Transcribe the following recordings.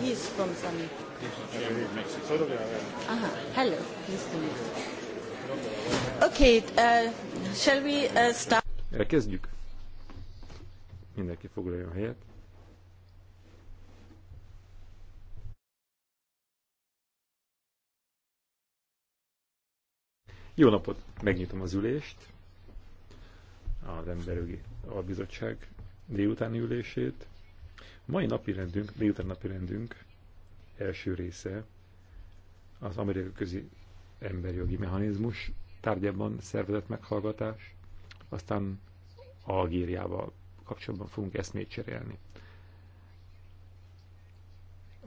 he, is from hello, Okay, uh, shall we uh, start? Elkezdjük. Mindenki foglalja a helyet. Jó napot! Megnyitom az ülést, az Emberi Albizottság délutáni ülését. Mai napi rendünk, délután napi rendünk első része az amerikai közi emberjogi mechanizmus tárgyában szervezett meghallgatás, aztán Algériával kapcsolatban fogunk eszmét cserélni.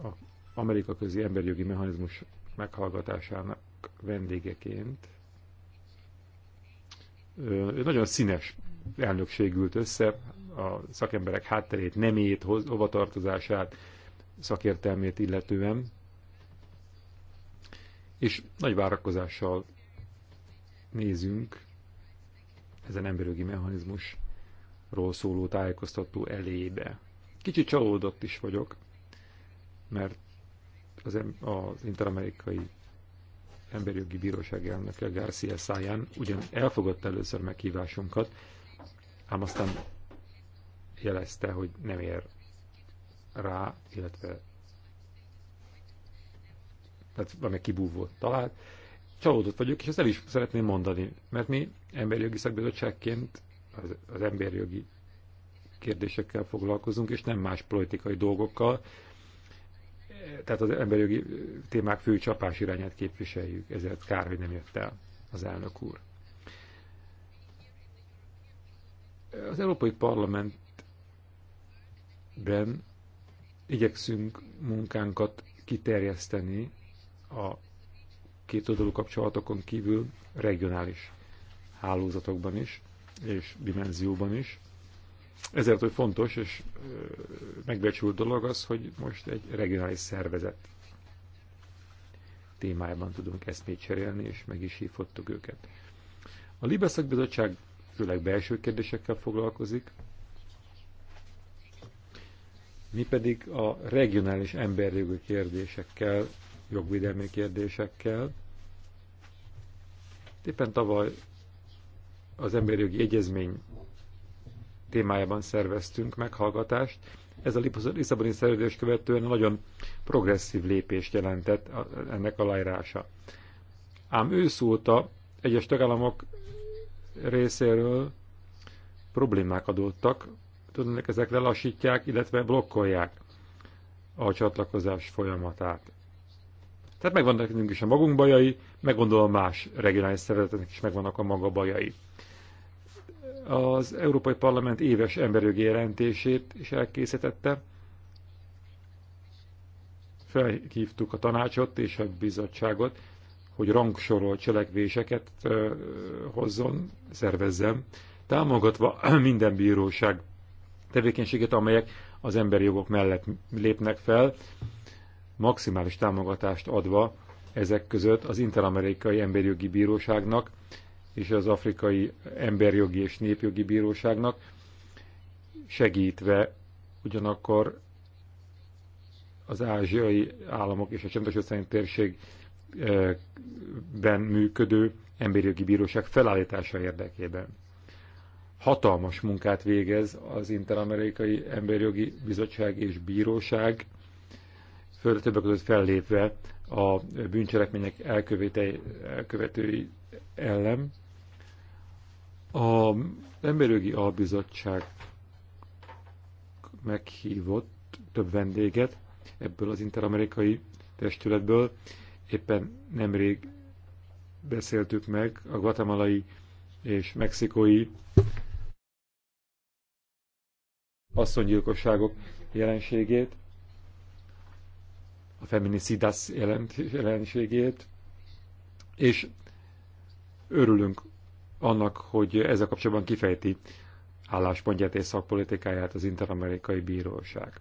A Amerika közi emberjogi mechanizmus meghallgatásának vendégeként ő nagyon színes elnökség ült össze, a szakemberek hátterét, nemét, hovatartozását, szakértelmét illetően. És nagy várakozással nézünk ezen emberjogi mechanizmusról szóló tájékoztató elébe. Kicsit csalódott is vagyok, mert az, az interamerikai emberjogi bíróság elnöke Garcia Száján ugyan elfogadta először meghívásunkat, ám aztán jelezte, hogy nem ér rá, illetve tehát valami kibúvót talált. Csalódott vagyok, és ezt el is szeretném mondani, mert mi emberi jogi szakbizottságként az, az jogi kérdésekkel foglalkozunk, és nem más politikai dolgokkal. Tehát az emberi jogi témák fő csapás irányát képviseljük, ezért kár, hogy nem jött el az elnök úr. Az Európai Parlament ben igyekszünk munkánkat kiterjeszteni a két oldalú kapcsolatokon kívül regionális hálózatokban is, és dimenzióban is. Ezért, hogy fontos és megbecsült dolog az, hogy most egy regionális szervezet témájában tudunk eszmét cserélni, és meg is hívhattuk őket. A Libeszak Bizottság főleg belső kérdésekkel foglalkozik, mi pedig a regionális emberjogi kérdésekkel, jogvédelmi kérdésekkel. Éppen tavaly az emberjogi egyezmény témájában szerveztünk meghallgatást. Ez a Lisszaboni szerződés követően nagyon progresszív lépést jelentett ennek aláírása. Ám őszóta egyes tagállamok részéről problémák adódtak tudnak, ezek lelassítják, illetve blokkolják a csatlakozás folyamatát. Tehát megvannak nekünk is a magunk bajai, meg gondolom más regionális szervezetnek is megvannak a maga bajai. Az Európai Parlament éves emberjogi jelentését is elkészítette. Felhívtuk a tanácsot és a bizottságot, hogy rangsorol cselekvéseket hozzon, szervezzem, támogatva minden bíróság tevékenységet, amelyek az emberi jogok mellett lépnek fel, maximális támogatást adva ezek között az Interamerikai Emberi Jogi Bíróságnak és az Afrikai emberi jogi és Népjogi Bíróságnak, segítve ugyanakkor az ázsiai államok és a csendes összeint térségben eh, működő emberi jogi bíróság felállítása érdekében hatalmas munkát végez az Interamerikai Emberjogi Bizottság és Bíróság, főleg többek között fellépve a bűncselekmények elkövetői ellen. Az Emberjogi Albizottság meghívott több vendéget ebből az interamerikai testületből. Éppen nemrég beszéltük meg a guatemalai és mexikói asszonygyilkosságok jelenségét, a feminicidas jelenségét, és örülünk annak, hogy ezzel kapcsolatban kifejti álláspontját és szakpolitikáját az Interamerikai Bíróság.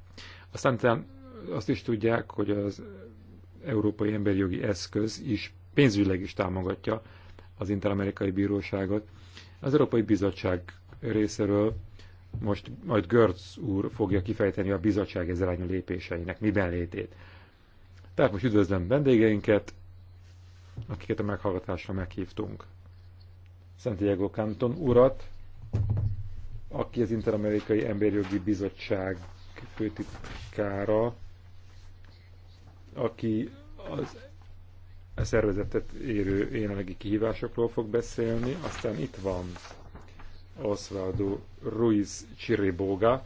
Aztán azt is tudják, hogy az Európai Emberi Jogi Eszköz is pénzügyileg is támogatja az Interamerikai Bíróságot. Az Európai Bizottság részéről most majd Görz úr fogja kifejteni a bizottság ezzelányú lépéseinek miben létét. Tehát most üdvözlöm vendégeinket, akiket a meghallgatásra meghívtunk. Santiago Canton urat, aki az Interamerikai Emberjogi Bizottság főtitkára, aki az a e szervezetet érő jelenlegi kihívásokról fog beszélni, aztán itt van Oswaldo Ruiz Chiriboga,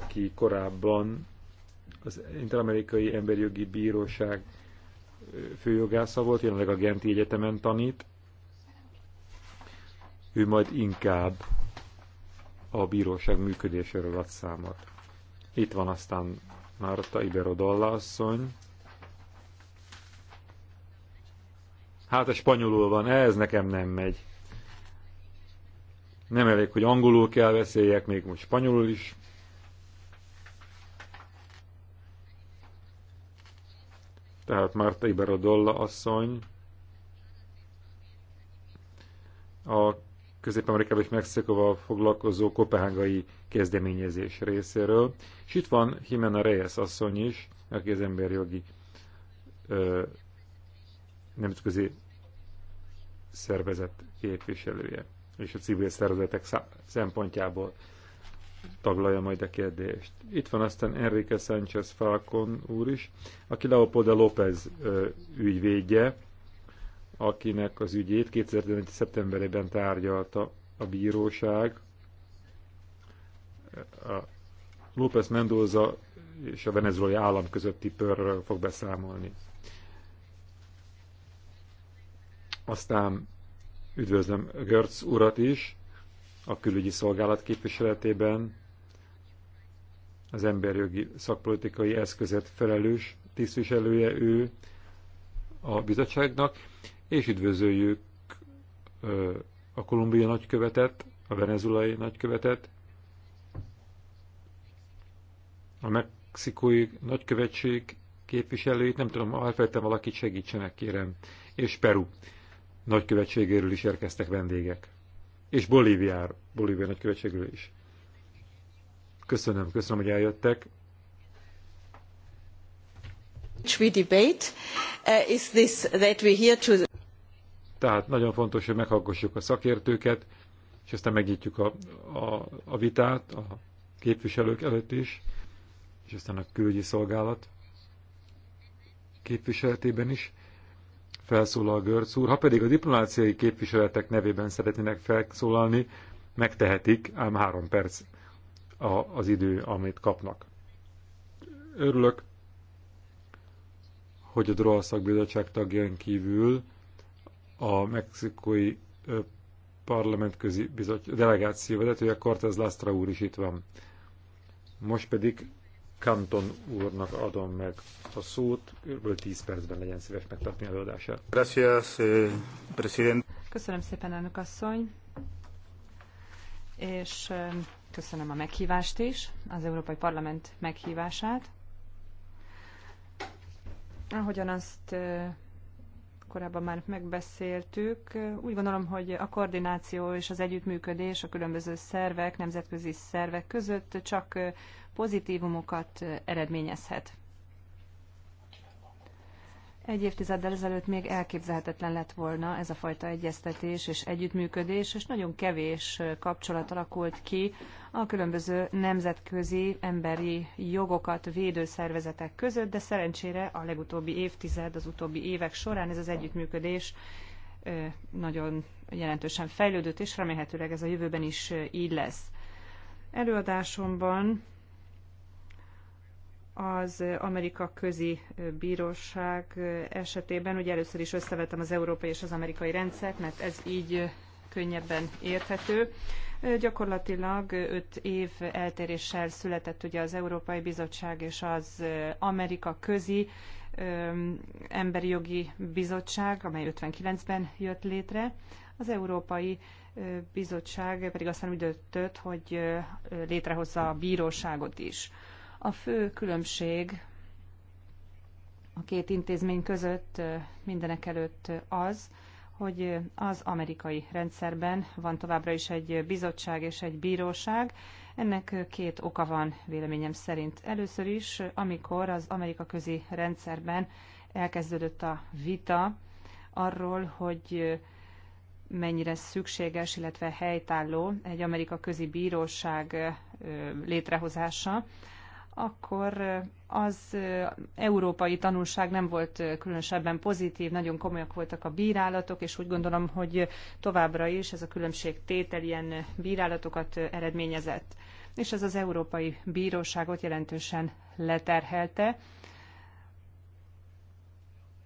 aki korábban az Interamerikai Emberi Jogi Bíróság főjogásza volt, jelenleg a Genti Egyetemen tanít. Ő majd inkább a bíróság működéséről ad számot. Itt van aztán Márta Iberodolla asszony. Hát a spanyolul van, ez nekem nem megy. Nem elég, hogy angolul kell beszéljek, még most spanyolul is. Tehát Márta Iberodolla asszony a közép amerikában és Mexikóval foglalkozó kopenhágai kezdeményezés részéről. És itt van Jimena Reyes asszony is, aki az emberjogi ö, nemzetközi szervezet képviselője és a civil szervezetek szempontjából taglalja majd a kérdést. Itt van aztán Enrique Sánchez Falcon úr is, aki Leopoldo López ügyvédje, akinek az ügyét 2011. szeptemberében tárgyalta a bíróság. A López Mendoza és a venezuelai állam közötti pörről fog beszámolni. Aztán Üdvözlöm Görc urat is, a külügyi szolgálat képviseletében, az emberjogi szakpolitikai eszközet felelős tisztviselője ő a bizottságnak, és üdvözöljük a kolumbiai nagykövetet, a Venezuelai nagykövetet, a mexikói nagykövetség képviselőit, nem tudom, ha elfelejtem valakit, segítsenek kérem, és Peru nagykövetségéről is érkeztek vendégek. És Bolíviár, Bolívia nagykövetségéről is. Köszönöm, köszönöm, hogy eljöttek. Uh, Tehát nagyon fontos, hogy meghallgassuk a szakértőket, és aztán megnyitjuk a, a, a vitát a képviselők előtt is, és aztán a külügyi szolgálat képviseletében is felszólal Görc úr. Ha pedig a diplomáciai képviseletek nevében szeretnének felszólalni, megtehetik, ám három perc a, az idő, amit kapnak. Örülök, hogy a Drohasszak Bizottság tagján kívül a mexikói parlamentközi bizottság delegáció vezetője, Cortez Lastra úr is itt van. Most pedig Kanton úrnak adom meg a szót, kb. 10 percben legyen szíves megtartani előadását. Gracias, eh, president. Köszönöm szépen, elnök asszony, és eh, köszönöm a meghívást is, az Európai Parlament meghívását. Ahogyan azt eh, korábban már megbeszéltük. Úgy gondolom, hogy a koordináció és az együttműködés a különböző szervek, nemzetközi szervek között csak pozitívumokat eredményezhet. Egy évtizeddel ezelőtt még elképzelhetetlen lett volna ez a fajta egyeztetés és együttműködés, és nagyon kevés kapcsolat alakult ki a különböző nemzetközi emberi jogokat védő szervezetek között, de szerencsére a legutóbbi évtized, az utóbbi évek során ez az együttműködés nagyon jelentősen fejlődött, és remélhetőleg ez a jövőben is így lesz. Előadásomban az Amerika Közi Bíróság esetében, ugye először is összevetem az európai és az amerikai rendszert, mert ez így könnyebben érthető. Gyakorlatilag öt év eltéréssel született ugye az Európai Bizottság és az Amerika Közi Emberi Jogi Bizottság, amely 59-ben jött létre. Az Európai Bizottság pedig aztán úgy döntött, hogy létrehozza a bíróságot is. A fő különbség a két intézmény között mindenek előtt az, hogy az amerikai rendszerben van továbbra is egy bizottság és egy bíróság. Ennek két oka van véleményem szerint. Először is, amikor az Amerika közi rendszerben elkezdődött a vita arról, hogy mennyire szükséges, illetve helytálló egy Amerika közi bíróság létrehozása, akkor az európai tanulság nem volt különösebben pozitív, nagyon komolyak voltak a bírálatok, és úgy gondolom, hogy továbbra is ez a tétel ilyen bírálatokat eredményezett. És ez az Európai Bíróságot jelentősen leterhelte.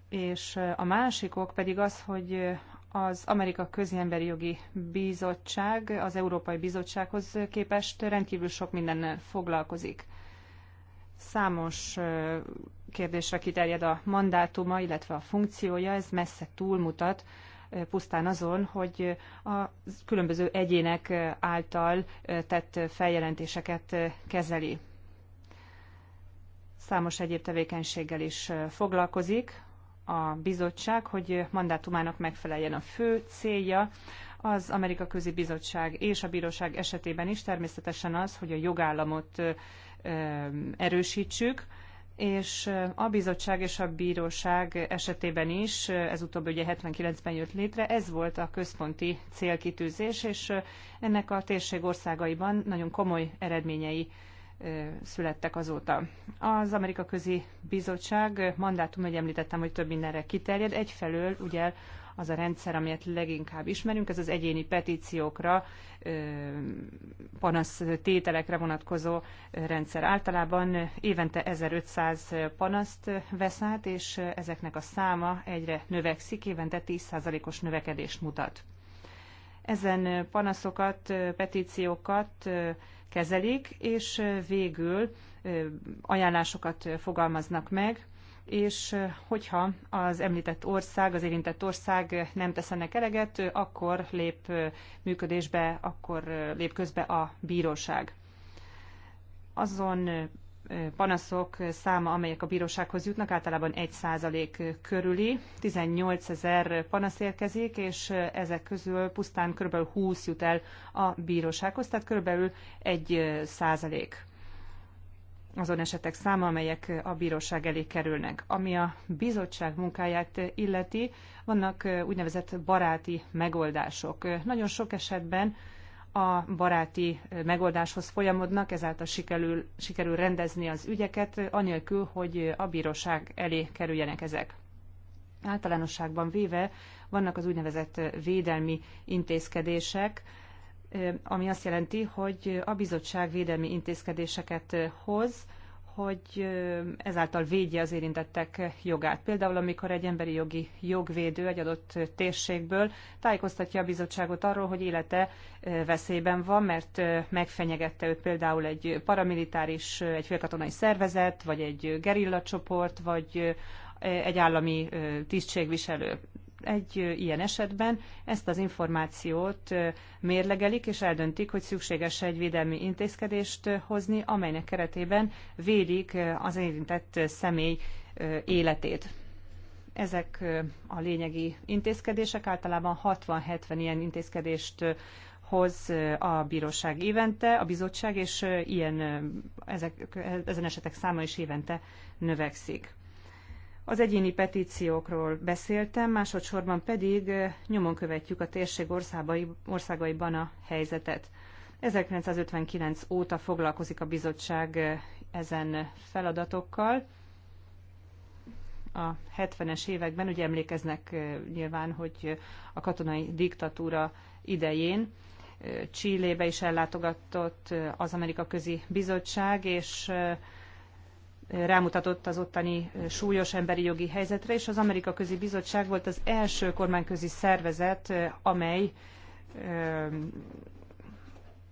És a másik ok pedig az, hogy az Amerika Közemberi Jogi Bizottság az Európai Bizottsághoz képest rendkívül sok minden foglalkozik számos kérdésre kiterjed a mandátuma, illetve a funkciója, ez messze túlmutat pusztán azon, hogy a különböző egyének által tett feljelentéseket kezeli. Számos egyéb tevékenységgel is foglalkozik a bizottság, hogy mandátumának megfeleljen a fő célja, az Amerika Közi Bizottság és a bíróság esetében is természetesen az, hogy a jogállamot erősítsük, és a bizottság és a bíróság esetében is, ez utóbbi ugye 79-ben jött létre, ez volt a központi célkitűzés, és ennek a térség országaiban nagyon komoly eredményei születtek azóta. Az Amerika Közi Bizottság mandátum, hogy említettem, hogy több mindenre kiterjed, egyfelől ugye az a rendszer, amelyet leginkább ismerünk, ez az egyéni petíciókra, panasz tételekre vonatkozó rendszer. Általában évente 1500 panaszt vesz át, és ezeknek a száma egyre növekszik, évente 10%-os növekedést mutat. Ezen panaszokat, petíciókat kezelik, és végül ajánlásokat fogalmaznak meg, és hogyha az említett ország, az érintett ország nem tesz ennek eleget, akkor lép működésbe, akkor lép közbe a bíróság. Azon panaszok száma, amelyek a bírósághoz jutnak, általában 1% körüli. 18 ezer panasz érkezik, és ezek közül pusztán kb. 20 jut el a bírósághoz, tehát kb. 1 százalék azon esetek száma, amelyek a bíróság elé kerülnek. Ami a bizottság munkáját illeti, vannak úgynevezett baráti megoldások. Nagyon sok esetben a baráti megoldáshoz folyamodnak, ezáltal sikerül, sikerül rendezni az ügyeket, anélkül, hogy a bíróság elé kerüljenek ezek. Általánosságban véve vannak az úgynevezett védelmi intézkedések, ami azt jelenti, hogy a bizottság védelmi intézkedéseket hoz, hogy ezáltal védje az érintettek jogát. Például, amikor egy emberi jogi jogvédő egy adott térségből tájékoztatja a bizottságot arról, hogy élete veszélyben van, mert megfenyegette őt például egy paramilitáris, egy félkatonai szervezet, vagy egy gerillacsoport, vagy egy állami tisztségviselő egy ilyen esetben ezt az információt mérlegelik, és eldöntik, hogy szükséges egy védelmi intézkedést hozni, amelynek keretében védik az érintett személy életét. Ezek a lényegi intézkedések, általában 60-70 ilyen intézkedést hoz a bíróság évente, a bizottság, és ilyen, ezek, ezen esetek száma is évente növekszik. Az egyéni petíciókról beszéltem, másodszorban pedig nyomon követjük a térség országai, országaiban a helyzetet. 1959 óta foglalkozik a bizottság ezen feladatokkal. A 70-es években, ugye emlékeznek nyilván, hogy a katonai diktatúra idején Csillébe is ellátogatott az Amerika Közi Bizottság, és rámutatott az ottani súlyos emberi jogi helyzetre, és az Amerika Közi Bizottság volt az első kormányközi szervezet, amely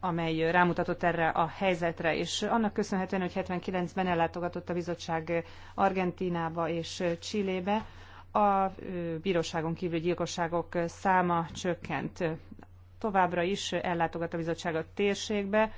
amely rámutatott erre a helyzetre, és annak köszönhetően, hogy 79-ben ellátogatott a bizottság Argentinába és Csillébe, a bíróságon kívül gyilkosságok száma csökkent. Továbbra is ellátogat a bizottság a térségbe,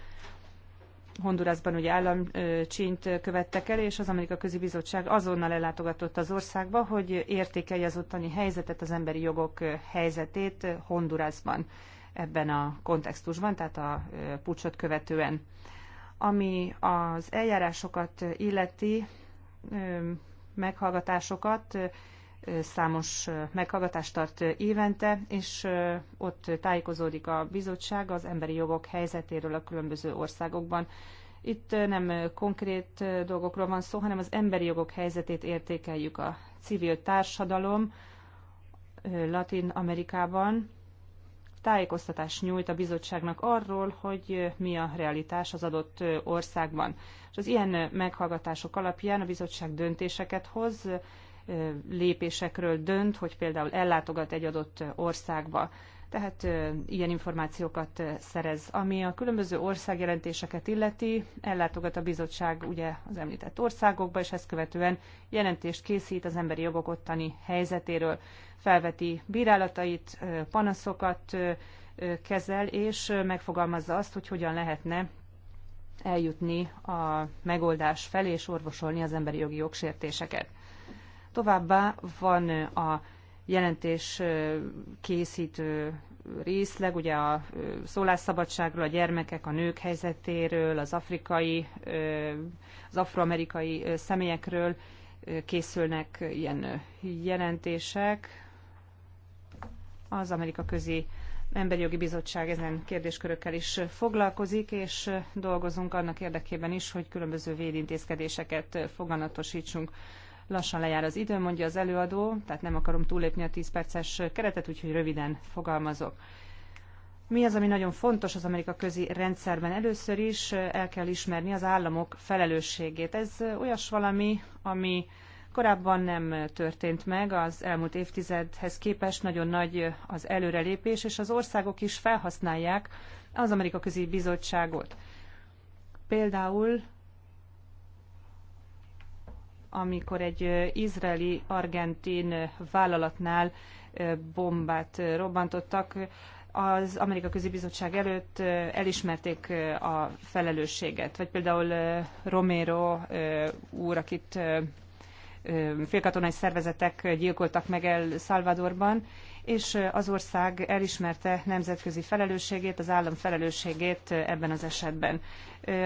Hondurasban ugye államcsínyt követtek el, és az Amerika Közi Bizottság azonnal ellátogatott az országba, hogy értékelje az ottani helyzetet, az emberi jogok helyzetét Hondurasban ebben a kontextusban, tehát a pucsot követően. Ami az eljárásokat illeti, meghallgatásokat, számos meghallgatást tart évente, és ott tájékozódik a bizottság az emberi jogok helyzetéről a különböző országokban. Itt nem konkrét dolgokról van szó, hanem az emberi jogok helyzetét értékeljük a civil társadalom Latin Amerikában. Tájékoztatást nyújt a bizottságnak arról, hogy mi a realitás az adott országban. És az ilyen meghallgatások alapján a bizottság döntéseket hoz, lépésekről dönt, hogy például ellátogat egy adott országba. Tehát ilyen információkat szerez. Ami a különböző országjelentéseket illeti, ellátogat a bizottság ugye az említett országokba, és ezt követően jelentést készít az emberi jogok ottani helyzetéről, felveti bírálatait, panaszokat kezel, és megfogalmazza azt, hogy hogyan lehetne eljutni a megoldás felé és orvosolni az emberi jogi jogsértéseket. Továbbá van a jelentés készítő részleg, ugye a szólásszabadságról, a gyermekek, a nők helyzetéről, az afrikai, az afroamerikai személyekről készülnek ilyen jelentések. Az Amerika Közi Emberi Jogi Bizottság ezen kérdéskörökkel is foglalkozik, és dolgozunk annak érdekében is, hogy különböző védintézkedéseket foganatosítsunk. Lassan lejár az idő, mondja az előadó, tehát nem akarom túllépni a 10 perces keretet, úgyhogy röviden fogalmazok. Mi az, ami nagyon fontos az Amerika közi rendszerben? Először is el kell ismerni az államok felelősségét. Ez olyas valami, ami korábban nem történt meg, az elmúlt évtizedhez képest nagyon nagy az előrelépés, és az országok is felhasználják az Amerika Közi Bizottságot. Például amikor egy izraeli argentin vállalatnál bombát robbantottak, az Amerika Közibizottság előtt elismerték a felelősséget. Vagy például Romero úr, akit félkatonai szervezetek gyilkoltak meg El Salvadorban, és az ország elismerte nemzetközi felelősségét, az állam felelősségét ebben az esetben.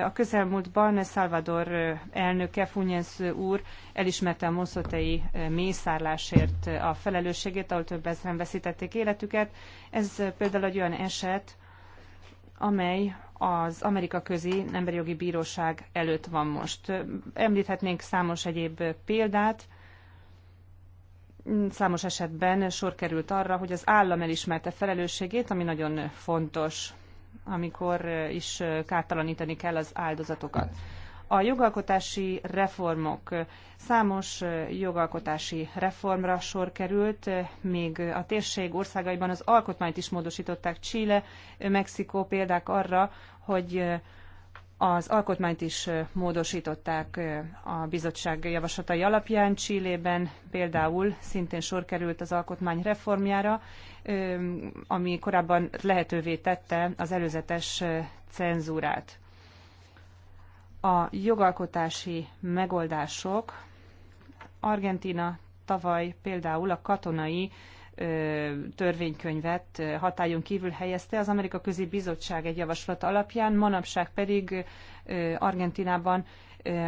A közelmúltban Salvador elnöke, Funyens úr elismerte a moszotei mészárlásért a felelősségét, ahol több ezeren veszítették életüket. Ez például egy olyan eset, amely az Amerika Közi Emberi Jogi Bíróság előtt van most. Említhetnénk számos egyéb példát, számos esetben sor került arra, hogy az állam elismerte felelősségét, ami nagyon fontos, amikor is kártalanítani kell az áldozatokat. A jogalkotási reformok. Számos jogalkotási reformra sor került, még a térség országaiban az alkotmányt is módosították. Chile, Mexikó példák arra, hogy az alkotmányt is módosították a bizottság javaslatai alapján. Csillében például szintén sor került az alkotmány reformjára, ami korábban lehetővé tette az előzetes cenzúrát. A jogalkotási megoldások Argentina tavaly például a katonai törvénykönyvet hatályon kívül helyezte. Az Amerika Közi Bizottság egy javaslat alapján, manapság pedig Argentinában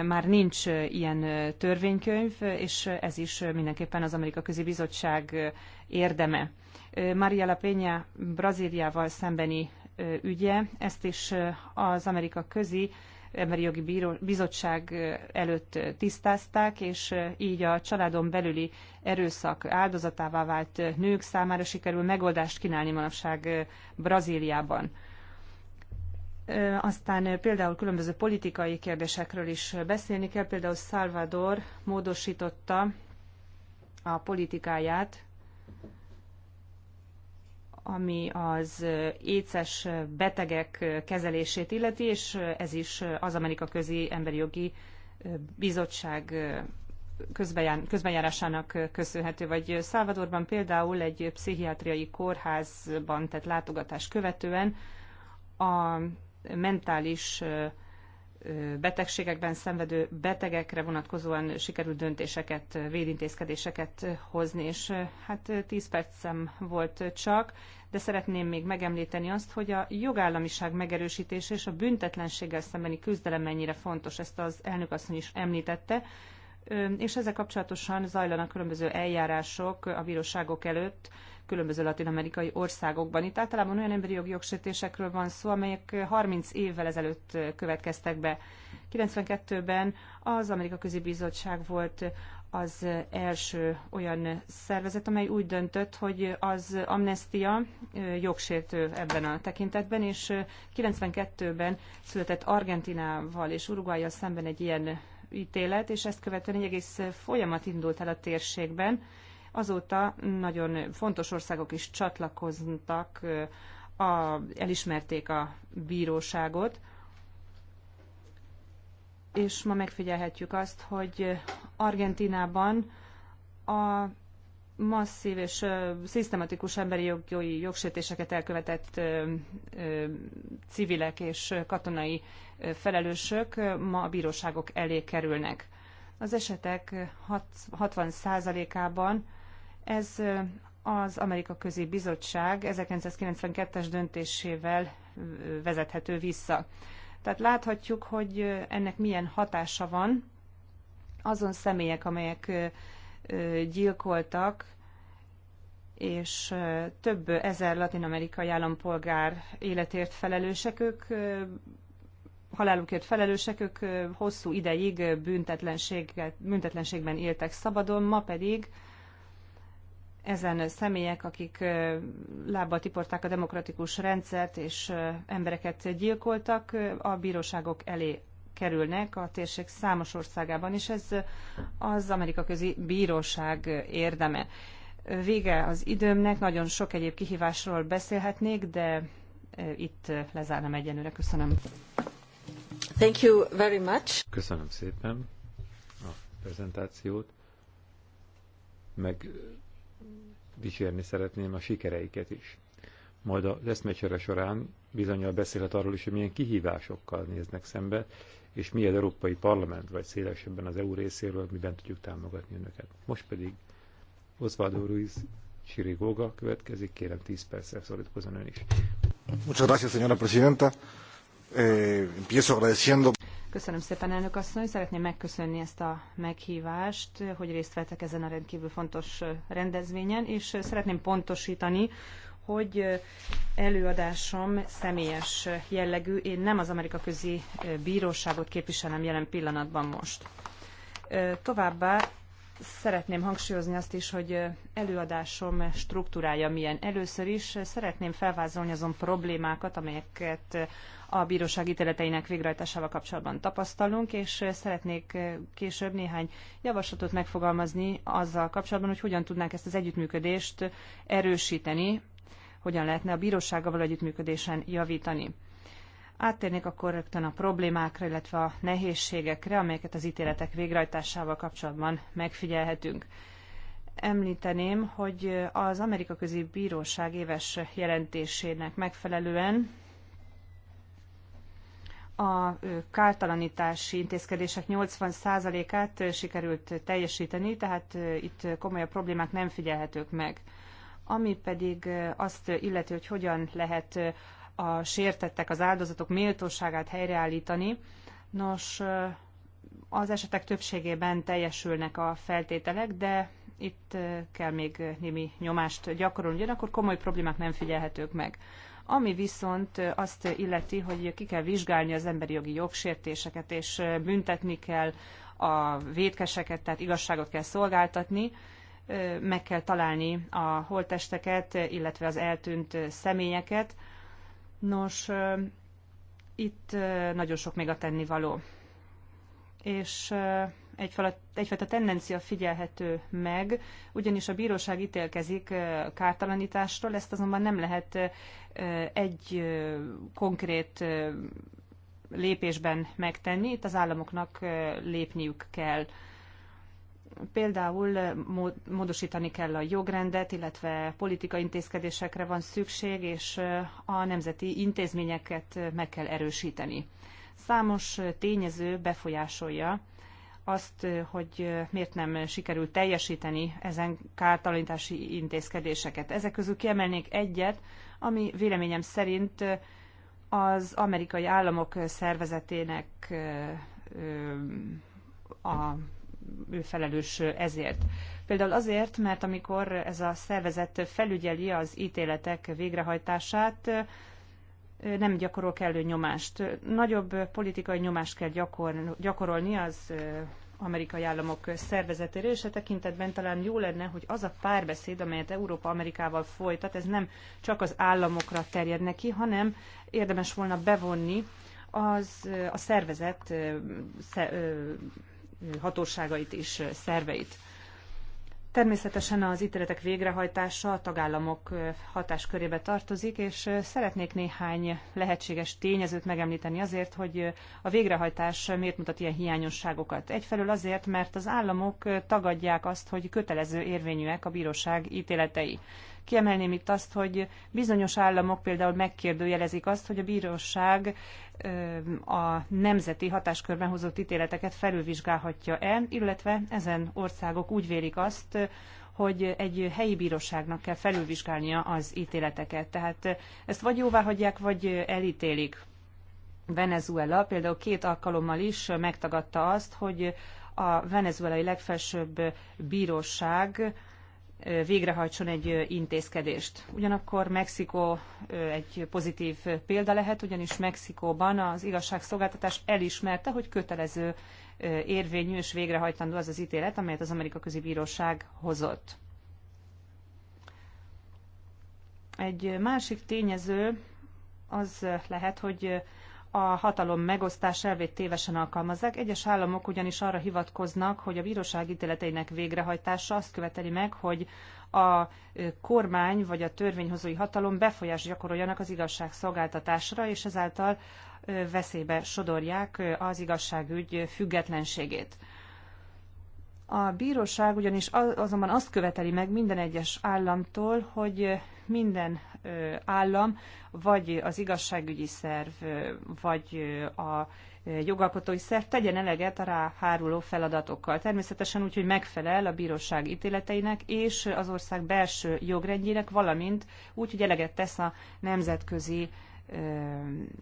már nincs ilyen törvénykönyv, és ez is mindenképpen az Amerika Közi Bizottság érdeme. Maria La Peña Brazíliával szembeni ügye, ezt is az Amerika Közi Emberi Jogi Bíró, Bizottság előtt tisztázták, és így a családon belüli erőszak áldozatává vált nők számára sikerül megoldást kínálni manapság Brazíliában. Aztán például különböző politikai kérdésekről is beszélni kell, például Salvador módosította a politikáját ami az éces betegek kezelését illeti, és ez is az Amerika Közi Emberi Jogi Bizottság közbenjárásának köszönhető, vagy Szálvadorban például egy pszichiátriai kórházban tett látogatás követően a mentális betegségekben szenvedő betegekre vonatkozóan sikerült döntéseket, védintézkedéseket hozni, és hát 10 percem volt csak, de szeretném még megemlíteni azt, hogy a jogállamiság megerősítése és a büntetlenséggel szembeni küzdelem mennyire fontos, ezt az elnök asszony is említette, és ezzel kapcsolatosan zajlanak különböző eljárások a bíróságok előtt, különböző latin-amerikai országokban. Itt általában olyan emberi jogi jogsértésekről van szó, amelyek 30 évvel ezelőtt következtek be. 92-ben az Amerika Közi Bizottság volt az első olyan szervezet, amely úgy döntött, hogy az amnestia jogsértő ebben a tekintetben, és 92-ben született Argentinával és Uruguayjal szemben egy ilyen ítélet, és ezt követően egy egész folyamat indult el a térségben, Azóta nagyon fontos országok is csatlakoztak, a, elismerték a bíróságot, és ma megfigyelhetjük azt, hogy Argentinában a masszív és szisztematikus emberi jogi jogsértéseket elkövetett civilek és katonai felelősök ma a bíróságok elé kerülnek. Az esetek 60%-ában ez az Amerika Közi Bizottság 1992-es döntésével vezethető vissza. Tehát láthatjuk, hogy ennek milyen hatása van azon személyek, amelyek gyilkoltak, és több ezer latinamerikai állampolgár életért felelősek, ők halálukért felelősek, ők hosszú ideig büntetlenségben éltek szabadon, ma pedig ezen személyek, akik lábbal tiporták a demokratikus rendszert és embereket gyilkoltak, a bíróságok elé kerülnek a térség számos országában, és ez az Amerika Közi Bíróság érdeme. Vége az időmnek, nagyon sok egyéb kihívásról beszélhetnék, de itt lezárnám egyenőre. Köszönöm. Thank you very much. Köszönöm szépen a prezentációt, meg dicsérni szeretném a sikereiket is. Majd az eszmecsere során bizonyal beszélhet arról is, hogy milyen kihívásokkal néznek szembe, és mi az Európai Parlament, vagy szélesebben az EU részéről, miben tudjuk támogatni önöket. Most pedig Osvaldo Ruiz Sirigóga következik, kérem 10 percre szorítkozzon ön is. Muchas gracias, señora presidenta. Eh, empiezo agradeciendo. Köszönöm szépen, elnök asszony. Szeretném megköszönni ezt a meghívást, hogy részt vettek ezen a rendkívül fontos rendezvényen, és szeretném pontosítani, hogy előadásom személyes jellegű. Én nem az Amerika Közi Bíróságot képviselem jelen pillanatban most. Továbbá szeretném hangsúlyozni azt is, hogy előadásom struktúrája milyen. Először is szeretném felvázolni azon problémákat, amelyeket a bíróság ítéleteinek végrehajtásával kapcsolatban tapasztalunk, és szeretnék később néhány javaslatot megfogalmazni azzal kapcsolatban, hogy hogyan tudnánk ezt az együttműködést erősíteni, hogyan lehetne a bírósággal együttműködésen javítani. Áttérnék akkor rögtön a problémákra, illetve a nehézségekre, amelyeket az ítéletek végrehajtásával kapcsolatban megfigyelhetünk. Említeném, hogy az Amerika Közi Bíróság éves jelentésének megfelelően a kártalanítási intézkedések 80%-át sikerült teljesíteni, tehát itt komolyabb problémák nem figyelhetők meg. Ami pedig azt illeti, hogy hogyan lehet a sértettek, az áldozatok méltóságát helyreállítani. Nos, az esetek többségében teljesülnek a feltételek, de itt kell még némi nyomást gyakorolni, ugyanakkor komoly problémák nem figyelhetők meg. Ami viszont azt illeti, hogy ki kell vizsgálni az emberi jogi jogsértéseket, és büntetni kell a védkeseket, tehát igazságot kell szolgáltatni, meg kell találni a holtesteket, illetve az eltűnt személyeket, Nos, itt nagyon sok még a tennivaló. És egyfajta tendencia figyelhető meg, ugyanis a bíróság ítélkezik kártalanításról, ezt azonban nem lehet egy konkrét lépésben megtenni, itt az államoknak lépniük kell Például eh, módosítani kell a jogrendet, illetve politikai intézkedésekre van szükség, és eh, a nemzeti intézményeket eh, meg kell erősíteni. Számos tényező befolyásolja azt, hogy miért nem sikerült teljesíteni ezen kártalanítási intézkedéseket. Ezek közül kiemelnék egyet, ami véleményem szerint az amerikai államok szervezetének a ő felelős ezért. Például azért, mert amikor ez a szervezet felügyeli az ítéletek végrehajtását, nem gyakorol kellő nyomást. Nagyobb politikai nyomást kell gyakor, gyakorolni az amerikai államok szervezetére, és a e tekintetben talán jó lenne, hogy az a párbeszéd, amelyet Európa Amerikával folytat, ez nem csak az államokra terjed neki, hanem érdemes volna bevonni az a szervezet hatóságait és szerveit. Természetesen az ítéletek végrehajtása a tagállamok hatáskörébe tartozik, és szeretnék néhány lehetséges tényezőt megemlíteni azért, hogy a végrehajtás miért mutat ilyen hiányosságokat. Egyfelől azért, mert az államok tagadják azt, hogy kötelező érvényűek a bíróság ítéletei. Kiemelném itt azt, hogy bizonyos államok például megkérdőjelezik azt, hogy a bíróság a nemzeti hatáskörben hozott ítéleteket felülvizsgálhatja-e, illetve ezen országok úgy vélik azt, hogy egy helyi bíróságnak kell felülvizsgálnia az ítéleteket. Tehát ezt vagy jóvá hagyják, vagy elítélik. Venezuela például két alkalommal is megtagadta azt, hogy a venezuelai legfelsőbb bíróság végrehajtson egy intézkedést. Ugyanakkor Mexikó egy pozitív példa lehet, ugyanis Mexikóban az igazságszolgáltatás elismerte, hogy kötelező érvényű és végrehajtandó az az ítélet, amelyet az Amerika Közibíróság hozott. Egy másik tényező az lehet, hogy a hatalom megosztás elvét tévesen alkalmazzák. Egyes államok ugyanis arra hivatkoznak, hogy a bíróság ítéleteinek végrehajtása azt követeli meg, hogy a kormány vagy a törvényhozói hatalom befolyás gyakoroljanak az igazságszolgáltatásra, és ezáltal veszélybe sodorják az igazságügy függetlenségét. A bíróság ugyanis azonban azt követeli meg minden egyes államtól, hogy minden állam, vagy az igazságügyi szerv, vagy a jogalkotói szerv tegyen eleget a ráháruló feladatokkal. Természetesen úgy, hogy megfelel a bíróság ítéleteinek és az ország belső jogrendjének, valamint úgy, hogy eleget tesz a nemzetközi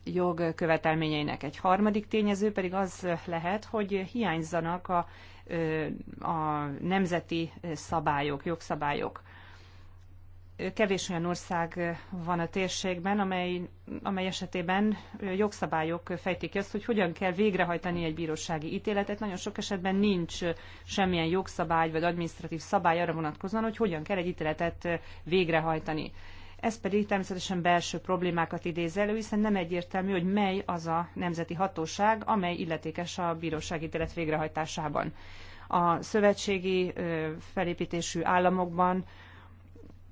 jog követelményeinek. Egy harmadik tényező pedig az lehet, hogy hiányzanak a a nemzeti szabályok, jogszabályok. Kevés olyan ország van a térségben, amely, amely esetében jogszabályok fejtik ki azt, hogy hogyan kell végrehajtani egy bírósági ítéletet. Nagyon sok esetben nincs semmilyen jogszabály vagy administratív szabály arra vonatkozóan, hogy hogyan kell egy ítéletet végrehajtani. Ez pedig természetesen belső problémákat idéz elő, hiszen nem egyértelmű, hogy mely az a nemzeti hatóság, amely illetékes a bírósági ítélet végrehajtásában. A szövetségi felépítésű államokban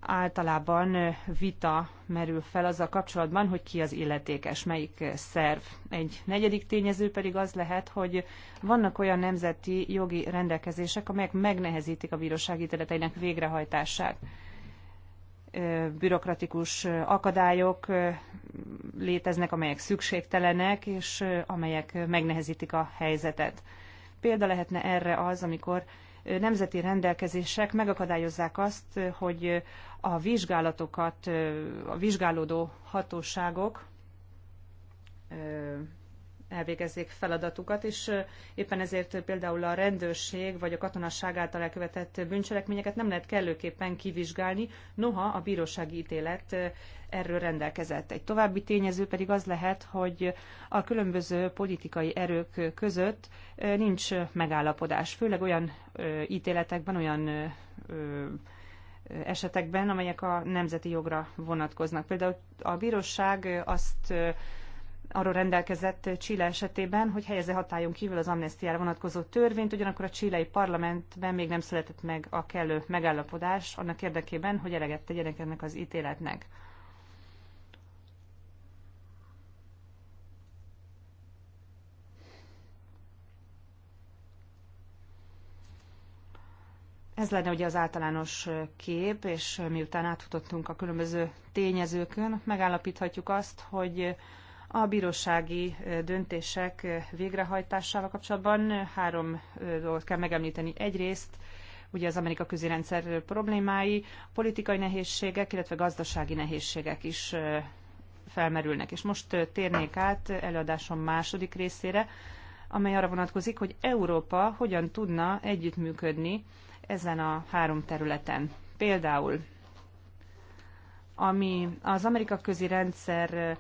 általában vita merül fel azzal kapcsolatban, hogy ki az illetékes, melyik szerv. Egy negyedik tényező pedig az lehet, hogy vannak olyan nemzeti jogi rendelkezések, amelyek megnehezítik a bírósági ítéleteinek végrehajtását bürokratikus akadályok léteznek, amelyek szükségtelenek, és amelyek megnehezítik a helyzetet. Példa lehetne erre az, amikor nemzeti rendelkezések megakadályozzák azt, hogy a vizsgálatokat, a vizsgálódó hatóságok elvégezzék feladatukat, és éppen ezért például a rendőrség vagy a katonasság által elkövetett bűncselekményeket nem lehet kellőképpen kivizsgálni, noha a bírósági ítélet erről rendelkezett. Egy további tényező pedig az lehet, hogy a különböző politikai erők között nincs megállapodás, főleg olyan ítéletekben, olyan esetekben, amelyek a nemzeti jogra vonatkoznak. Például a bíróság azt arról rendelkezett Chile esetében, hogy helyeze hatályon kívül az amnestiára vonatkozó törvényt, ugyanakkor a csilei parlamentben még nem született meg a kellő megállapodás annak érdekében, hogy eleget tegyenek ennek az ítéletnek. Ez lenne ugye az általános kép, és miután átfutottunk a különböző tényezőkön, megállapíthatjuk azt, hogy a bírósági döntések végrehajtásával kapcsolatban három dolgot kell megemlíteni. Egyrészt ugye az Amerika közirendszer problémái, politikai nehézségek, illetve gazdasági nehézségek is felmerülnek. És most térnék át előadásom második részére, amely arra vonatkozik, hogy Európa hogyan tudna együttműködni ezen a három területen. Például, ami az Amerika közi rendszer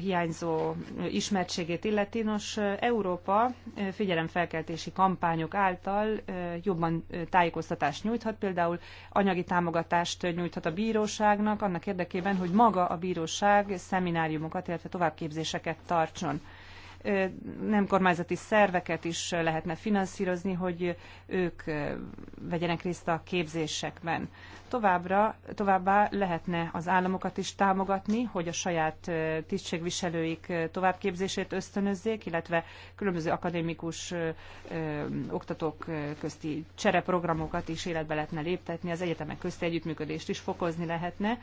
hiányzó ismertségét illeti, nos Európa figyelemfelkeltési kampányok által jobban tájékoztatást nyújthat, például anyagi támogatást nyújthat a bíróságnak annak érdekében, hogy maga a bíróság szemináriumokat, illetve továbbképzéseket tartson nem kormányzati szerveket is lehetne finanszírozni, hogy ők vegyenek részt a képzésekben. Továbbra, továbbá lehetne az államokat is támogatni, hogy a saját tisztségviselőik továbbképzését ösztönözzék, illetve különböző akadémikus oktatók közti csereprogramokat is életbe lehetne léptetni, az egyetemek közti együttműködést is fokozni lehetne,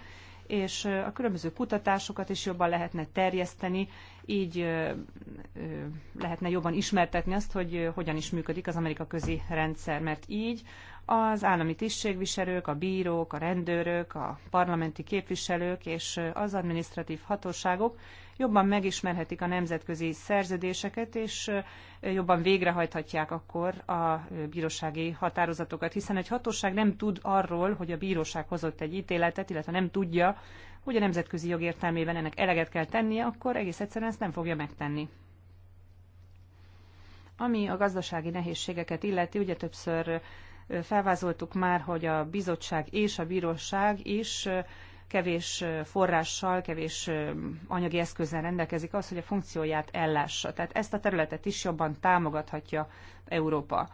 és a különböző kutatásokat is jobban lehetne terjeszteni, így lehetne jobban ismertetni azt, hogy hogyan is működik az Amerika közi rendszer, mert így az állami tisztségviselők, a bírók, a rendőrök, a parlamenti képviselők és az administratív hatóságok jobban megismerhetik a nemzetközi szerződéseket, és jobban végrehajthatják akkor a bírósági határozatokat, hiszen egy hatóság nem tud arról, hogy a bíróság hozott egy ítéletet, illetve nem tudja, hogy a nemzetközi jog értelmében ennek eleget kell tennie, akkor egész egyszerűen ezt nem fogja megtenni. Ami a gazdasági nehézségeket illeti, ugye többször felvázoltuk már, hogy a bizottság és a bíróság is kevés forrással, kevés anyagi eszközzel rendelkezik az, hogy a funkcióját ellássa. Tehát ezt a területet is jobban támogathatja Európa.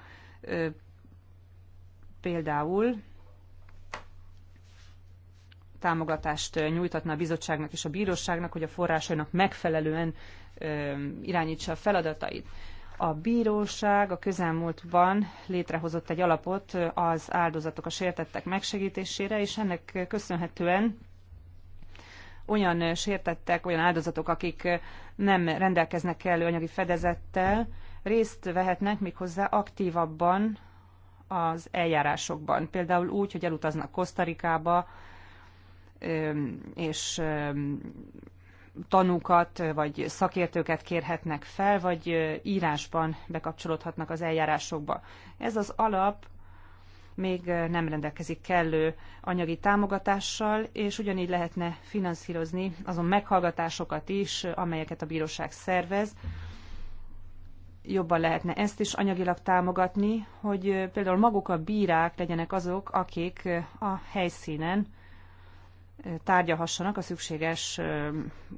Például támogatást nyújtatna a bizottságnak és a bíróságnak, hogy a forrásainak megfelelően irányítsa a feladatait. A bíróság a közelmúltban létrehozott egy alapot az áldozatok, a sértettek megsegítésére, és ennek köszönhetően olyan sértettek, olyan áldozatok, akik eh, nem rendelkeznek kellő anyagi fedezettel, részt vehetnek méghozzá aktívabban az eljárásokban. Például úgy, hogy elutaznak Kosztarikába, és tanúkat vagy szakértőket kérhetnek fel, vagy írásban bekapcsolódhatnak az eljárásokba. Ez az alap még nem rendelkezik kellő anyagi támogatással, és ugyanígy lehetne finanszírozni azon meghallgatásokat is, amelyeket a bíróság szervez. Jobban lehetne ezt is anyagilag támogatni, hogy például maguk a bírák legyenek azok, akik a helyszínen tárgyalhassanak a szükséges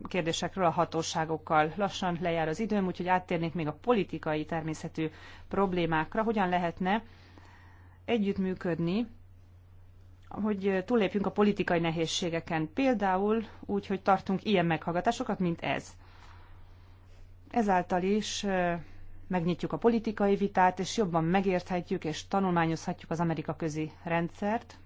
kérdésekről a hatóságokkal. Lassan lejár az időm, úgyhogy áttérnék még a politikai természetű problémákra. Hogyan lehetne együttműködni, hogy túllépjünk a politikai nehézségeken. Például úgy, hogy tartunk ilyen meghallgatásokat, mint ez. Ezáltal is megnyitjuk a politikai vitát, és jobban megérthetjük és tanulmányozhatjuk az Amerika közi rendszert.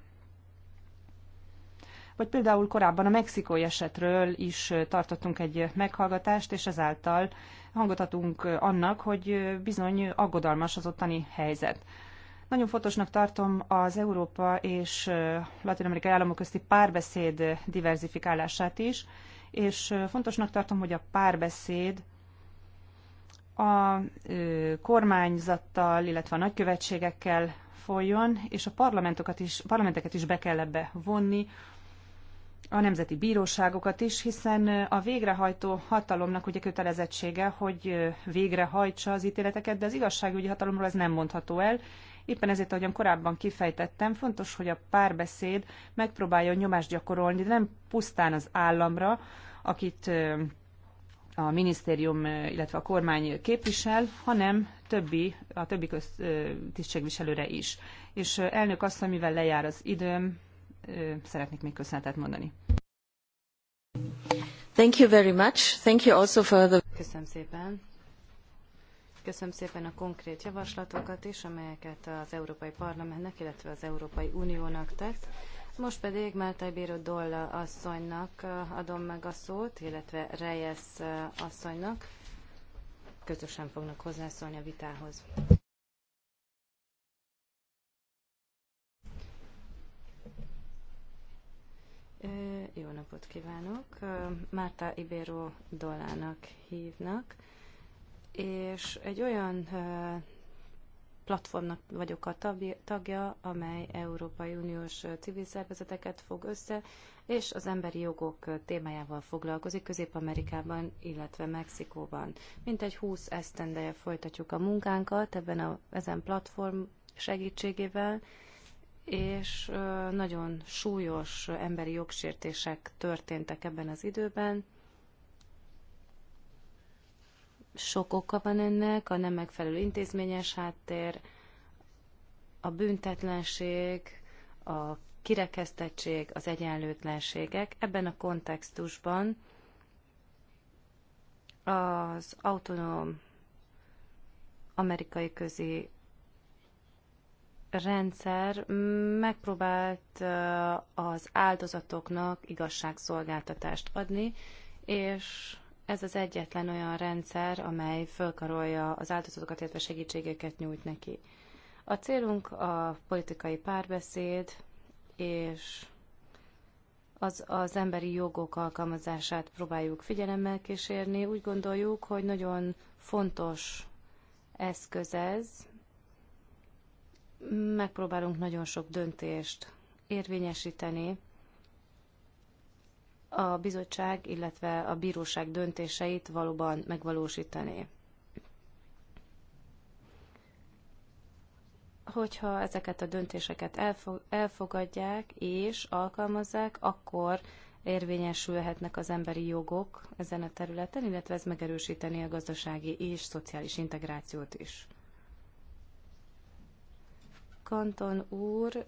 Vagy például korábban a mexikói esetről is tartottunk egy meghallgatást, és ezáltal hangot adunk annak, hogy bizony aggodalmas az ottani helyzet. Nagyon fontosnak tartom az Európa és Latin-Amerikai államok közti párbeszéd diverzifikálását is, és fontosnak tartom, hogy a párbeszéd a kormányzattal, illetve a nagykövetségekkel folyjon, és a parlamentokat is, parlamenteket is be kell ebbe vonni, a nemzeti bíróságokat is, hiszen a végrehajtó hatalomnak ugye kötelezettsége, hogy végrehajtsa az ítéleteket, de az igazságügyi hatalomról ez nem mondható el, Éppen ezért, ahogyan korábban kifejtettem, fontos, hogy a párbeszéd megpróbáljon nyomást gyakorolni, de nem pusztán az államra, akit a minisztérium, illetve a kormány képvisel, hanem többi, a többi köz, tisztségviselőre is. És elnök azt, mivel lejár az időm, szeretnék még köszönetet mondani. Thank you very much. Thank you also for the... Köszönöm szépen. Köszönöm szépen a konkrét javaslatokat is, amelyeket az Európai Parlamentnek, illetve az Európai Uniónak tett. Most pedig Máltai Bíró Dolla asszonynak eh, adom meg a szót, illetve Reyes eh, asszonynak. Közösen fognak hozzászólni a vitához. Eh, jó napot kívánok! Márta Ibéró Dolának hívnak és egy olyan platformnak vagyok a tagja, amely Európai Uniós civil szervezeteket fog össze, és az emberi jogok témájával foglalkozik Közép-Amerikában, illetve Mexikóban. Mintegy 20 esztendeje folytatjuk a munkánkat ebben a, ezen platform segítségével, és nagyon súlyos emberi jogsértések történtek ebben az időben. Sok oka van ennek, a nem megfelelő intézményes háttér, a büntetlenség, a kirekesztettség, az egyenlőtlenségek. Ebben a kontextusban az autonóm amerikai közi rendszer megpróbált az áldozatoknak igazságszolgáltatást adni, és ez az egyetlen olyan rendszer, amely fölkarolja az áldozatokat, illetve segítségeket nyújt neki. A célunk a politikai párbeszéd és az, az emberi jogok alkalmazását próbáljuk figyelemmel kísérni. Úgy gondoljuk, hogy nagyon fontos eszköz ez. Megpróbálunk nagyon sok döntést érvényesíteni a bizottság, illetve a bíróság döntéseit valóban megvalósítani. Hogyha ezeket a döntéseket elfogadják és alkalmazzák, akkor érvényesülhetnek az emberi jogok ezen a területen, illetve ez megerősíteni a gazdasági és szociális integrációt is. Kanton úr,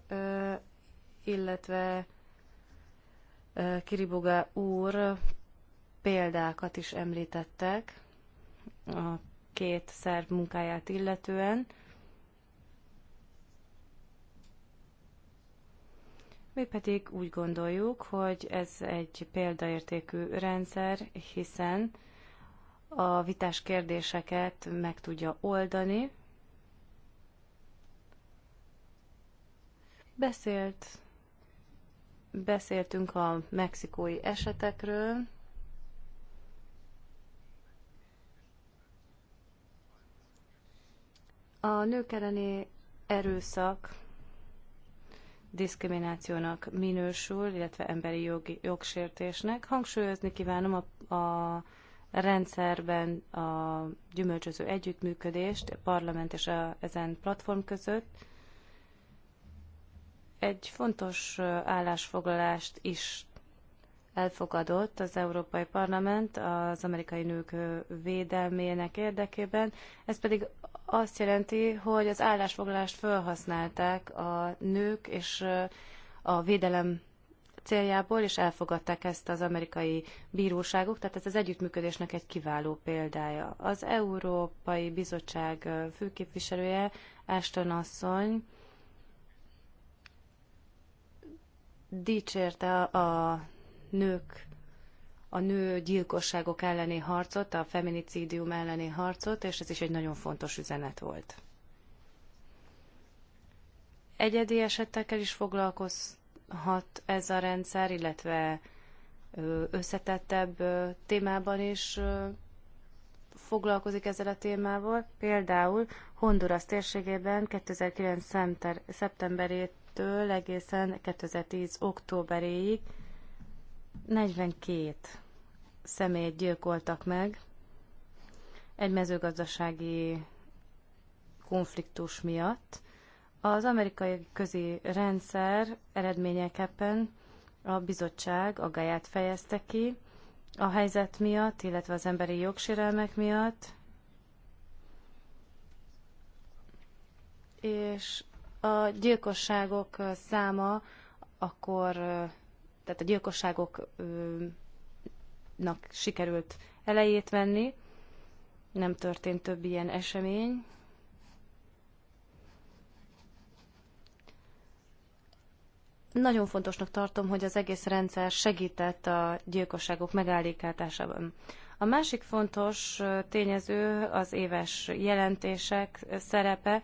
illetve Kiriboga úr példákat is említettek a két szerb munkáját illetően. Mi pedig úgy gondoljuk, hogy ez egy példaértékű rendszer, hiszen a vitás kérdéseket meg tudja oldani. Beszélt Beszéltünk a mexikói esetekről, A nők elleni erőszak diszkriminációnak minősül, illetve emberi jogi, jogsértésnek. Hangsúlyozni kívánom a, a rendszerben a gyümölcsöző együttműködést a parlament és a, ezen platform között egy fontos állásfoglalást is elfogadott az Európai Parlament az amerikai nők védelmének érdekében. Ez pedig azt jelenti, hogy az állásfoglalást felhasználták a nők és a védelem céljából, és elfogadták ezt az amerikai bíróságok, tehát ez az együttműködésnek egy kiváló példája. Az Európai Bizottság főképviselője, Ashton asszony, dicsérte a nők a nő gyilkosságok elleni harcot, a feminicidium elleni harcot, és ez is egy nagyon fontos üzenet volt. Egyedi esetekkel is foglalkozhat ez a rendszer, illetve összetettebb témában is foglalkozik ezzel a témával. Például Honduras térségében 2009. szeptemberét 2007-től egészen 2010. októberéig 42 személyt gyilkoltak meg egy mezőgazdasági konfliktus miatt. Az amerikai közi rendszer eredményeképpen a bizottság agáját fejezte ki a helyzet miatt, illetve az emberi jogsérelmek miatt, és a gyilkosságok száma akkor, tehát a gyilkosságoknak sikerült elejét venni, nem történt több ilyen esemény. Nagyon fontosnak tartom, hogy az egész rendszer segített a gyilkosságok megállításában. A másik fontos tényező az éves jelentések szerepe,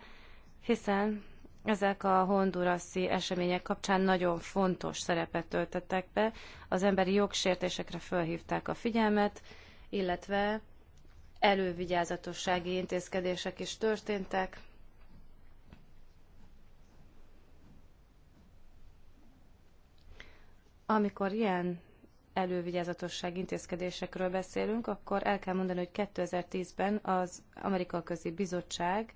hiszen ezek a hondurasi események kapcsán nagyon fontos szerepet töltöttek be, az emberi jogsértésekre felhívták a figyelmet, illetve elővigyázatossági intézkedések is történtek. Amikor ilyen elővigyázatosság intézkedésekről beszélünk, akkor el kell mondani, hogy 2010-ben az Amerika Közi Bizottság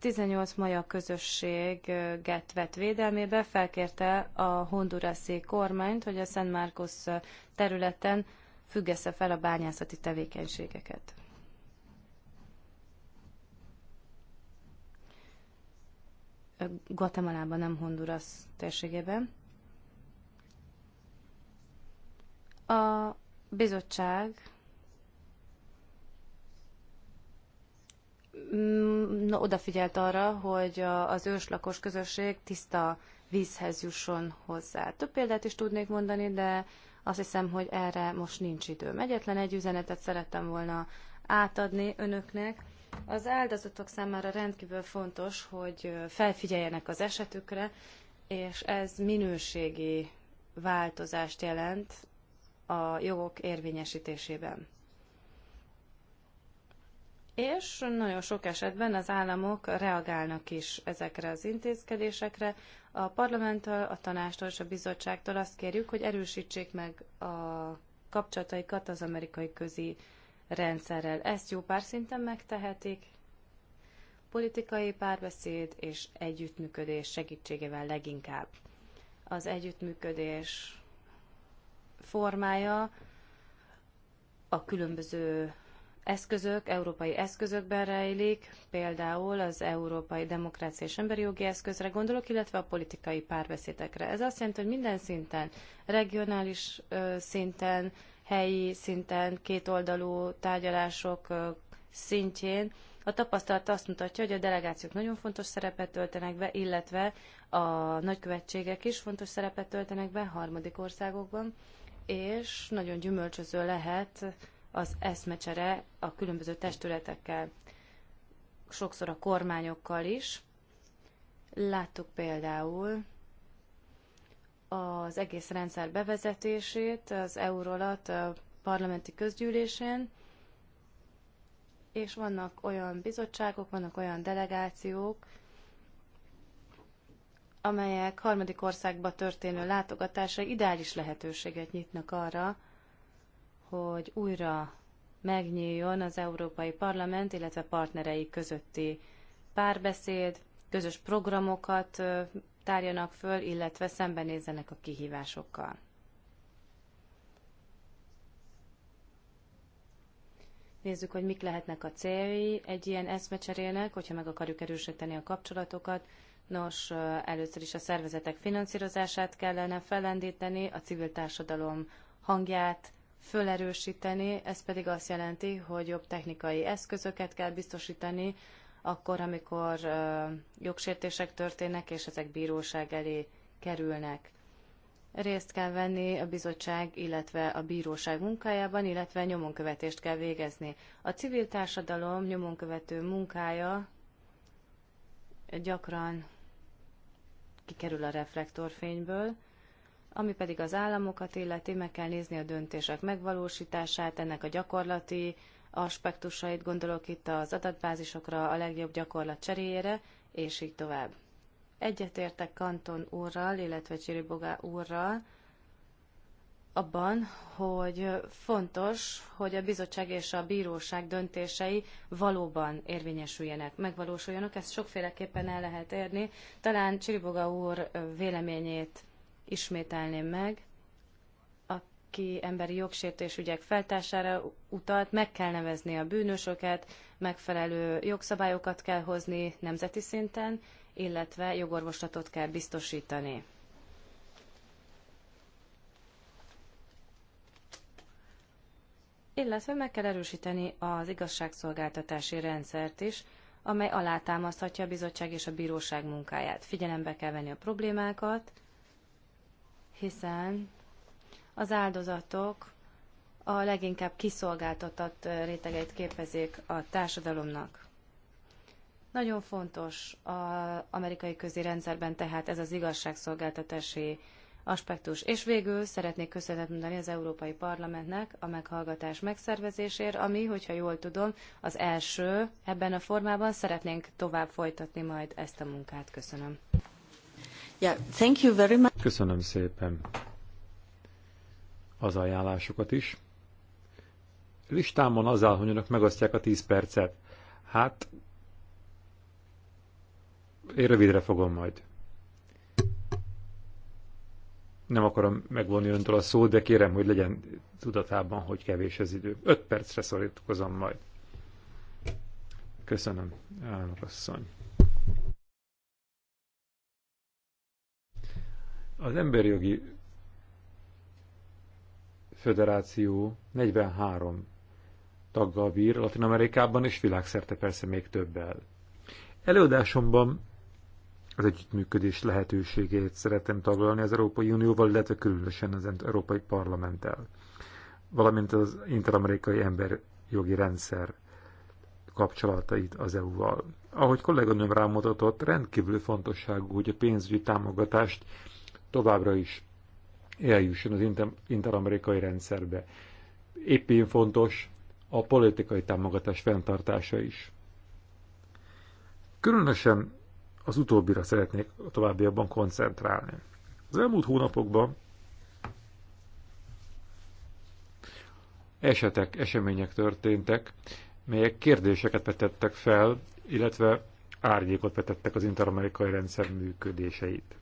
18 maja közösséget vett védelmébe, felkérte a honduraszi kormányt, hogy a Szent Márkusz területen függesse fel a bányászati tevékenységeket. Guatemalában, nem Honduras térségében. A bizottság Mm, no, odafigyelt arra, hogy az őslakos közösség tiszta vízhez jusson hozzá. Több példát is tudnék mondani, de azt hiszem, hogy erre most nincs idő. Egyetlen egy üzenetet szerettem volna átadni önöknek. Az áldozatok számára rendkívül fontos, hogy felfigyeljenek az esetükre, és ez minőségi változást jelent a jogok érvényesítésében és nagyon sok esetben az államok reagálnak is ezekre az intézkedésekre. A parlamenttől, a tanástól és a bizottságtól azt kérjük, hogy erősítsék meg a kapcsolataikat az amerikai közi rendszerrel. Ezt jó pár szinten megtehetik, politikai párbeszéd és együttműködés segítségével leginkább. Az együttműködés formája a különböző eszközök európai eszközökben rejlik, például az Európai Demokrácia és Emberi Jogi Eszközre gondolok, illetve a politikai párbeszédekre. Ez azt jelenti, hogy minden szinten, regionális szinten, helyi szinten, kétoldalú tárgyalások szintjén a tapasztalat azt mutatja, hogy a delegációk nagyon fontos szerepet töltenek be, illetve a nagykövetségek is fontos szerepet töltenek be harmadik országokban, és nagyon gyümölcsöző lehet az eszmecsere a különböző testületekkel, sokszor a kormányokkal is. Láttuk például az egész rendszer bevezetését az Eurolat parlamenti közgyűlésén, és vannak olyan bizottságok, vannak olyan delegációk, amelyek harmadik országba történő látogatásra ideális lehetőséget nyitnak arra, hogy újra megnyíljon az Európai Parlament, illetve partnerei közötti párbeszéd, közös programokat tárjanak föl, illetve szembenézzenek a kihívásokkal. Nézzük, hogy mik lehetnek a céljai egy ilyen eszmecserének, hogyha meg akarjuk erősíteni a kapcsolatokat. Nos, először is a szervezetek finanszírozását kellene fellendíteni, a civil társadalom hangját fölerősíteni, ez pedig azt jelenti, hogy jobb technikai eszközöket kell biztosítani, akkor, amikor jogsértések történnek, és ezek bíróság elé kerülnek. Részt kell venni a bizottság, illetve a bíróság munkájában, illetve nyomonkövetést kell végezni. A civil társadalom nyomonkövető munkája gyakran kikerül a reflektorfényből, ami pedig az államokat illeti, meg kell nézni a döntések megvalósítását, ennek a gyakorlati aspektusait, gondolok itt az adatbázisokra, a legjobb gyakorlat cseréjére, és így tovább. Egyetértek Kanton úrral, illetve Csiribogá úrral abban, hogy fontos, hogy a bizottság és a bíróság döntései valóban érvényesüljenek, megvalósuljanak. Ezt sokféleképpen el lehet érni. Talán Csiriboga úr véleményét ismételném meg, aki emberi jogsértés ügyek feltására utalt, meg kell nevezni a bűnösöket, megfelelő jogszabályokat kell hozni nemzeti szinten, illetve jogorvoslatot kell biztosítani. Illetve meg kell erősíteni az igazságszolgáltatási rendszert is, amely alátámaszthatja a bizottság és a bíróság munkáját. Figyelembe kell venni a problémákat, hiszen az áldozatok a leginkább kiszolgáltatott rétegeit képezik a társadalomnak. Nagyon fontos az amerikai rendszerben tehát ez az igazságszolgáltatási aspektus. És végül szeretnék köszönetet mondani az Európai Parlamentnek a meghallgatás megszervezésért, ami, hogyha jól tudom, az első ebben a formában. Szeretnénk tovább folytatni majd ezt a munkát. Köszönöm. Yeah, thank you very much. Köszönöm szépen az ajánlásokat is. Listámon az áll, hogy önök megosztják a 10 percet. Hát, én rövidre fogom majd. Nem akarom megvonni öntől a szót, de kérem, hogy legyen tudatában, hogy kevés az idő. 5 percre szorítkozom majd. Köszönöm, elnök asszony. Az emberi jogi Föderáció 43 taggal bír Latin Amerikában, és világszerte persze még többel. Előadásomban az együttműködés lehetőségét szeretem taglalni az Európai Unióval, illetve különösen az Európai Parlamenttel, valamint az interamerikai jogi rendszer kapcsolatait az EU-val. Ahogy kolléganőm rámutatott, rendkívül fontosságú, hogy a pénzügyi támogatást továbbra is eljusson az inter interamerikai rendszerbe. Éppén fontos a politikai támogatás fenntartása is. Különösen az utóbbira szeretnék a továbbiakban koncentrálni. Az elmúlt hónapokban esetek, események történtek, melyek kérdéseket vetettek fel, illetve árnyékot vetettek az interamerikai rendszer működéseit.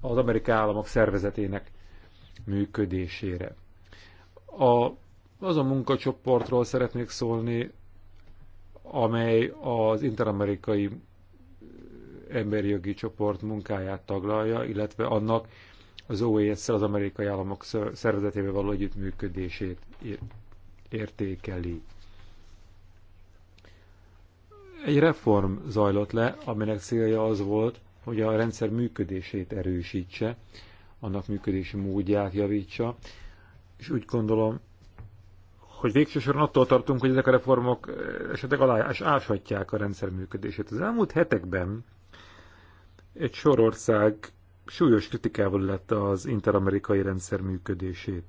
az amerikai államok szervezetének működésére. A, az a munkacsoportról szeretnék szólni, amely az interamerikai emberi jogi csoport munkáját taglalja, illetve annak az OES-szel az amerikai államok szervezetével való együttműködését értékeli. Egy reform zajlott le, aminek célja az volt, hogy a rendszer működését erősítse, annak működési módját javítsa, és úgy gondolom, hogy végső soron attól tartunk, hogy ezek a reformok eh, esetleg és áshatják a rendszer működését. Az elmúlt hetekben egy sor ország súlyos kritikával lett az interamerikai rendszer működését.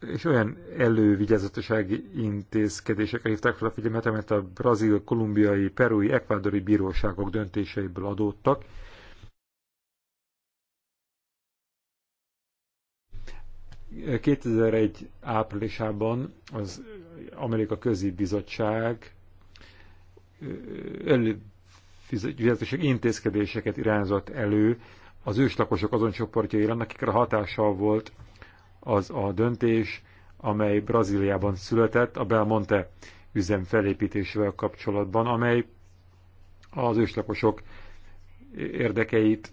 és olyan elővigyázatossági intézkedésekre hívták fel a figyelmet, amelyet a brazil, kolumbiai, perui, ekvádori bíróságok döntéseiből adódtak. ...2001 áprilisában az Amerika Közi Bizottság elővizetőség intézkedéseket irányzott elő az őslakosok azon csoportjaira, akikre hatással volt az a döntés, amely Brazíliában született a Belmonte üzem felépítésével kapcsolatban, amely az őslakosok érdekeit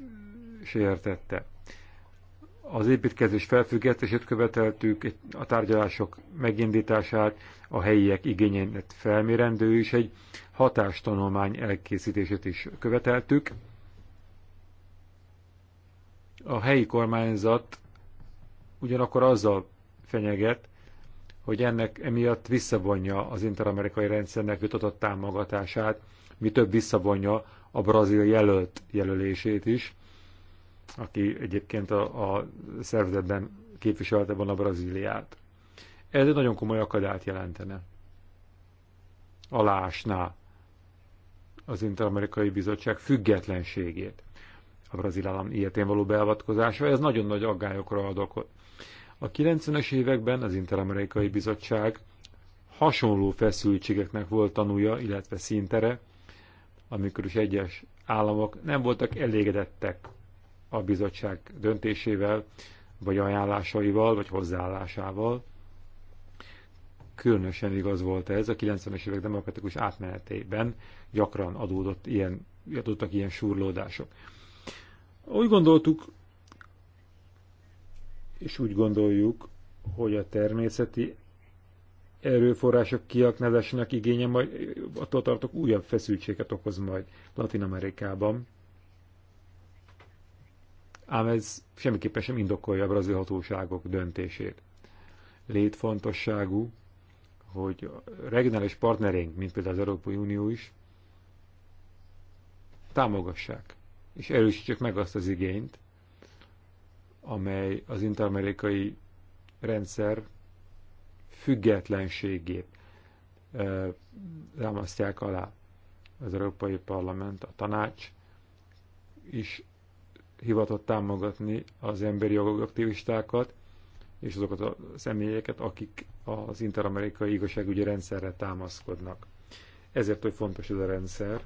sértette. Az építkezés felfüggesztését követeltük, a tárgyalások megindítását, a helyiek igényeinek felmérendő és egy hatástanulmány elkészítését is követeltük. A helyi kormányzat ugyanakkor azzal fenyeget, hogy ennek emiatt visszavonja az interamerikai rendszernek jutott támogatását, mi több visszavonja a brazil jelölt jelölését is, aki egyébként a, a szervezetben képviselte volna Brazíliát. Ez egy nagyon komoly akadályt jelentene. Alásná az Interamerikai Bizottság függetlenségét a brazil állam ilyetén való beavatkozása. Ez nagyon nagy aggályokra ad okot. A 90-es években az Interamerikai Bizottság hasonló feszültségeknek volt tanúja, illetve szintere, amikor is egyes államok nem voltak elégedettek a bizottság döntésével, vagy ajánlásaival, vagy hozzáállásával. Különösen igaz volt ez a 90-es évek demokratikus átmenetében, gyakran adódott ilyen, adódtak ilyen súrlódások. Úgy gondoltuk, és úgy gondoljuk, hogy a természeti erőforrások kiaknázásának igénye majd, attól tartok újabb feszültséget okoz majd Latin Amerikában. Ám ez semmiképpen sem indokolja a brazil hatóságok döntését. Létfontosságú, hogy a regionális partnerénk, mint például az Európai Unió is, támogassák, és erősítsük meg azt az igényt, amely az interamerikai rendszer függetlenségét rámasztják alá az Európai Parlament, a tanács is hivatott támogatni az emberi jogok aktivistákat és azokat a személyeket, akik az interamerikai igazságügyi rendszerre támaszkodnak. Ezért, hogy fontos ez a rendszer,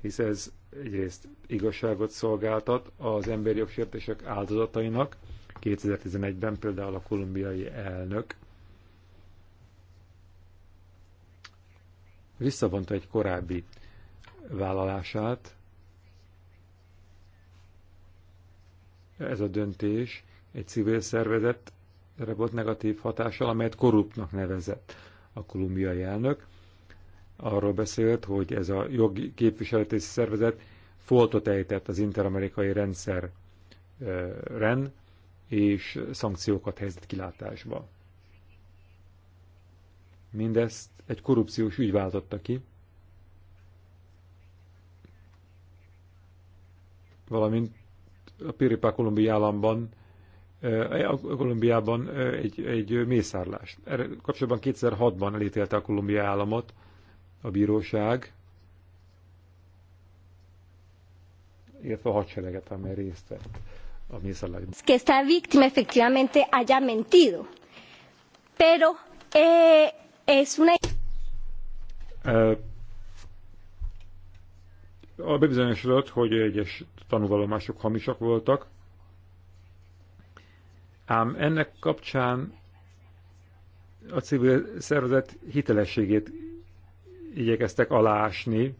hisz ez egyrészt igazságot szolgáltat az emberi jogsértések áldozatainak. 2011-ben például a kolumbiai elnök visszavonta egy korábbi vállalását. Ez a döntés egy civil szervezetre volt negatív hatással, amelyet korruptnak nevezett a kolumbiai elnök arról beszélt, hogy ez a jogi képviseleti szervezet foltot ejtett az interamerikai rendszerren, és szankciókat helyezett kilátásba. Mindezt egy korrupciós ügy váltotta ki, valamint a Piripá Kolumbi államban, a Kolumbiában egy, egy mészárlás. Erre kapcsolatban 2006-ban elítélte a Kolumbia államot, a bíróság, illetve a hadsereget, amely részt vett a mészállágban. Que esta víctima efectivamente haya mentido. Pero eh, es una... Eh, a bebizonyosodott, hogy egyes tanúvallomások hamisak voltak, ám ennek kapcsán a civil szervezet hitelességét igyekeztek alásni.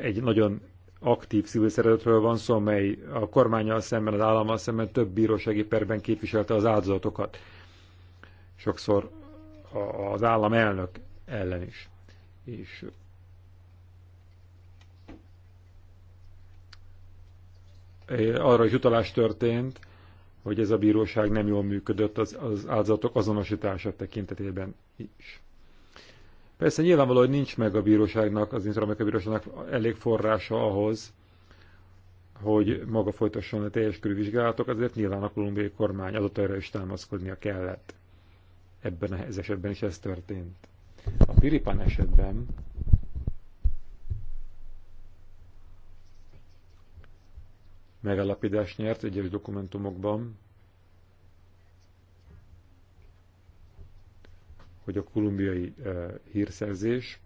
Egy nagyon aktív civil szervezetről van szó, mely a kormányal szemben, az állammal szemben több bírósági perben képviselte az áldozatokat. Sokszor az állam elnök ellen is. És arra is utalás történt, hogy ez a bíróság nem jól működött az, az áldozatok azonosítása tekintetében is. Persze nyilvánvaló, hogy nincs meg a bíróságnak, az Inter bíróságnak elég forrása ahhoz, hogy maga folytasson a teljes körű vizsgálatok, azért nyilván a kolumbiai kormány adott erre is támaszkodnia kellett. Ebben az esetben is ez történt. A Piripán esetben megállapítást nyert egyes dokumentumokban, hogy a kolumbiai e, hírszerzés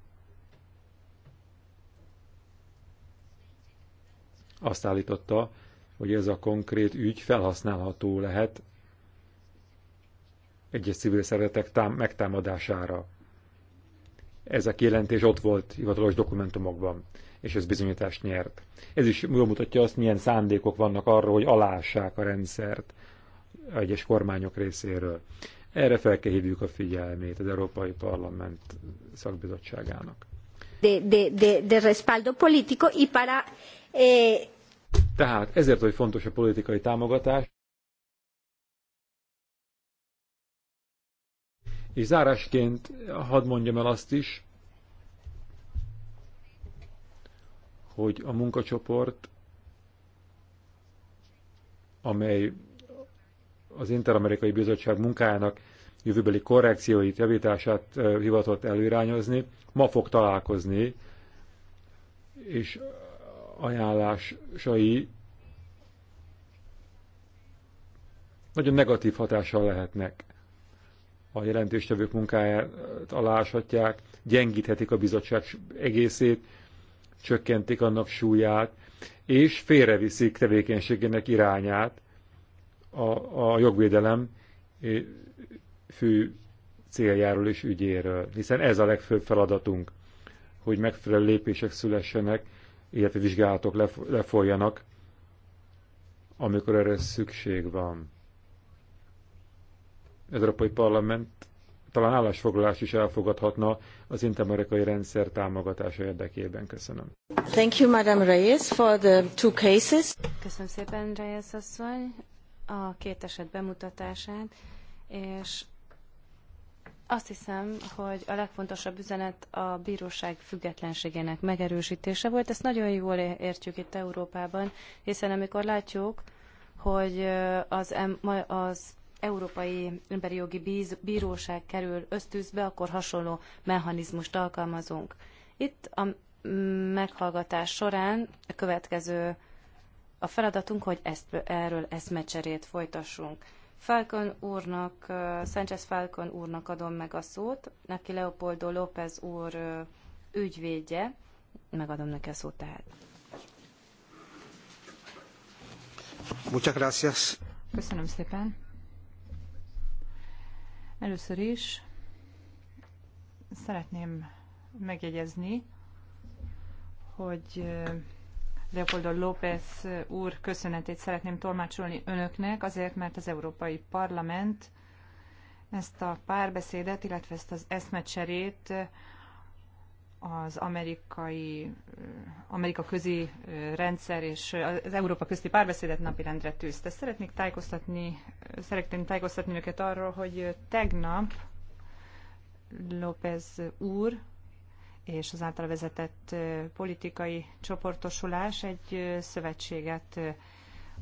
azt állította, hogy ez a konkrét ügy felhasználható lehet egyes civil szervezetek tám- megtámadására. Ez a kijelentés ott volt hivatalos dokumentumokban, és ez bizonyítást nyert. Ez is jól mutatja azt, milyen szándékok vannak arra, hogy alássák a rendszert egyes kormányok részéről. Erre fel kell hívjuk a figyelmét az Európai Parlament szakbizottságának. De, de, de, de respaldo politico y para, eh... Tehát ezért, hogy fontos a politikai támogatás, És zárásként hadd mondjam el azt is, hogy a munkacsoport, amely az Interamerikai Bizottság munkájának jövőbeli korrekcióit, javítását hivatott előirányozni, ma fog találkozni, és ajánlásai nagyon negatív hatással lehetnek. A jelentéstevők munkáját aláshatják, gyengíthetik a bizottság egészét, csökkentik annak súlyát, és félreviszik tevékenységének irányát, a, a jogvédelem fő céljáról és ügyéről, hiszen ez a legfőbb feladatunk, hogy megfelelő lépések szülessenek, illetve vizsgálatok lefolyjanak, amikor erre szükség van. Az Európai Parlament talán állásfoglalás is elfogadhatna az interamerikai rendszer támogatása érdekében. Köszönöm. Thank you, Madam Reyes, for the two cases. Köszönöm szépen, Reyes asszony a két eset bemutatását, és azt hiszem, hogy a legfontosabb üzenet a bíróság függetlenségének megerősítése volt. Ezt nagyon jól értjük itt Európában, hiszen amikor látjuk, hogy az, az Európai Emberi Jogi Bíz, Bíróság kerül ösztűzbe, akkor hasonló mechanizmust alkalmazunk. Itt a meghallgatás során a következő a feladatunk, hogy ezt, erről eszmecserét folytassunk. Falcon úrnak, Sánchez Falcon úrnak adom meg a szót, neki Leopoldo López úr ügyvédje, megadom neki a szót tehát. Muchas gracias. Köszönöm szépen. Először is szeretném megjegyezni, hogy Leopoldo López úr köszönetét szeretném tolmácsolni önöknek, azért, mert az Európai Parlament ezt a párbeszédet, illetve ezt az eszmecserét az amerikai, Amerika közi rendszer és az Európa közti párbeszédet napirendre tűzte. Szeretnék tájékoztatni, szeretném tájékoztatni őket arról, hogy tegnap López úr és az által vezetett politikai csoportosulás egy szövetséget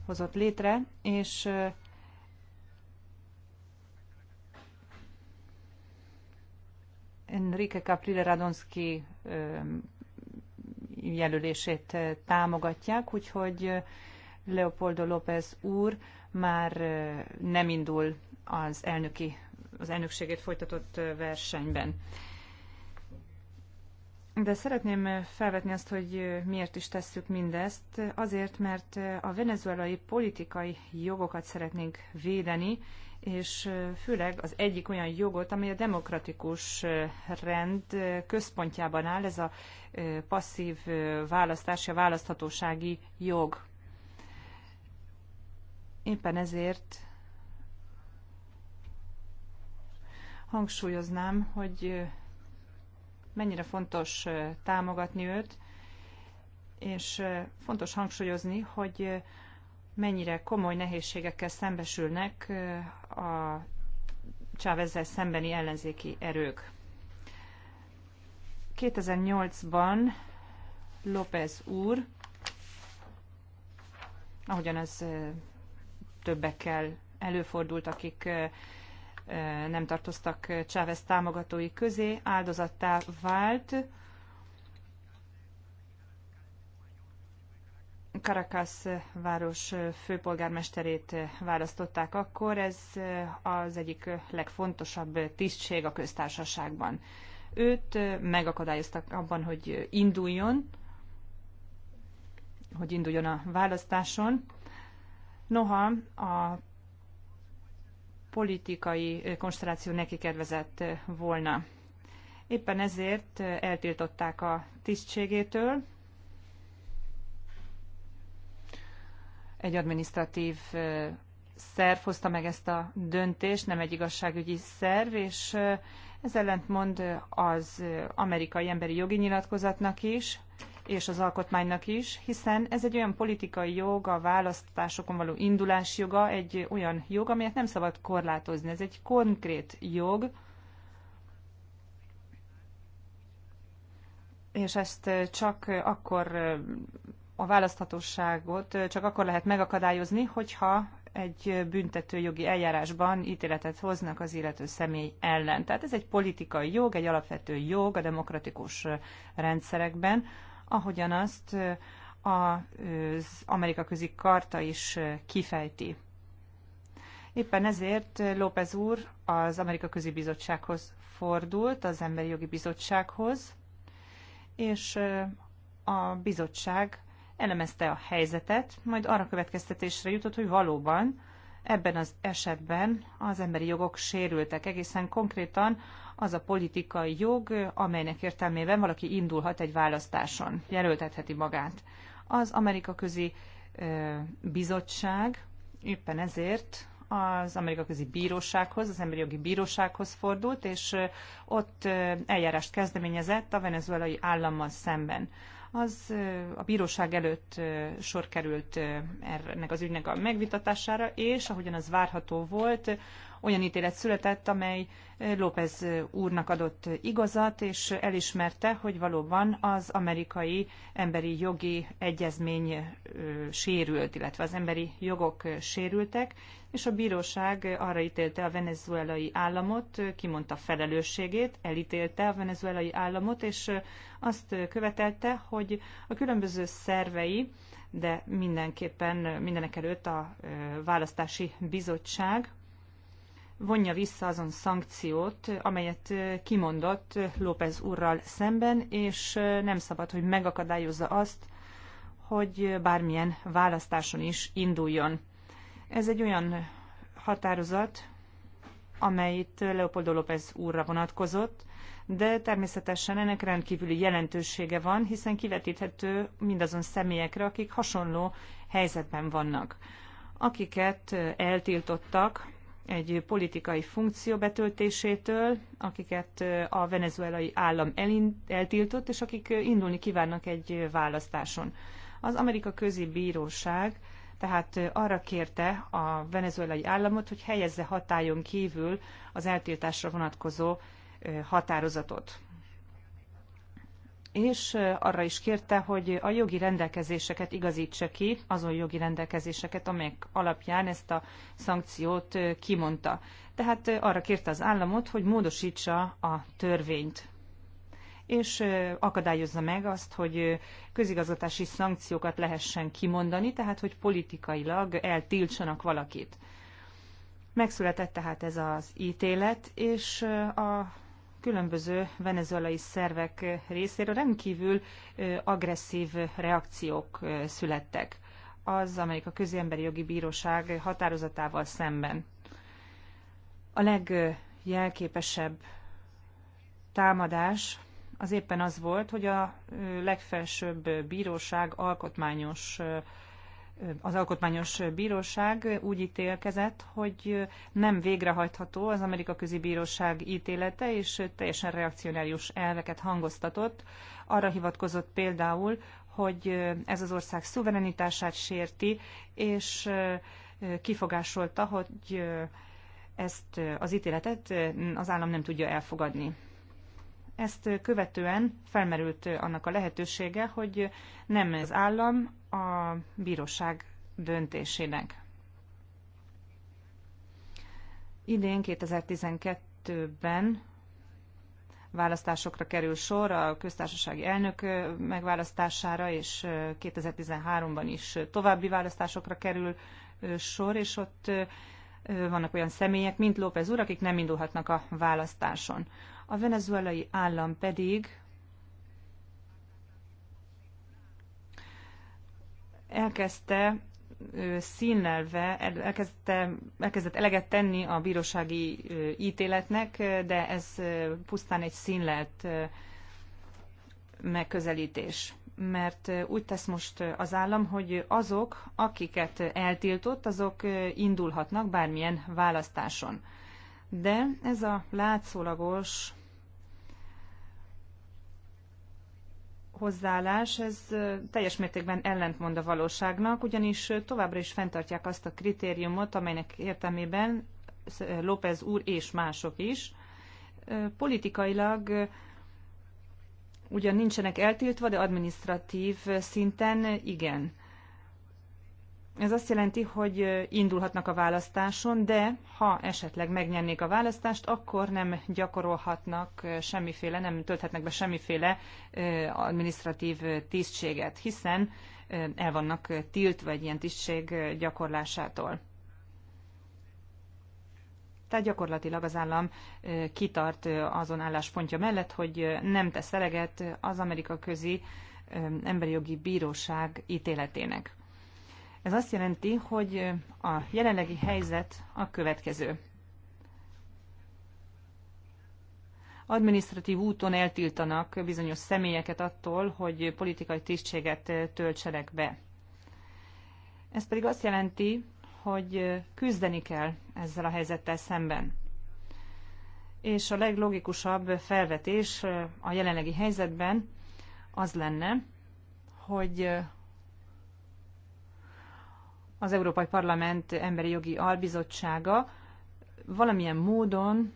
hozott létre, és Enrique Caprile Radonski jelölését támogatják, úgyhogy Leopoldo López úr már nem indul az elnöki az elnökségét folytatott versenyben. De szeretném felvetni azt, hogy miért is tesszük mindezt. Azért, mert a venezuelai politikai jogokat szeretnénk védeni, és főleg az egyik olyan jogot, amely a demokratikus rend központjában áll, ez a passzív választási, a választhatósági jog. Éppen ezért hangsúlyoznám, hogy mennyire fontos támogatni őt, és fontos hangsúlyozni, hogy mennyire komoly nehézségekkel szembesülnek a Csávezzel szembeni ellenzéki erők. 2008-ban López úr, ahogyan az többekkel előfordult, akik Eh, nem tartoztak Chávez támogatói közé, áldozattá vált. Caracas város főpolgármesterét választották akkor, ez eh, az egyik legfontosabb tisztség a köztársaságban. Őt eh, megakadályoztak abban, hogy induljon, hogy induljon a választáson. Noha a politikai eh, konstelláció neki kedvezett eh, volna. Éppen ezért eh, eltiltották a tisztségétől, egy adminisztratív szerv hozta meg ezt a döntést, nem egy igazságügyi szerv, és ez ellentmond az amerikai emberi jogi nyilatkozatnak is, és az alkotmánynak is, hiszen ez egy olyan politikai jog, a választásokon való indulás joga, egy olyan jog, amelyet nem szabad korlátozni. Ez egy konkrét jog, és ezt csak akkor a választhatóságot csak akkor lehet megakadályozni, hogyha egy büntető jogi eljárásban ítéletet hoznak az illető személy ellen. Tehát ez egy politikai jog, egy alapvető jog a demokratikus rendszerekben, ahogyan azt az Amerika közi karta is kifejti. Éppen ezért López úr az Amerika Közi Bizottsághoz fordult, az Emberi Jogi Bizottsághoz, és a bizottság elemezte a helyzetet, majd arra következtetésre jutott, hogy valóban ebben az esetben az emberi jogok sérültek. Egészen konkrétan az a politikai jog, amelynek értelmében valaki indulhat egy választáson, jelöltetheti magát. Az Amerika Közi Bizottság éppen ezért az Amerika Közi Bírósághoz, az Emberi Jogi Bírósághoz fordult, és ott eljárást kezdeményezett a venezuelai állammal szemben. Az a bíróság előtt sor került ennek az ügynek a megvitatására, és ahogyan az várható volt, olyan ítélet született, amely López úrnak adott igazat, és elismerte, hogy valóban az amerikai emberi jogi egyezmény sérült, illetve az emberi jogok sérültek, és a bíróság arra ítélte a venezuelai államot, kimondta felelősségét, elítélte a venezuelai államot, és azt követelte, hogy a különböző szervei, de mindenképpen mindenek előtt a választási bizottság vonja vissza azon szankciót, amelyet kimondott López úrral szemben, és nem szabad, hogy megakadályozza azt, hogy bármilyen választáson is induljon. Ez egy olyan határozat, amelyet Leopoldo López úrra vonatkozott, de természetesen ennek rendkívüli jelentősége van, hiszen kivetíthető mindazon személyekre, akik hasonló helyzetben vannak, akiket eltiltottak egy politikai funkció betöltésétől, akiket a venezuelai állam eltiltott, és akik indulni kívánnak egy választáson. Az Amerika Közi Bíróság tehát arra kérte a venezuelai államot, hogy helyezze hatályon kívül az eltiltásra vonatkozó határozatot és arra is kérte, hogy a jogi rendelkezéseket igazítsa ki, azon jogi rendelkezéseket, amelyek alapján ezt a szankciót kimondta. Tehát arra kérte az államot, hogy módosítsa a törvényt és akadályozza meg azt, hogy közigazgatási szankciókat lehessen kimondani, tehát hogy politikailag eltiltsanak valakit. Megszületett tehát ez az ítélet, és a különböző venezuelai szervek részéről rendkívül agresszív reakciók születtek az amelyik a Közemberi Jogi Bíróság határozatával szemben. A legjelképesebb támadás az éppen az volt, hogy a legfelsőbb bíróság alkotmányos az Alkotmányos Bíróság úgy ítélkezett, hogy nem végrehajtható az Amerika Közi Bíróság ítélete, és teljesen reakcionárius elveket hangoztatott. Arra hivatkozott például, hogy ez az ország szuverenitását sérti, és kifogásolta, hogy ezt az ítéletet az állam nem tudja elfogadni. Ezt követően felmerült annak a lehetősége, hogy nem az állam, a bíróság döntésének. Idén 2012-ben választásokra kerül sor, a köztársasági elnök megválasztására, és 2013-ban is további választásokra kerül sor, és ott vannak olyan személyek, mint López úr, akik nem indulhatnak a választáson. A venezuelai állam pedig elkezdte színelve, elkezdte, elkezdett eleget tenni a bírósági ítéletnek, de ez pusztán egy színlelt megközelítés. Mert úgy tesz most az állam, hogy azok, akiket eltiltott, azok indulhatnak bármilyen választáson. De ez a látszólagos hozzáállás, ez teljes mértékben ellentmond a valóságnak, ugyanis továbbra is fenntartják azt a kritériumot, amelynek értelmében López úr és mások is politikailag ugyan nincsenek eltiltva, de administratív szinten igen. Ez azt jelenti, hogy indulhatnak a választáson, de ha esetleg megnyernék a választást, akkor nem gyakorolhatnak semmiféle, nem tölthetnek be semmiféle administratív tisztséget, hiszen el vannak tiltva egy ilyen tisztség gyakorlásától. Tehát gyakorlatilag az állam kitart azon álláspontja mellett, hogy nem tesz eleget az Amerika Közi Emberi Jogi Bíróság ítéletének. Ez azt jelenti, hogy a jelenlegi helyzet a következő. Administratív úton eltiltanak bizonyos személyeket attól, hogy politikai tisztséget töltsenek be. Ez pedig azt jelenti, hogy küzdeni kell ezzel a helyzettel szemben. És a leglogikusabb felvetés a jelenlegi helyzetben az lenne, hogy az Európai Parlament Emberi Jogi Albizottsága valamilyen módon,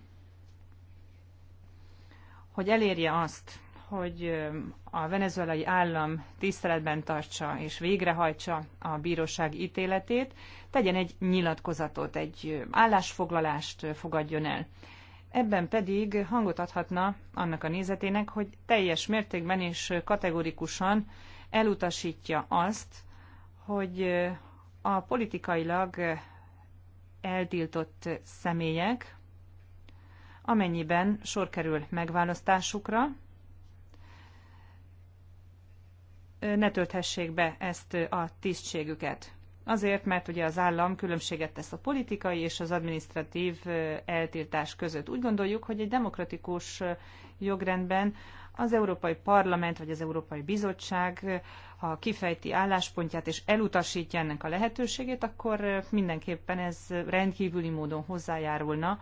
hogy elérje azt, hogy a venezuelai állam tiszteletben tartsa és végrehajtsa a bíróság ítéletét, tegyen egy nyilatkozatot, egy állásfoglalást fogadjon el. Ebben pedig hangot adhatna annak a nézetének, hogy teljes mértékben és kategorikusan elutasítja azt, hogy a politikailag eltiltott személyek, amennyiben sor kerül megválasztásukra, ne tölthessék be ezt a tisztségüket. Azért, mert ugye az állam különbséget tesz a politikai és az administratív eh, eltiltás között. Úgy gondoljuk, hogy egy demokratikus eh, jogrendben az Európai Parlament vagy az Európai Bizottság, ha kifejti álláspontját és elutasítja ennek a lehetőségét, akkor mindenképpen ez rendkívüli módon hozzájárulna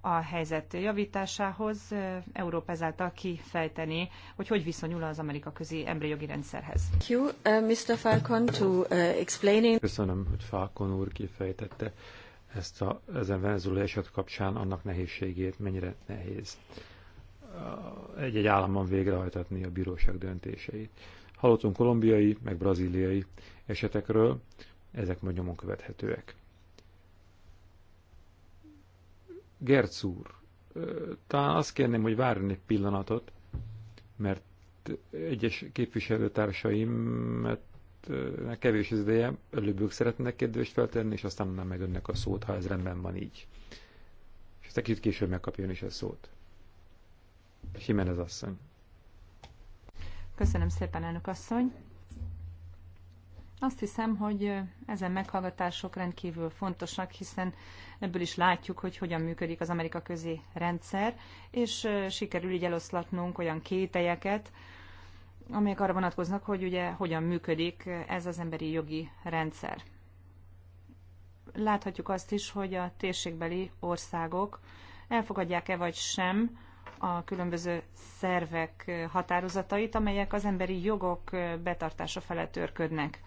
a helyzet javításához, Európa ezáltal kifejteni, hogy hogy viszonyul az Amerika közi jogi rendszerhez. Uh, uh, Köszönöm, hogy Falcon úr kifejtette ezt a, ezen venezuelai eset kapcsán annak nehézségét, mennyire nehéz egy-egy államban végrehajtatni a bíróság döntéseit. Hallottunk kolumbiai, meg braziliai esetekről, ezek majd nyomon követhetőek. Gerc úr, talán azt kérném, hogy várjon egy pillanatot, mert egyes képviselőtársaim kevés az ideje, előbb ők szeretnek kérdést feltenni, és aztán nem meg önnek a szót, ha ez rendben van így. És aztán kicsit később megkapjon is a szót. Jimenez asszony. Köszönöm szépen, elnök asszony. Azt hiszem, hogy ezen meghallgatások rendkívül fontosak, hiszen ebből is látjuk, hogy hogyan működik az Amerika közi rendszer, és sikerül így eloszlatnunk olyan kételyeket, amelyek arra vonatkoznak, hogy ugye hogyan működik ez az emberi jogi rendszer. Láthatjuk azt is, hogy a térségbeli országok elfogadják-e vagy sem a különböző szervek határozatait, amelyek az emberi jogok betartása felett törködnek.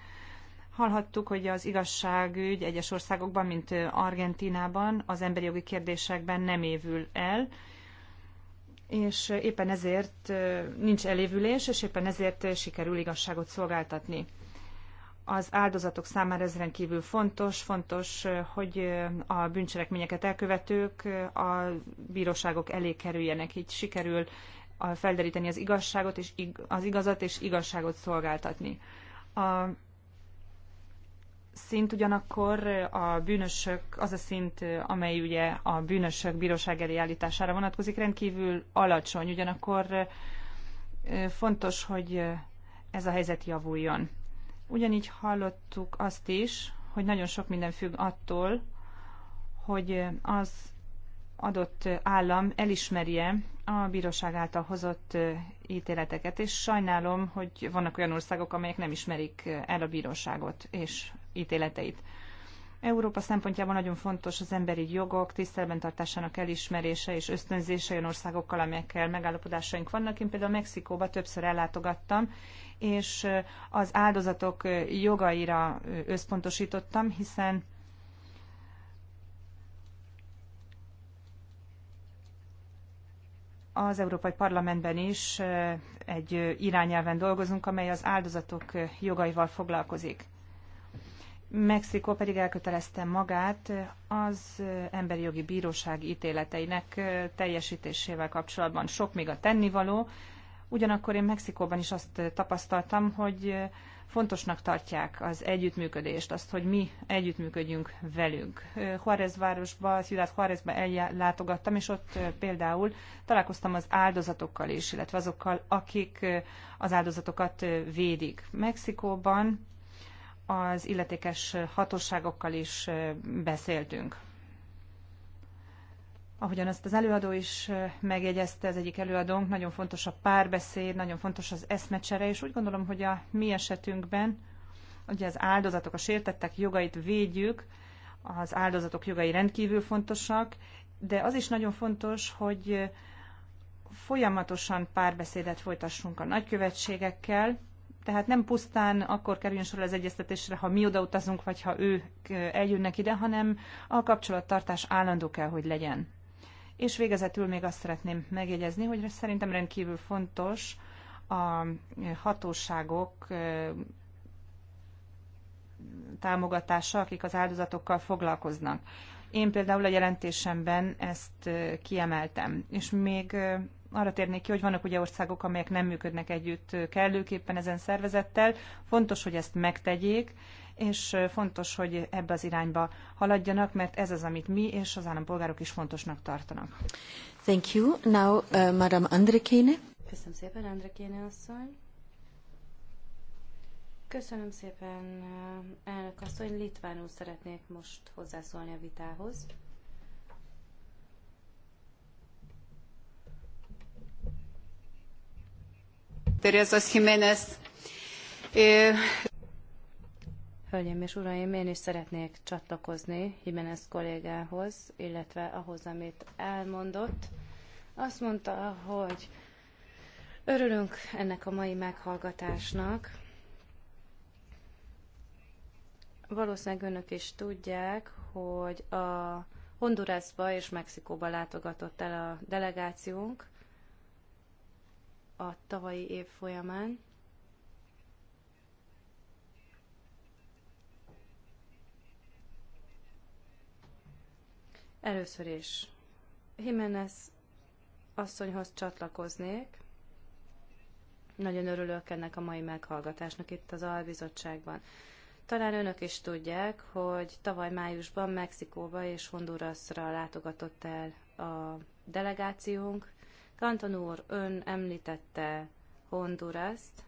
Hallhattuk, hogy az igazságügy egyes országokban, mint Argentinában az emberi jogi kérdésekben nem évül el, és éppen ezért nincs elévülés, és éppen ezért sikerül igazságot szolgáltatni az áldozatok számára ez rendkívül fontos. Fontos, hogy a bűncselekményeket elkövetők a bíróságok elé kerüljenek. Így sikerül felderíteni az igazságot és az igazat és igazságot szolgáltatni. A szint ugyanakkor a bűnösök, az a szint, amely ugye a bűnösök bíróság elé állítására vonatkozik, rendkívül alacsony. Ugyanakkor fontos, hogy ez a helyzet javuljon. Ugyanígy hallottuk azt is, hogy nagyon sok minden függ attól, hogy az adott állam elismerje a bíróság által hozott ítéleteket, és sajnálom, hogy vannak olyan országok, amelyek nem ismerik el a bíróságot és ítéleteit. Európa szempontjából nagyon fontos az emberi jogok tiszteletben tartásának elismerése és ösztönzése olyan országokkal, amelyekkel megállapodásaink vannak. Én például Mexikóba többször ellátogattam, és az áldozatok jogaira összpontosítottam, hiszen az Európai Parlamentben is egy irányelven dolgozunk, amely az áldozatok jogaival foglalkozik. Mexikó pedig elkötelezte magát az emberi jogi bíróság ítéleteinek teljesítésével kapcsolatban. Sok még a tennivaló, ugyanakkor én Mexikóban is azt tapasztaltam, hogy fontosnak tartják az együttműködést, azt, hogy mi együttműködjünk velünk. Juárez városba, Ciudad Juárezba ellátogattam, és ott például találkoztam az áldozatokkal is, illetve azokkal, akik az áldozatokat védik. Mexikóban az illetékes hatóságokkal is beszéltünk. Ahogyan azt az előadó is megjegyezte, az egyik előadónk, nagyon fontos a párbeszéd, nagyon fontos az eszmecsere, és úgy gondolom, hogy a mi esetünkben, ugye az áldozatok, a sértettek jogait védjük, az áldozatok jogai rendkívül fontosak, de az is nagyon fontos, hogy folyamatosan párbeszédet folytassunk a nagykövetségekkel, tehát nem pusztán akkor kerüljön sor az egyeztetésre, ha mi odautazunk, vagy ha ők eljönnek ide, hanem a kapcsolattartás állandó kell, hogy legyen. És végezetül még azt szeretném megjegyezni, hogy szerintem rendkívül fontos a hatóságok támogatása, akik az áldozatokkal foglalkoznak. Én például a jelentésemben ezt kiemeltem, és még arra térnék ki, hogy vannak ugye országok, amelyek nem működnek együtt kellőképpen ezen szervezettel. Fontos, hogy ezt megtegyék, és fontos, hogy ebbe az irányba haladjanak, mert ez az, amit mi és az állampolgárok is fontosnak tartanak. Thank you. Now, uh, Madame Andrikéne. Köszönöm szépen, Andrikéne asszony. Köszönöm szépen, uh, elnök asszony. Litvánul szeretnék most hozzászólni a vitához. Terezas Jiménez. Hölgyeim és uraim, én is szeretnék csatlakozni Jiménez kollégához, illetve ahhoz, amit elmondott. Azt mondta, hogy örülünk ennek a mai meghallgatásnak. Valószínűleg önök is tudják, hogy a Hondurasba és Mexikóba látogatott el a delegációnk, a tavalyi év folyamán. Először is Jiménez asszonyhoz csatlakoznék. Nagyon örülök ennek a mai meghallgatásnak itt az albizottságban. Talán önök is tudják, hogy tavaly májusban Mexikóba és Hondurasra látogatott el a delegációnk, Danton úr, ön említette Honduraszt.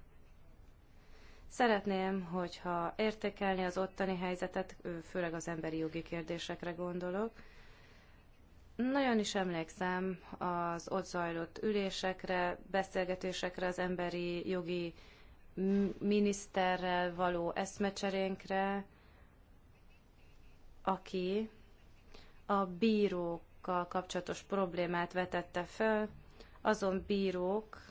Szeretném, hogyha értékelni az ottani helyzetet, főleg az emberi jogi kérdésekre gondolok. Nagyon is emlékszem az ott zajlott ülésekre, beszélgetésekre, az emberi jogi miniszterrel való eszmecserénkre, aki a bírókkal kapcsolatos problémát vetette fel, azon bírók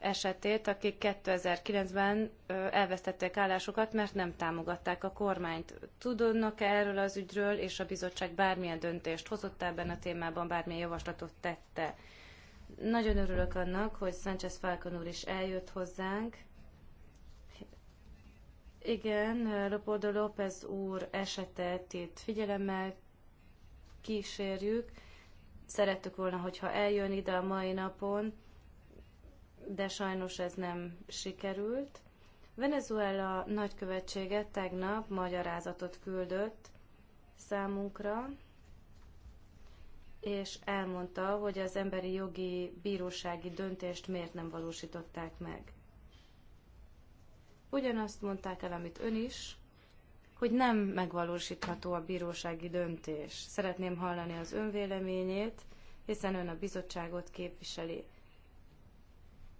esetét, akik 2009-ben elvesztették állásukat, mert nem támogatták a kormányt. Tudnak-e erről az ügyről, és a bizottság bármilyen döntést hozott ebben a témában, bármilyen javaslatot tette? Nagyon örülök annak, hogy Sánchez Falcon úr is eljött hozzánk. Igen, Leopoldo López úr esetet itt figyelemmel kísérjük Szerettük volna, hogyha eljön ide a mai napon, de sajnos ez nem sikerült. Venezuela nagykövetsége tegnap magyarázatot küldött számunkra, és elmondta, hogy az emberi jogi bírósági döntést miért nem valósították meg. Ugyanazt mondták el, amit ön is, hogy nem megvalósítható a bírósági döntés. Szeretném hallani az önvéleményét, hiszen ön a bizottságot képviseli.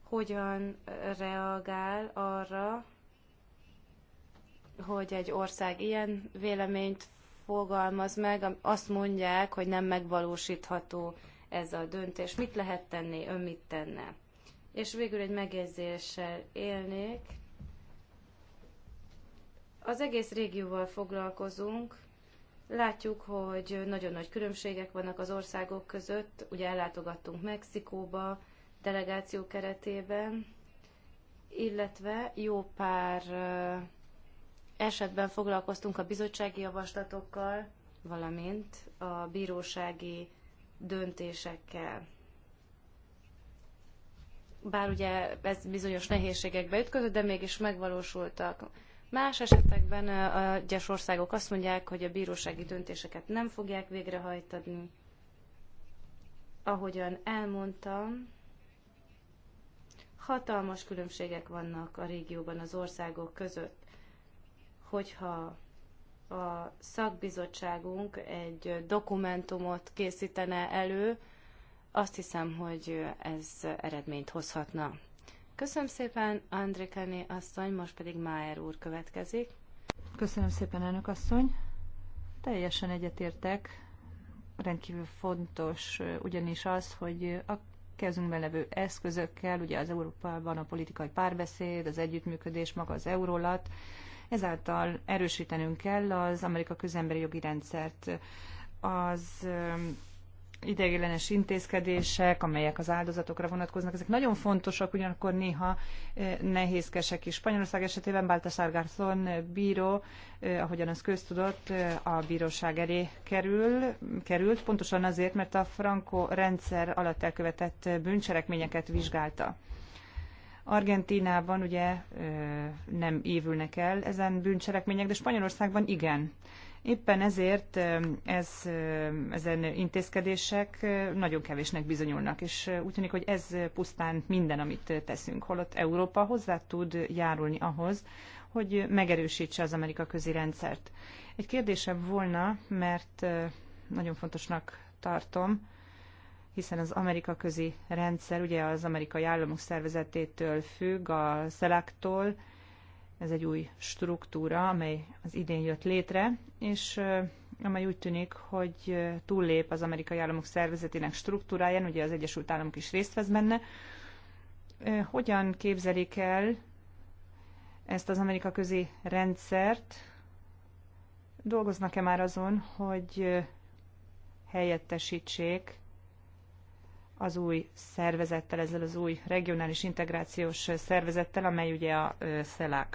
Hogyan reagál arra, hogy egy ország ilyen véleményt fogalmaz meg, azt mondják, hogy nem megvalósítható ez a döntés. Mit lehet tenni, ön mit tenne? És végül egy megjegyzéssel élnék, az egész régióval foglalkozunk, látjuk, hogy nagyon nagy különbségek vannak az országok között. Ugye ellátogattunk Mexikóba delegáció keretében, illetve jó pár esetben foglalkoztunk a bizottsági javaslatokkal, valamint a bírósági döntésekkel. Bár ugye ez bizonyos nehézségekbe ütközött, de mégis megvalósultak. Más esetekben a egyes országok azt mondják, hogy a bírósági döntéseket nem fogják végrehajtani. Ahogyan elmondtam, hatalmas különbségek vannak a régióban az országok között. Hogyha a szakbizottságunk egy dokumentumot készítene elő, azt hiszem, hogy ez eredményt hozhatna. Köszönöm szépen, Andrikani asszony, most pedig Máer úr következik. Köszönöm szépen, elnök asszony. Teljesen egyetértek. Rendkívül fontos ugyanis az, hogy a kezünkben levő eszközökkel, ugye az Európában a politikai párbeszéd, az együttműködés, maga az eurólat, ezáltal erősítenünk kell az Amerika közemberi jogi rendszert. Az ideiglenes intézkedések, amelyek az áldozatokra vonatkoznak, ezek nagyon fontosak, ugyanakkor néha eh, nehézkesek is. Spanyolország esetében Baltasar Garzón bíró, eh, ahogyan az köztudott, eh, a bíróság elé kerül, került, pontosan azért, mert a Franco rendszer alatt elkövetett bűncselekményeket vizsgálta. Argentínában ugye nem évülnek el ezen bűncselekmények, de Spanyolországban igen. Éppen ezért ez, ezen intézkedések nagyon kevésnek bizonyulnak, és úgy tűnik, hogy ez pusztán minden, amit teszünk, holott Európa hozzá tud járulni ahhoz, hogy megerősítse az Amerika közi rendszert. Egy kérdésem volna, mert nagyon fontosnak tartom, hiszen az Amerika közi rendszer ugye az amerikai államok szervezetétől függ, a szelek ez egy új struktúra, amely az idén jött létre, és amely úgy tűnik, hogy túllép az amerikai államok szervezetének struktúráján, ugye az Egyesült Államok is részt vesz benne. Hogyan képzelik el ezt az Amerika közi rendszert? Dolgoznak-e már azon, hogy helyettesítsék az új szervezettel, ezzel az új regionális integrációs szervezettel, amely ugye a SZELAC.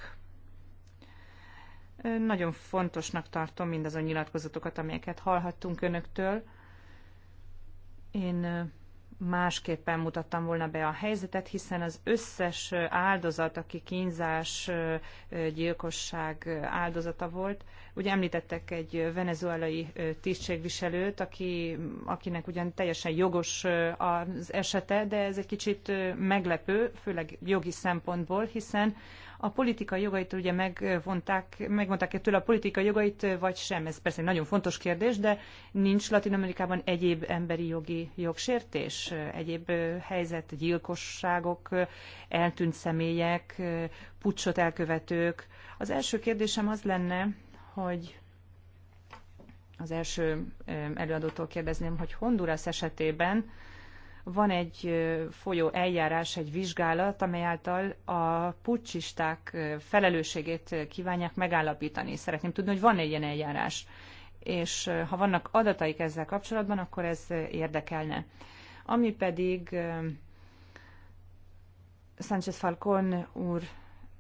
Nagyon fontosnak tartom mindazon nyilatkozatokat, amelyeket hallhattunk önöktől. Én másképpen mutattam volna be a helyzetet, hiszen az összes áldozat, aki kínzás, gyilkosság áldozata volt, ugye említettek egy venezuelai tisztségviselőt, aki, akinek ugyan teljesen jogos az esete, de ez egy kicsit meglepő, főleg jogi szempontból, hiszen a politikai jogait ugye megvonták, megvonták -e tőle a politikai jogait, vagy sem. Ez persze egy nagyon fontos kérdés, de nincs Latin Amerikában egyéb emberi jogi jogsértés, egyéb helyzet, gyilkosságok, eltűnt személyek, pucsot elkövetők. Az első kérdésem az lenne, hogy az első előadótól kérdezném, hogy Honduras esetében van egy folyó eljárás, egy vizsgálat, amely által a pucsisták felelősségét kívánják megállapítani. Szeretném tudni, hogy van-e ilyen eljárás. És ha vannak adataik ezzel kapcsolatban, akkor ez érdekelne. Ami pedig Sánchez Falcon úr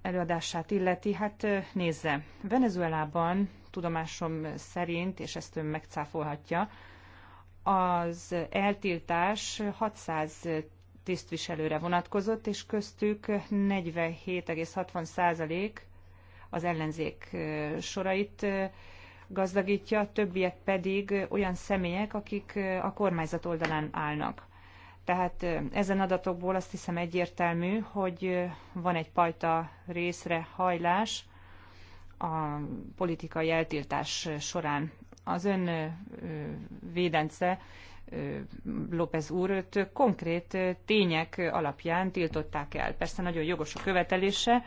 előadását illeti, hát nézze, Venezuelában tudomásom szerint, és ezt ön megcáfolhatja, az eltiltás 600 tisztviselőre vonatkozott, és köztük 47,60% az ellenzék sorait gazdagítja, többiek pedig olyan személyek, akik a kormányzat oldalán állnak. Tehát ezen adatokból azt hiszem egyértelmű, hogy van egyfajta részre hajlás a politikai eltiltás során az ön védence López úrt konkrét tények alapján tiltották el. Persze nagyon jogos a követelése,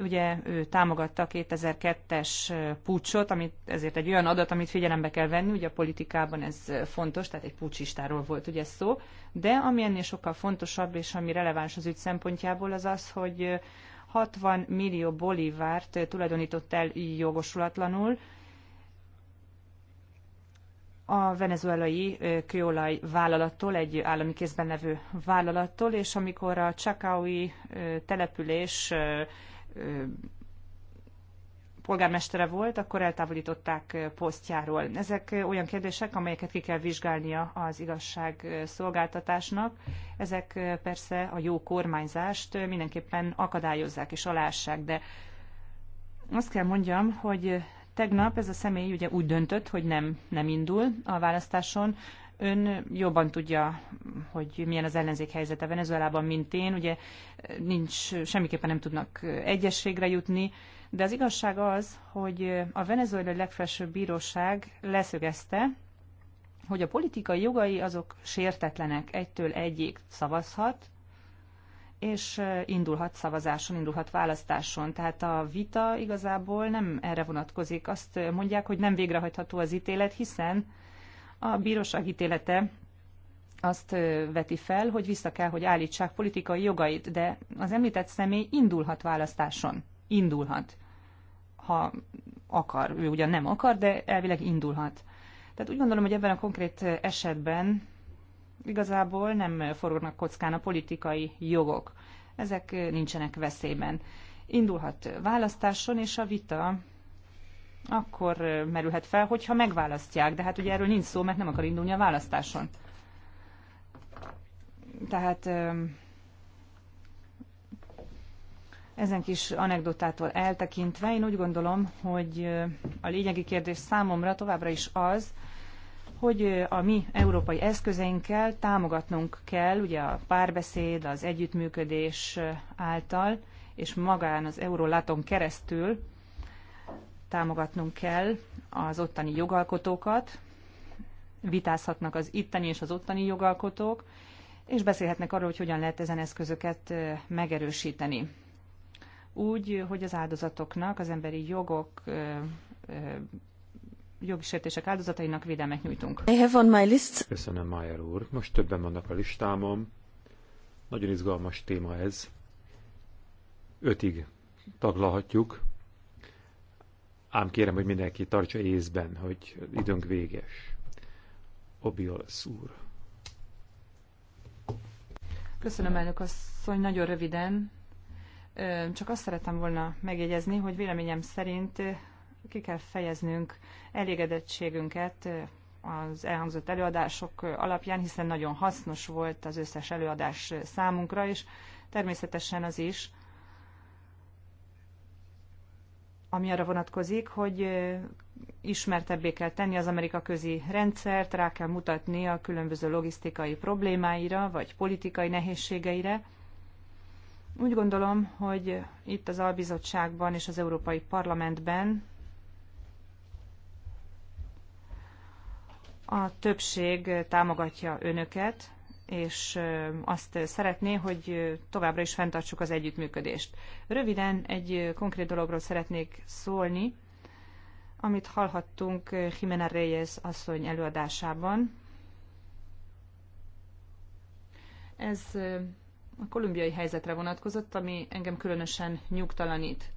ugye ő támogatta a 2002-es pucsot, amit, ezért egy olyan adat, amit figyelembe kell venni, ugye a politikában ez fontos, tehát egy pucsistáról volt ugye szó, de ami ennél sokkal fontosabb, és ami releváns az ügy szempontjából, az az, hogy 60 millió bolivárt tulajdonított el jogosulatlanul, a venezuelai kőolaj vállalattól, egy állami kézben levő vállalattól, és amikor a Csakaui település polgármestere volt, akkor eltávolították posztjáról. Ezek olyan kérdések, amelyeket ki kell vizsgálnia az igazság szolgáltatásnak. Ezek persze a jó kormányzást mindenképpen akadályozzák és alássák, de azt kell mondjam, hogy Tegnap ez a személy ugye úgy döntött, hogy nem, nem indul a választáson. Ön jobban tudja, hogy milyen az ellenzék helyzete Venezuelában, mint én. Ugye nincs, semmiképpen nem tudnak egyességre jutni, de az igazság az, hogy a venezuelai legfelsőbb bíróság leszögezte, hogy a politikai jogai azok sértetlenek, egytől egyik szavazhat, és indulhat szavazáson, indulhat választáson. Tehát a vita igazából nem erre vonatkozik. Azt mondják, hogy nem végrehajtható az ítélet, hiszen a bíróság ítélete azt veti fel, hogy vissza kell, hogy állítsák politikai jogait, de az említett személy indulhat választáson. Indulhat. Ha akar. Ő ugyan nem akar, de elvileg indulhat. Tehát úgy gondolom, hogy ebben a konkrét esetben igazából nem forognak kockán a politikai jogok. Ezek nincsenek veszélyben. Indulhat választáson, és a vita akkor merülhet fel, hogyha megválasztják, de hát ugye erről nincs szó, mert nem akar indulni a választáson. Tehát ezen kis anekdotától eltekintve, én úgy gondolom, hogy a lényegi kérdés számomra továbbra is az, hogy a mi európai eszközeinkkel támogatnunk kell, ugye a párbeszéd, az együttműködés által, és magán az Eurolaton keresztül támogatnunk kell az ottani jogalkotókat, vitázhatnak az itteni és az ottani jogalkotók, és beszélhetnek arról, hogy hogyan lehet ezen eszközöket megerősíteni. Úgy, hogy az áldozatoknak az emberi jogok sértések áldozatainak védelmet nyújtunk. I have on my list. Köszönöm, Mayer úr. Most többen vannak a listámon. Nagyon izgalmas téma ez. Ötig taglalhatjuk. Ám kérem, hogy mindenki tartsa észben, hogy időnk véges. Obiolasz úr. Köszönöm, elnök asszony, nagyon röviden. Csak azt szerettem volna megjegyezni, hogy véleményem szerint ki kell fejeznünk elégedettségünket az elhangzott előadások alapján, hiszen nagyon hasznos volt az összes előadás számunkra, és természetesen az is, ami arra vonatkozik, hogy ismertebbé kell tenni az Amerika közi rendszert, rá kell mutatni a különböző logisztikai problémáira, vagy politikai nehézségeire. Úgy gondolom, hogy itt az Albizottságban és az Európai Parlamentben A többség támogatja önöket, és azt szeretné, hogy továbbra is fenntartsuk az együttműködést. Röviden egy konkrét dologról szeretnék szólni, amit hallhattunk Jimena Reyes asszony előadásában. Ez a kolumbiai helyzetre vonatkozott, ami engem különösen nyugtalanít.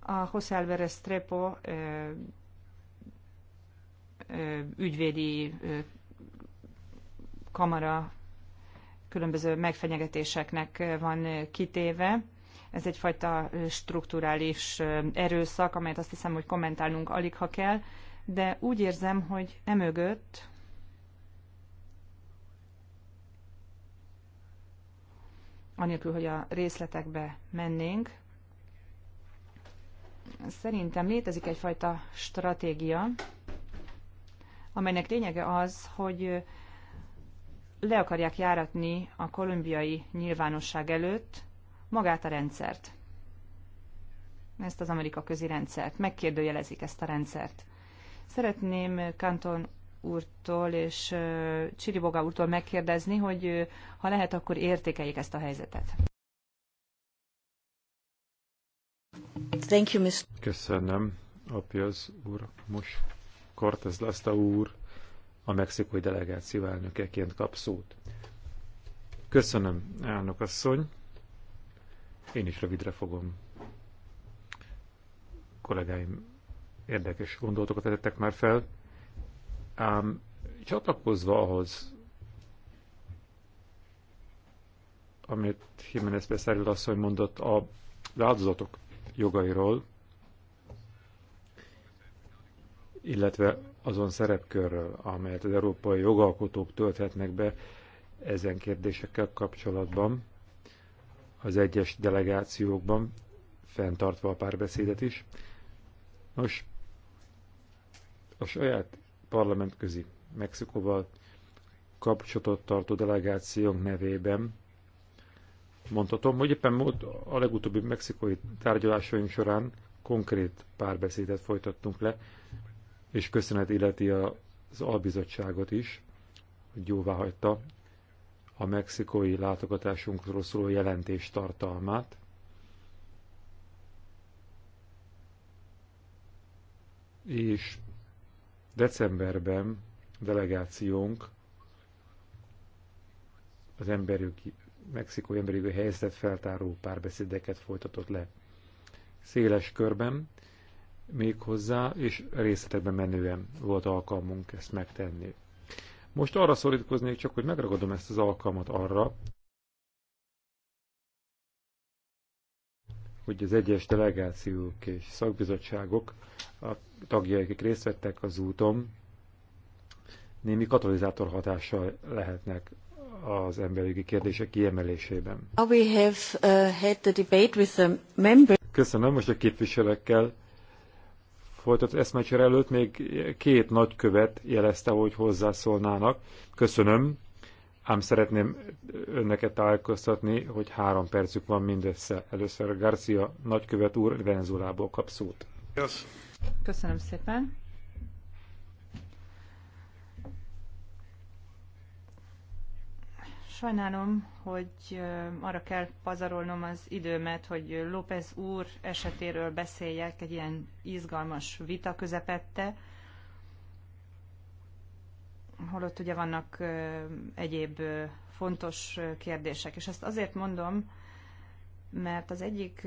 A José Álvarez Trepo ügyvédi kamara különböző megfenyegetéseknek van kitéve. Ez egyfajta strukturális erőszak, amelyet azt hiszem, hogy kommentálnunk alig, ha kell, de úgy érzem, hogy emögött anélkül, hogy a részletekbe mennénk, szerintem létezik egyfajta stratégia, amelynek lényege az, hogy le akarják járatni a kolumbiai nyilvánosság előtt magát a rendszert. Ezt az Amerika közi rendszert. Megkérdőjelezik ezt a rendszert. Szeretném Kanton úrtól és Csiriboga úrtól megkérdezni, hogy ha lehet, akkor értékeljék ezt a helyzetet. Thank you, Mr. Köszönöm, Apjaz úr. Most Cortez Lasta úr, a mexikói delegáció elnökeként kap szót. Köszönöm, elnök asszony. Én is rövidre fogom. Kollégáim érdekes gondolatokat tettek már fel. Ám csatlakozva ahhoz, amit Jiménez Beszerül asszony mondott a áldozatok jogairól, illetve azon szerepkörről, amelyet az európai jogalkotók tölthetnek be ezen kérdésekkel kapcsolatban az egyes delegációkban, fenntartva a párbeszédet is. Nos, a saját parlamentközi Mexikóval kapcsolatot tartó delegációnk nevében mondhatom, hogy éppen a legutóbbi mexikói tárgyalásaink során konkrét párbeszédet folytattunk le és köszönet illeti az albizottságot is, hogy jóvá hagyta a mexikói látogatásunkról szóló jelentés tartalmát. És decemberben delegációnk az emberjogi, mexikói emberjogi helyzet feltáró párbeszédeket folytatott le széles körben, még hozzá, és részletekben menően volt alkalmunk ezt megtenni. Most arra szorítkoznék csak, hogy megragadom ezt az alkalmat arra, hogy az egyes delegációk és szakbizottságok, a tagjai, akik részt vettek az úton, némi katalizátor hatással lehetnek az emberi kérdések kiemelésében. Uh, Köszönöm, most a képviselőkkel folytatott eszmecsere előtt még két nagykövet jelezte, hogy hozzászólnának. Köszönöm, ám szeretném önneket tájékoztatni, hogy három percük van mindössze. Először Garcia nagykövet úr Venezuelából kap szót. Köszönöm szépen. Sajnálom, hogy arra kell pazarolnom az időmet, hogy López úr esetéről beszéljek egy ilyen izgalmas vita közepette, holott ugye vannak egyéb fontos kérdések. És ezt azért mondom, mert az egyik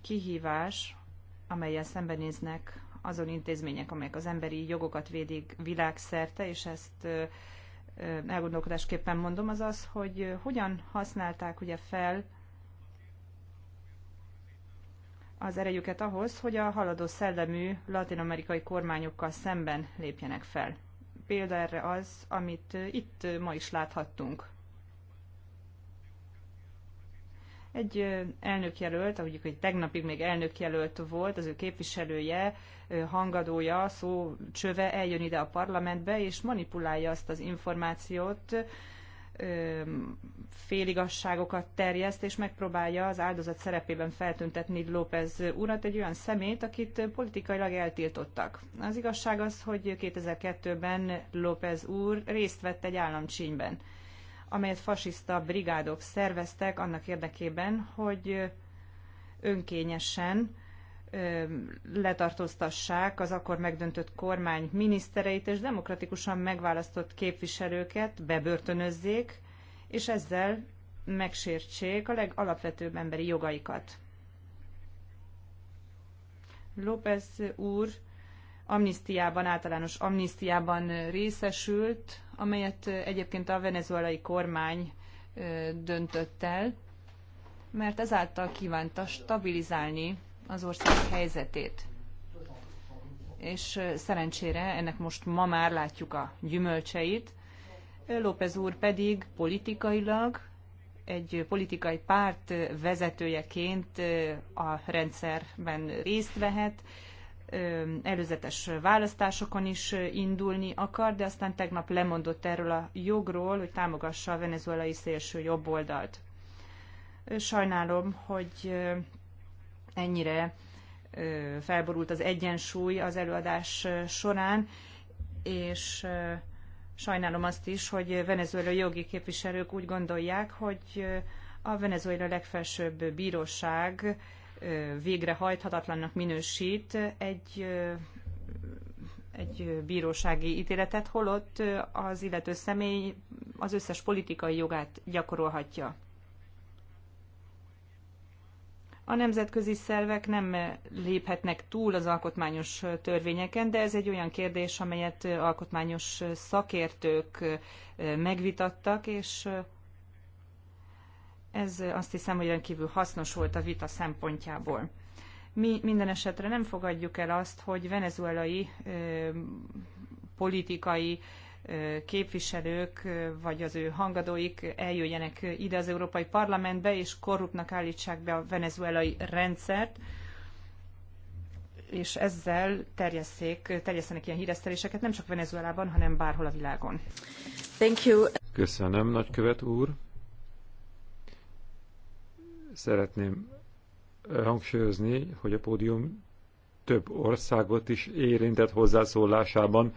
kihívás, amelyen szembenéznek azon intézmények, amelyek az emberi jogokat védik világszerte, és ezt elgondolkodásképpen mondom, az az, hogy hogyan használták ugye fel az erejüket ahhoz, hogy a haladó szellemű latinamerikai kormányokkal szemben lépjenek fel. Példa erre az, amit itt ma is láthattunk. Egy elnökjelölt, ahogy egy tegnapig még elnökjelölt volt, az ő képviselője, hangadója, szó csöve eljön ide a parlamentbe, és manipulálja azt az információt, féligasságokat terjeszt, és megpróbálja az áldozat szerepében feltüntetni López urat, egy olyan szemét, akit politikailag eltiltottak. Az igazság az, hogy 2002-ben López úr részt vett egy államcsínyben amelyet fasiszta brigádok szerveztek annak érdekében, hogy önkényesen letartóztassák az akkor megdöntött kormány minisztereit és demokratikusan megválasztott képviselőket, bebörtönözzék, és ezzel megsértsék a legalapvetőbb emberi jogaikat. López úr amnisztiában, általános amnisztiában részesült, amelyet egyébként a venezuelai kormány döntött el, mert ezáltal kívánta stabilizálni az ország helyzetét. És szerencsére ennek most ma már látjuk a gyümölcseit. López úr pedig politikailag egy politikai párt vezetőjeként a rendszerben részt vehet, előzetes választásokon is indulni akar, de aztán tegnap lemondott erről a jogról, hogy támogassa a venezuelai szélső jobboldalt. Sajnálom, hogy ennyire felborult az egyensúly az előadás során, és sajnálom azt is, hogy venezuelai jogi képviselők úgy gondolják, hogy a Venezuelai legfelsőbb bíróság végrehajthatatlannak minősít egy egy bírósági ítéletet, holott az illető személy az összes politikai jogát gyakorolhatja. A nemzetközi szervek nem léphetnek túl az alkotmányos törvényeken, de ez egy olyan kérdés, amelyet alkotmányos szakértők megvitattak, és ez azt hiszem, hogy rendkívül hasznos volt a vita szempontjából. Mi minden esetre nem fogadjuk el azt, hogy venezuelai politikai képviselők vagy az ő hangadóik eljöjjenek ide az Európai Parlamentbe, és korruptnak állítsák be a venezuelai rendszert, és ezzel terjesszék, terjesszenek ilyen híreszteléseket nem csak Venezuelában, hanem bárhol a világon. Thank you. Köszönöm, nagykövet úr. Szeretném hangsúlyozni, hogy a pódium több országot is érintett hozzászólásában,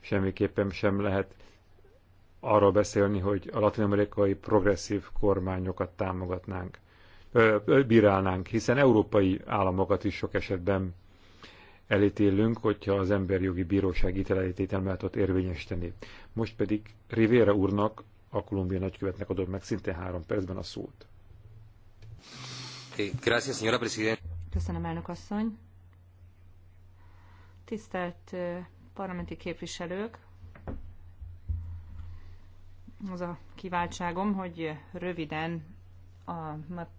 semmiképpen sem lehet arról beszélni, hogy a latinamerikai progresszív kormányokat támogatnánk, bírálnánk, hiszen európai államokat is sok esetben elítélünk, hogyha az emberjogi bíróság ítéletét nem érvényesíteni. Most pedig Rivera úrnak, a Kolumbia nagykövetnek adott meg szinte három percben a szót. Eh, Köszönöm, elnök asszony. Tisztelt eh, parlamenti képviselők, az a kiváltságom, hogy röviden a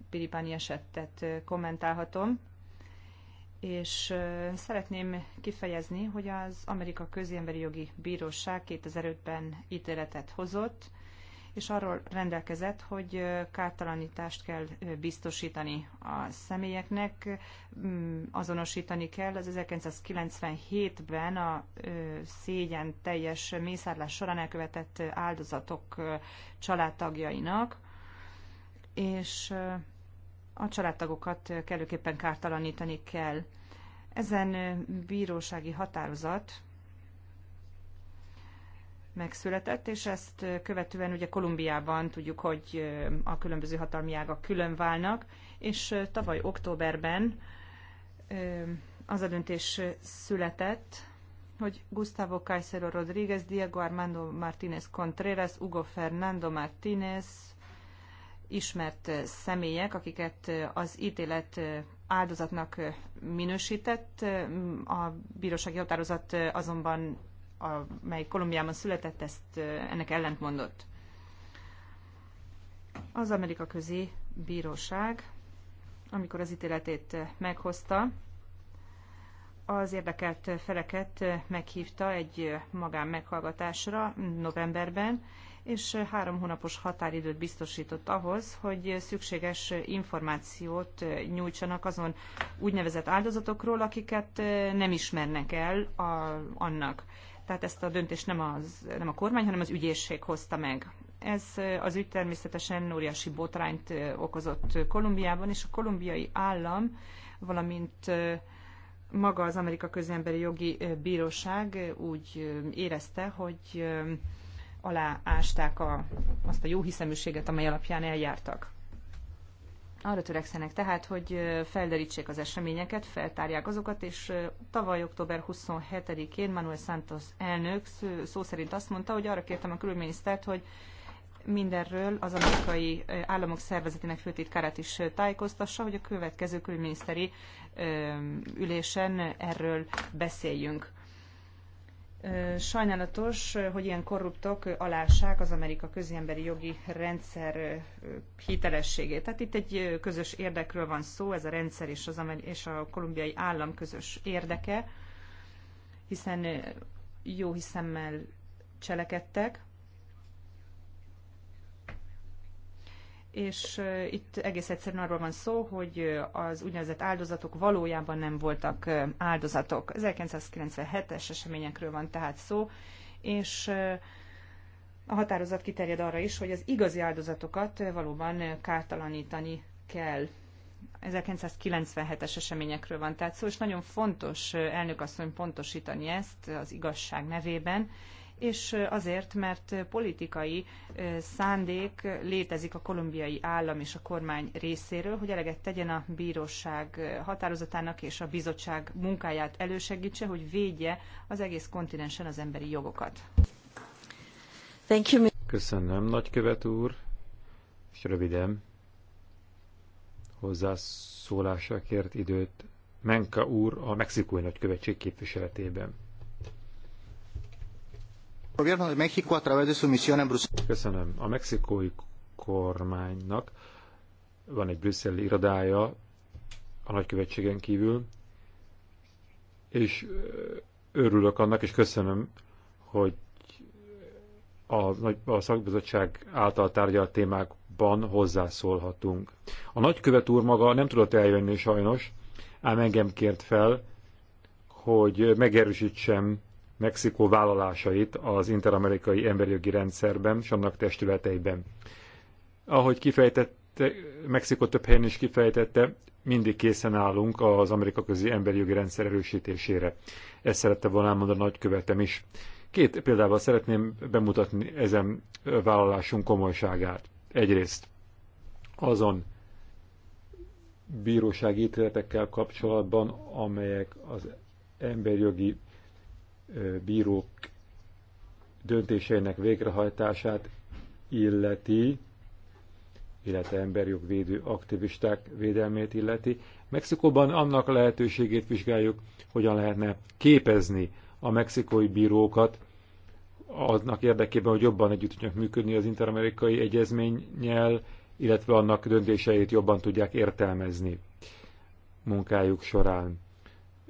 Piripáni esetet eh, kommentálhatom, és szeretném kifejezni, hogy az Amerika Közemberi Jogi Bíróság 2005-ben ítéletet hozott, és arról rendelkezett, hogy kártalanítást kell biztosítani a személyeknek, mm, azonosítani kell az 1997-ben a szégyen teljes mészárlás során elkövetett áldozatok családtagjainak, és a családtagokat kellőképpen kártalanítani kell. Ezen bírósági határozat megszületett, és ezt követően ugye Kolumbiában tudjuk, hogy a különböző hatalmi ágak külön válnak, és tavaly októberben az a döntés született, hogy Gustavo Caicedo Rodríguez, Diego Armando Martínez Contreras, Hugo Fernando Martínez ismert személyek, akiket az ítélet áldozatnak minősített. A bírósági határozat azonban amely Kolumbiában született, ezt ennek ellentmondott. Az Amerika Közi Bíróság, amikor az ítéletét meghozta, az érdekelt feleket meghívta egy magán meghallgatásra novemberben, és három hónapos határidőt biztosított ahhoz, hogy szükséges információt nyújtsanak azon úgynevezett áldozatokról, akiket nem ismernek el a, annak tehát ezt a döntést nem, az, nem a kormány, hanem az ügyészség hozta meg. Ez eh, az ügy természetesen óriási botrányt eh, okozott Kolumbiában, és a kolumbiai állam, valamint eh, maga az Amerika Közemberi Jogi Bíróság úgy érezte, hogy aláásták a, azt a jóhiszeműséget, amely alapján eljártak arra törekszenek tehát, hogy felderítsék az eseményeket, feltárják azokat, és tavaly október 27-én Manuel Santos elnök szó szerint azt mondta, hogy arra kértem a külügyminisztert, hogy mindenről az amerikai államok szervezetének főtitkárát is tájékoztassa, hogy a következő külügyminiszteri ülésen erről beszéljünk. Sajnálatos, hogy ilyen korruptok alássák az Amerika közemberi jogi rendszer hitelességét. Tehát itt egy közös érdekről van szó, ez a rendszer és, az Ameri- és a kolumbiai állam közös érdeke, hiszen jó hiszemmel cselekedtek, és itt egész egyszerűen arról van szó, hogy az úgynevezett áldozatok valójában nem voltak áldozatok. 1997-es eseményekről van tehát szó, és a határozat kiterjed arra is, hogy az igazi áldozatokat valóban kártalanítani kell. 1997-es eseményekről van tehát szó, és nagyon fontos elnök asszony pontosítani ezt az igazság nevében, és azért, mert politikai szándék létezik a kolumbiai állam és a kormány részéről, hogy eleget tegyen a bíróság határozatának és a bizottság munkáját elősegítse, hogy védje az egész kontinensen az emberi jogokat. Thank you. Köszönöm, nagykövet úr, és röviden hozzászólásra kért időt Menka úr a mexikói nagykövetség képviseletében. Köszönöm. A mexikói kormánynak van egy brüsszeli irodája a nagykövetségen kívül, és örülök annak, és köszönöm, hogy a, a szakbizottság által tárgyalt témákban hozzászólhatunk. A nagykövet úr maga nem tudott eljönni sajnos, ám engem kért fel, hogy megerősítsem Mexikó vállalásait az interamerikai emberi jogi rendszerben és annak testületeiben. Ahogy kifejtette, Mexikó több helyen is kifejtette, mindig készen állunk az Amerika közi emberi jogi rendszer erősítésére. Ezt szerette volna elmondani a nagykövetem is. Két példával szeretném bemutatni ezen vállalásunk komolyságát. Egyrészt azon bírósági ítéletekkel kapcsolatban, amelyek az emberjogi bírók döntéseinek végrehajtását illeti, illetve emberjogvédő aktivisták védelmét illeti. Mexikóban annak lehetőségét vizsgáljuk, hogyan lehetne képezni a mexikói bírókat annak érdekében, hogy jobban együtt tudjanak működni az interamerikai egyezménnyel, illetve annak döntéseit jobban tudják értelmezni munkájuk során.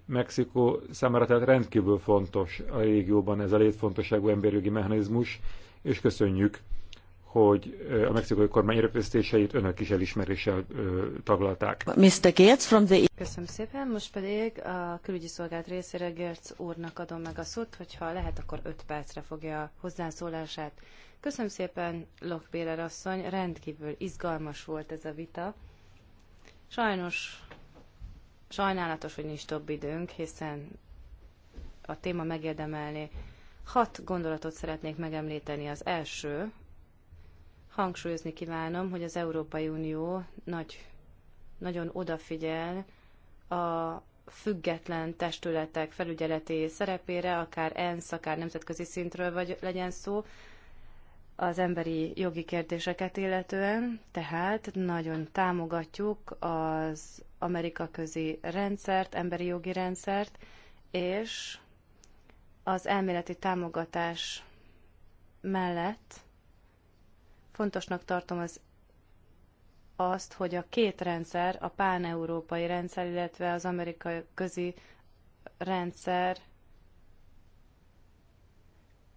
Mexikó számára tehát rendkívül fontos a régióban ez a létfontosságú emberjogi mechanizmus, és köszönjük, hogy a mexikói kormány erőfeszítéseit önök is elismeréssel taglalták. Mr. Gates from the... E- Köszönöm szépen, most pedig a külügyi szolgált részére Gertz úrnak adom meg a szót, hogyha lehet, akkor 5 percre fogja a hozzászólását. Köszönöm szépen, Béler asszony, rendkívül izgalmas volt ez a vita. Sajnos Sajnálatos, hogy nincs több időnk, hiszen a téma megérdemelni. Hat gondolatot szeretnék megemlíteni. Az első, hangsúlyozni kívánom, hogy az Európai Unió nagy, nagyon odafigyel a független testületek felügyeleti szerepére, akár ENSZ, akár nemzetközi szintről vagy legyen szó, az emberi jogi kérdéseket illetően, tehát nagyon támogatjuk az Amerika közi rendszert, emberi jogi rendszert, és az elméleti támogatás mellett fontosnak tartom az azt, hogy a két rendszer, a páneurópai rendszer, illetve az amerikai közi rendszer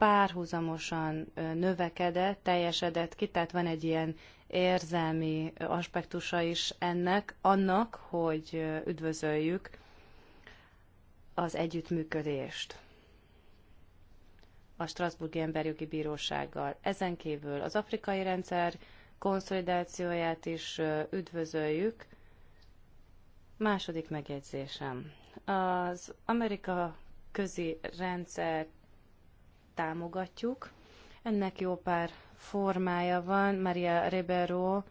párhuzamosan növekedett, teljesedett ki, tehát van egy ilyen érzelmi aspektusa is ennek, annak, hogy üdvözöljük az együttműködést a Strasburgi Emberjogi Bírósággal. Ezen kívül az afrikai rendszer konszolidációját is üdvözöljük. Második megjegyzésem. Az Amerika közi rendszert támogatjuk. Ennek jó pár formája van. Maria Ribeiro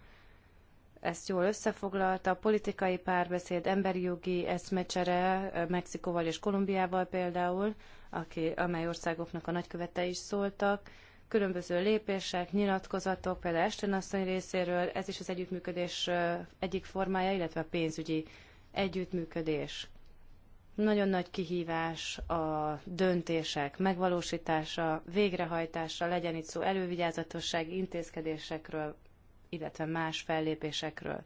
ezt jól összefoglalta. A politikai párbeszéd, emberi jogi eszmecsere Mexikóval és Kolumbiával például, aki, amely országoknak a nagykövete is szóltak. Különböző lépések, nyilatkozatok, például Estenasszony részéről, ez is az együttműködés egyik formája, illetve a pénzügyi együttműködés. Nagyon nagy kihívás a döntések megvalósítása, végrehajtása, legyen itt szó elővigyázatosság intézkedésekről, illetve más fellépésekről.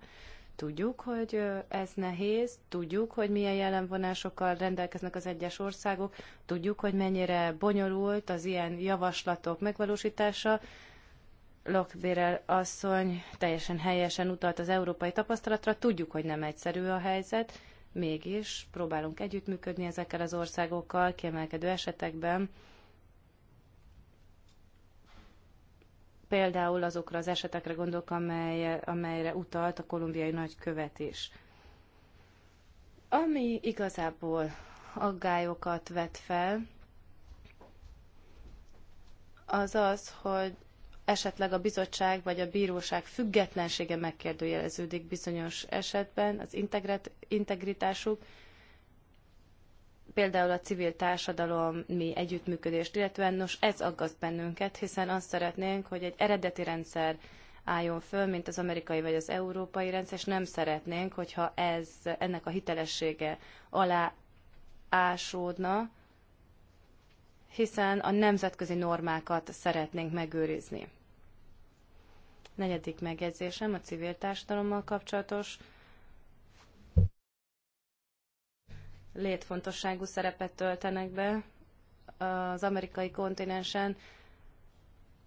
Tudjuk, hogy ez nehéz, tudjuk, hogy milyen jelenvonásokkal rendelkeznek az egyes országok, tudjuk, hogy mennyire bonyolult az ilyen javaslatok megvalósítása. Lokbérel asszony teljesen helyesen utalt az európai tapasztalatra, tudjuk, hogy nem egyszerű a helyzet, mégis próbálunk együttműködni ezekkel az országokkal kiemelkedő esetekben, például azokra az esetekre gondolok, amely, amelyre utalt a kolumbiai nagykövet is. Ami igazából aggályokat vet fel, az az, hogy esetleg a bizottság vagy a bíróság függetlensége megkérdőjeleződik bizonyos esetben, az integritásuk, például a civil mi együttműködést, illetve nos ez aggaszt bennünket, hiszen azt szeretnénk, hogy egy eredeti rendszer álljon föl, mint az amerikai vagy az európai rendszer, és nem szeretnénk, hogyha ez ennek a hitelessége alá ásódna, hiszen a nemzetközi normákat szeretnénk megőrizni. Negyedik megjegyzésem a civil társadalommal kapcsolatos. Létfontosságú szerepet töltenek be az amerikai kontinensen,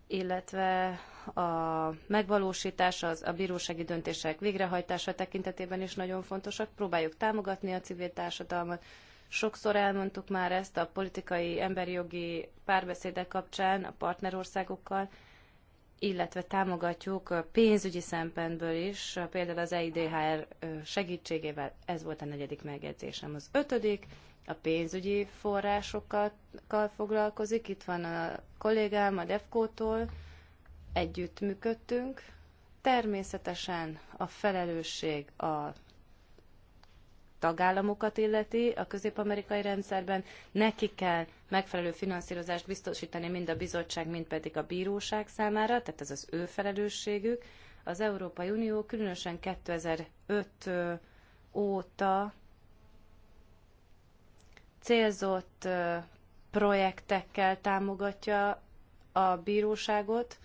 illetve a megvalósítása, az a bírósági döntések végrehajtása tekintetében is nagyon fontosak. Próbáljuk támogatni a civil társadalmat, Sokszor elmondtuk már ezt a politikai emberi jogi párbeszédek kapcsán a partnerországokkal, illetve támogatjuk pénzügyi szempontból is, például az EIDHR segítségével. Ez volt a negyedik megjegyzésem. Az ötödik a pénzügyi forrásokkal foglalkozik. Itt van a kollégám a Defkótól, tól működtünk. Természetesen a felelősség a tagállamokat illeti a közép-amerikai rendszerben, neki kell megfelelő finanszírozást biztosítani mind a bizottság, mind pedig a bíróság számára, tehát ez az ő felelősségük. Az Európai Unió különösen 2005 óta célzott projektekkel támogatja a bíróságot,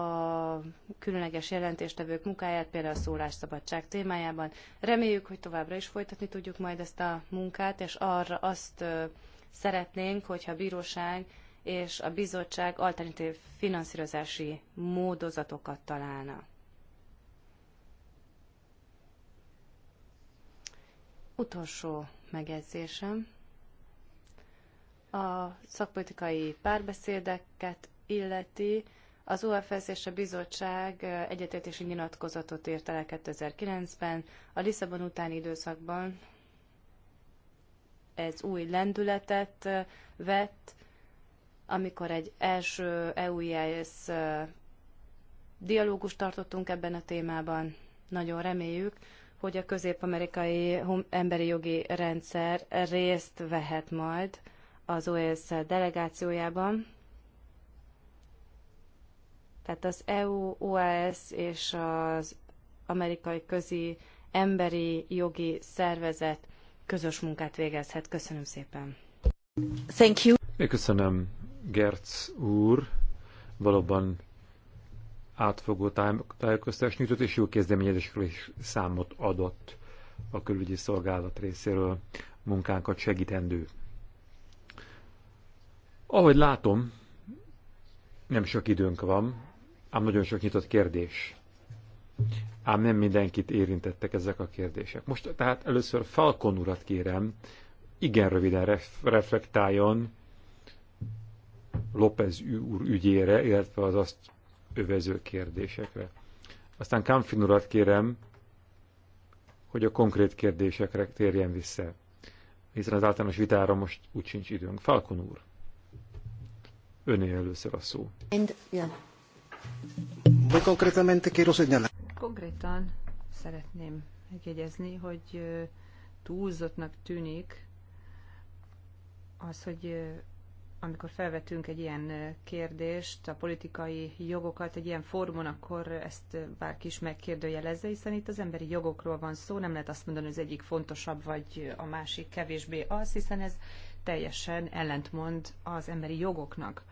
a különleges jelentéstevők munkáját, például a szólásszabadság témájában. Reméljük, hogy továbbra is folytatni tudjuk majd ezt a munkát, és arra azt szeretnénk, hogyha a bíróság és a bizottság alternatív finanszírozási módozatokat találna. Utolsó megjegyzésem. A szakpolitikai párbeszédeket illeti az UFS és a bizottság egyetértési nyilatkozatot írt el 2009-ben. A Lisszabon utáni időszakban ez új lendületet vett, amikor egy első EUIS dialógus tartottunk ebben a témában. Nagyon reméljük, hogy a közép-amerikai emberi jogi rendszer részt vehet majd az OSZ delegációjában. Tehát az EU, OAS és az amerikai közi emberi jogi szervezet közös munkát végezhet. Köszönöm szépen. Thank you. Én köszönöm, Gerc úr. Valóban átfogó tájékoztatást nyújtott, és jó kezdeményezésről is számot adott a külügyi szolgálat részéről munkánkat segítendő. Ahogy látom, nem sok időnk van, Ám nagyon sok nyitott kérdés. Ám nem mindenkit érintettek ezek a kérdések. Most tehát először Falkon urat kérem, igen röviden ref- reflektáljon López úr ügyére, illetve az azt övező kérdésekre. Aztán Kamfin urat kérem, hogy a konkrét kérdésekre térjen vissza, hiszen az általános vitára most úgy sincs időnk. Falkon úr, öné először a szó. And, yeah. Muy concretamente quiero señalar. Konkrétan szeretném megjegyezni, hogy túlzottnak tűnik az, hogy amikor felvetünk egy ilyen kérdést, a politikai jogokat egy ilyen formon, akkor ezt bárki is megkérdőjelezze, hiszen itt az emberi jogokról van szó, nem lehet azt mondani, hogy az egyik fontosabb, vagy a másik kevésbé az, hiszen ez teljesen ellentmond az emberi jogoknak.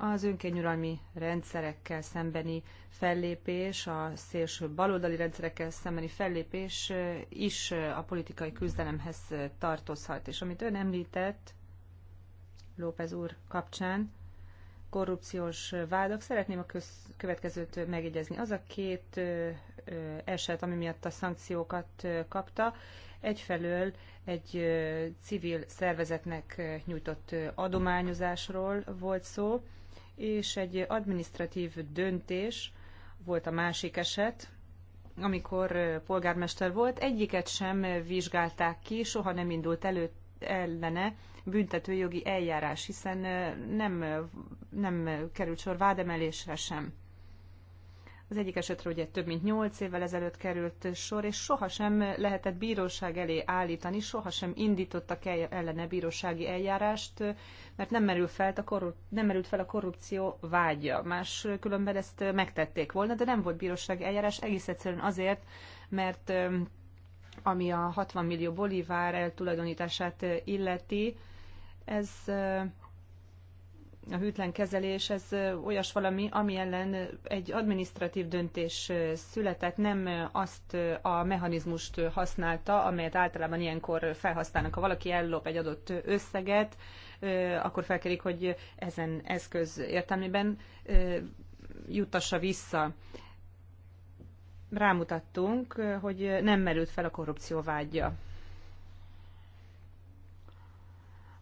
Az önkényuralmi rendszerekkel szembeni fellépés, a szélső baloldali rendszerekkel szembeni fellépés is a politikai küzdelemhez tartozhat. És amit ön említett, López úr kapcsán, korrupciós vádak. Szeretném a köz, következőt megjegyezni. Az a két eset, ami miatt a szankciókat kapta, egyfelől egy civil szervezetnek nyújtott adományozásról volt szó, és egy administratív döntés volt a másik eset, amikor polgármester volt, egyiket sem vizsgálták ki, soha nem indult elő ellene büntetőjogi eljárás, hiszen nem, nem került sor vádemelésre sem. Az egyik esetre ugye több mint 8 évvel ezelőtt került sor, és sohasem lehetett bíróság elé állítani, sohasem indítottak el, ellene bírósági eljárást, mert nem, merül fel a korrup- nem merült fel a korrupció vágya. Más különben ezt megtették volna, de nem volt bírósági eljárás egész egyszerűen azért, mert ami a 60 millió bolivár eltulajdonítását illeti, ez a hűtlen kezelés, ez olyas valami, ami ellen egy administratív döntés született, nem azt a mechanizmust használta, amelyet általában ilyenkor felhasználnak. Ha valaki ellop egy adott összeget, akkor felkerik, hogy ezen eszköz értelmében juttassa vissza. Rámutattunk, hogy nem merült fel a korrupció vágya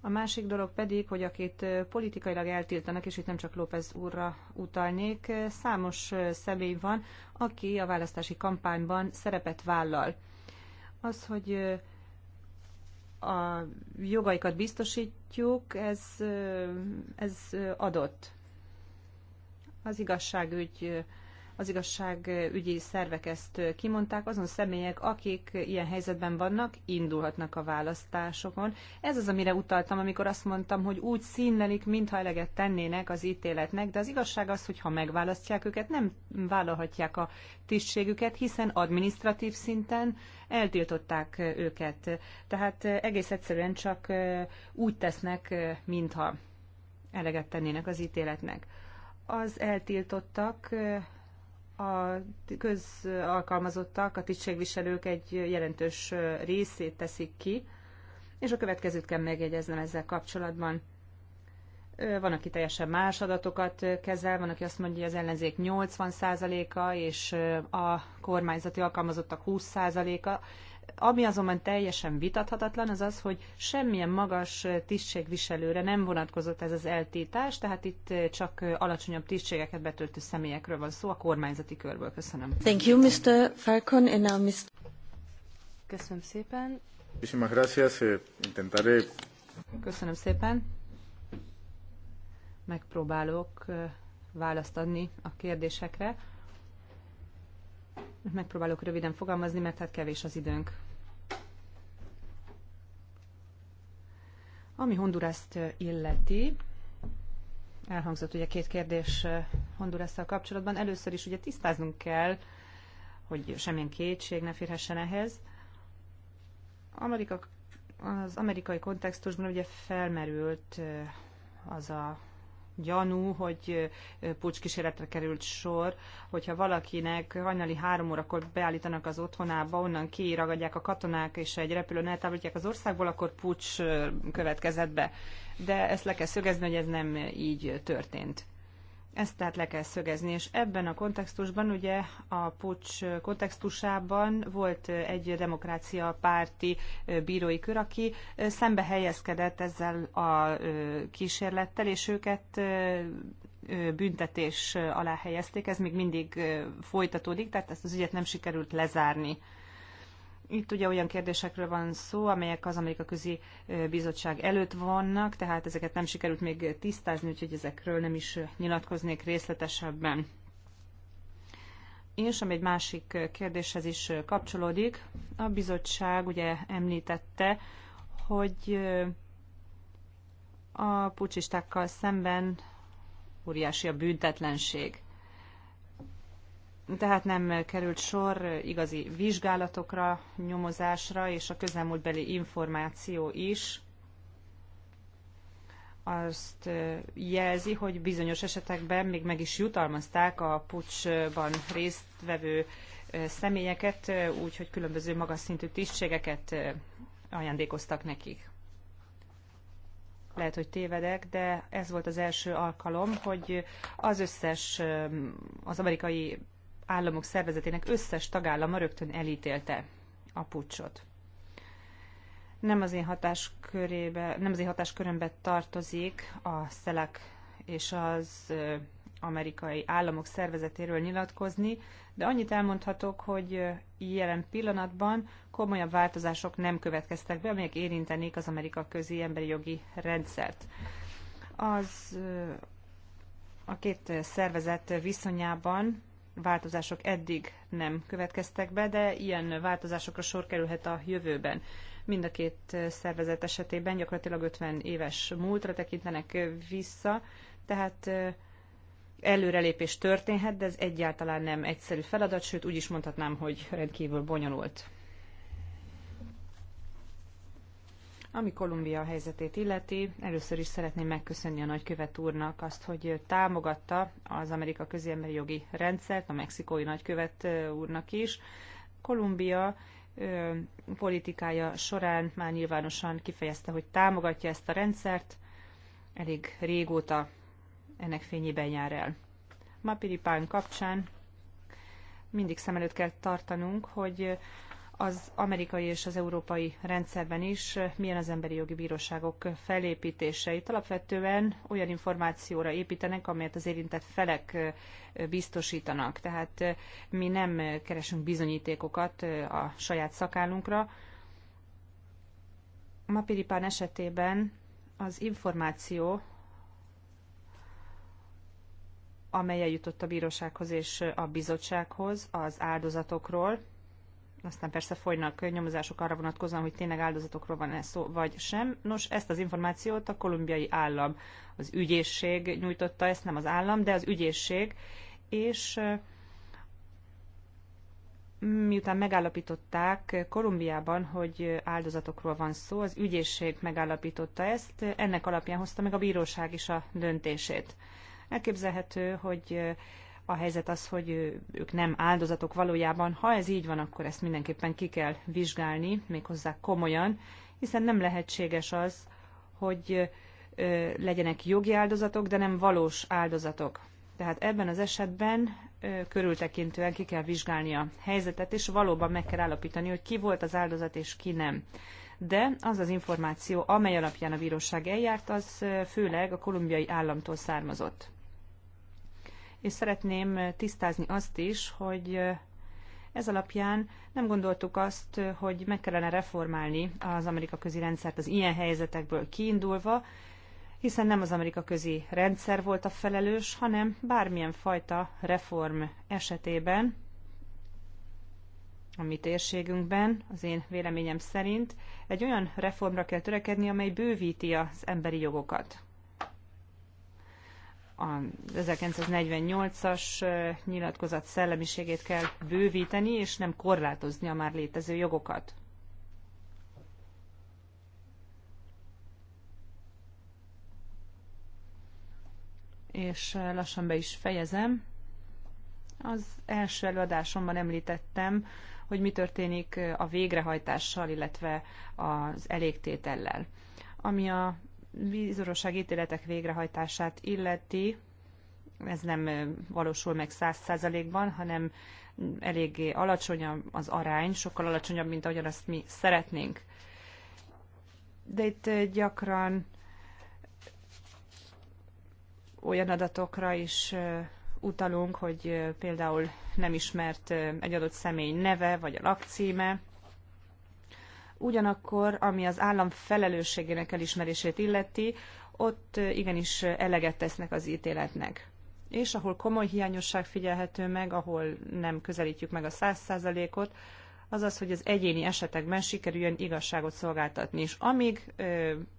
A másik dolog pedig, hogy akit politikailag eltiltanak, és itt nem csak López úrra utalnék, számos személy van, aki a választási kampányban szerepet vállal. Az, hogy a jogaikat biztosítjuk, ez, ez adott. Az igazságügy az igazságügyi szervek ezt kimondták, azon személyek, akik ilyen helyzetben vannak, indulhatnak a választásokon. Ez az, amire utaltam, amikor azt mondtam, hogy úgy színlelik, mintha eleget tennének az ítéletnek, de az igazság az, hogy ha megválasztják őket, nem vállalhatják a tisztségüket, hiszen administratív szinten eltiltották őket. Tehát egész egyszerűen csak úgy tesznek, mintha eleget tennének az ítéletnek. Az eltiltottak a közalkalmazottak, a tisztségviselők egy jelentős részét teszik ki, és a következőt kell megjegyeznem ezzel kapcsolatban. Van, aki teljesen más adatokat kezel, van, aki azt mondja, hogy az ellenzék 80%-a és a kormányzati alkalmazottak 20%-a. Ami azonban teljesen vitathatatlan, az az, hogy semmilyen magas tisztségviselőre nem vonatkozott ez az eltítás, tehát itt csak alacsonyabb tisztségeket betöltő személyekről van szó a kormányzati körből. Köszönöm. Thank you, Mr. Falcon, and now Mr. Köszönöm szépen. Muchísimas gracias. Eh, intentaré. Köszönöm szépen. Megpróbálok eh, választ adni a kérdésekre. Megpróbálok röviden fogalmazni, mert hát kevés az időnk. Ami Hondurászt illeti, elhangzott ugye két kérdés Hondurasszal kapcsolatban. Először is ugye tisztáznunk kell, hogy semmilyen kétség ne férhessen ehhez. Amerika, az amerikai kontextusban ugye felmerült az a gyanú, hogy pucskísérletre került sor, hogyha valakinek hajnali három órakor beállítanak az otthonába, onnan kiragadják a katonák, és egy repülőn eltávolítják az országból, akkor pucs következett be. De ezt le kell szögezni, hogy ez nem így történt. Ezt tehát le kell szögezni, és ebben a kontextusban, ugye a pucs kontextusában volt egy demokrácia párti bírói kör, aki szembe helyezkedett ezzel a kísérlettel, és őket büntetés alá helyezték. Ez még mindig folytatódik, tehát ezt az ügyet nem sikerült lezárni. Itt ugye olyan kérdésekről van szó, amelyek az Amerika Közi Bizottság előtt vannak, tehát ezeket nem sikerült még tisztázni, úgyhogy ezekről nem is nyilatkoznék részletesebben. És ami egy másik kérdéshez is kapcsolódik, a bizottság ugye említette, hogy a pucsistákkal szemben óriási a büntetlenség tehát nem került sor igazi vizsgálatokra, nyomozásra, és a közelmúltbeli információ is azt jelzi, hogy bizonyos esetekben még meg is jutalmazták a pucsban résztvevő személyeket, úgyhogy különböző magas szintű tisztségeket ajándékoztak nekik. Lehet, hogy tévedek, de ez volt az első alkalom, hogy az összes az amerikai államok szervezetének összes tagállama rögtön elítélte a pucsot. Nem az én, hatáskörébe, nem az én hatáskörömbe tartozik a szelek és az amerikai államok szervezetéről nyilatkozni, de annyit elmondhatok, hogy jelen pillanatban komolyabb változások nem következtek be, amelyek érintenék az Amerika közi emberi jogi rendszert. Az a két szervezet viszonyában változások eddig nem következtek be, de ilyen változásokra sor kerülhet a jövőben. Mind a két szervezet esetében gyakorlatilag 50 éves múltra tekintenek vissza, tehát előrelépés történhet, de ez egyáltalán nem egyszerű feladat, sőt úgy is mondhatnám, hogy rendkívül bonyolult. Ami Kolumbia helyzetét illeti, először is szeretném megköszönni a nagykövet úrnak azt, hogy támogatta az Amerika közémberi Jogi Rendszert, a mexikói nagykövet úrnak is. Kolumbia politikája során már nyilvánosan kifejezte, hogy támogatja ezt a rendszert, elég régóta ennek fényében jár el. Mapiripán kapcsán mindig szem előtt kell tartanunk, hogy az amerikai és az európai rendszerben is milyen az emberi jogi bíróságok felépítése. Itt alapvetően olyan információra építenek, amelyet az érintett felek biztosítanak. Tehát mi nem keresünk bizonyítékokat a saját szakállunkra. Mapiripán esetében az információ, amely eljutott a bírósághoz és a bizottsághoz az áldozatokról, aztán persze folynak nyomozások arra vonatkozóan, hogy tényleg áldozatokról van-e szó, vagy sem. Nos, ezt az információt a kolumbiai állam, az ügyészség nyújtotta, ezt nem az állam, de az ügyészség, és miután megállapították Kolumbiában, hogy áldozatokról van szó, az ügyészség megállapította ezt, ennek alapján hozta meg a bíróság is a döntését. Elképzelhető, hogy a helyzet az, hogy ők nem áldozatok valójában. Ha ez így van, akkor ezt mindenképpen ki kell vizsgálni, méghozzá komolyan, hiszen nem lehetséges az, hogy legyenek jogi áldozatok, de nem valós áldozatok. Tehát ebben az esetben körültekintően ki kell vizsgálni a helyzetet, és valóban meg kell állapítani, hogy ki volt az áldozat és ki nem. De az az információ, amely alapján a bíróság eljárt, az főleg a kolumbiai államtól származott és szeretném tisztázni azt is, hogy ez alapján nem gondoltuk azt, hogy meg kellene reformálni az Amerika közi rendszert az ilyen helyzetekből kiindulva, hiszen nem az Amerika közi rendszer volt a felelős, hanem bármilyen fajta reform esetében, a mi térségünkben, az én véleményem szerint, egy olyan reformra kell törekedni, amely bővíti az emberi jogokat a 1948-as nyilatkozat szellemiségét kell bővíteni, és nem korlátozni a már létező jogokat. És lassan be is fejezem. Az első előadásomban említettem, hogy mi történik a végrehajtással, illetve az elégtétellel. Ami a bíróság ítéletek végrehajtását illeti, ez nem valósul meg száz százalékban, hanem eléggé alacsony az arány, sokkal alacsonyabb, mint ahogyan azt mi szeretnénk. De itt gyakran olyan adatokra is utalunk, hogy például nem ismert egy adott személy neve vagy a lakcíme, Ugyanakkor, ami az állam felelősségének elismerését illeti, ott igenis eleget tesznek az ítéletnek. És ahol komoly hiányosság figyelhető meg, ahol nem közelítjük meg a száz százalékot, az az, hogy az egyéni esetekben sikerüljön igazságot szolgáltatni. És amíg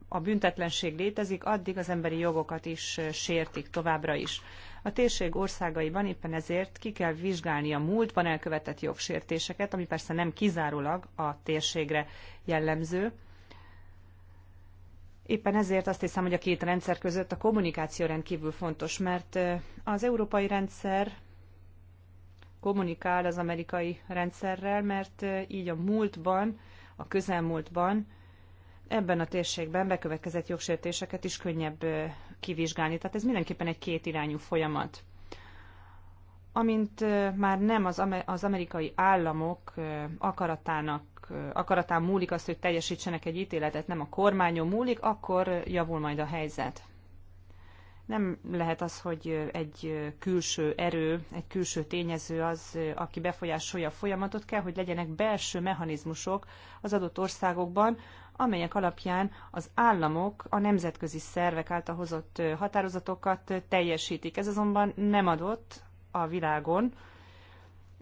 a büntetlenség létezik, addig az emberi jogokat is sértik továbbra is. A térség országaiban éppen ezért ki kell vizsgálni a múltban elkövetett jogsértéseket, ami persze nem kizárólag a térségre jellemző. Éppen ezért azt hiszem, hogy a két rendszer között a kommunikáció rendkívül fontos, mert az európai rendszer kommunikál az amerikai rendszerrel, mert így a múltban, a közelmúltban ebben a térségben bekövetkezett jogsértéseket is könnyebb kivizsgálni. Tehát ez mindenképpen egy kétirányú folyamat. Amint már nem az, amerikai államok akaratának akaratán múlik az, hogy teljesítsenek egy ítéletet, nem a kormányon múlik, akkor javul majd a helyzet. Nem lehet az, hogy egy külső erő, egy külső tényező az, aki befolyásolja a folyamatot, kell, hogy legyenek belső mechanizmusok az adott országokban, amelyek alapján az államok a nemzetközi szervek által hozott határozatokat teljesítik. Ez azonban nem adott a világon,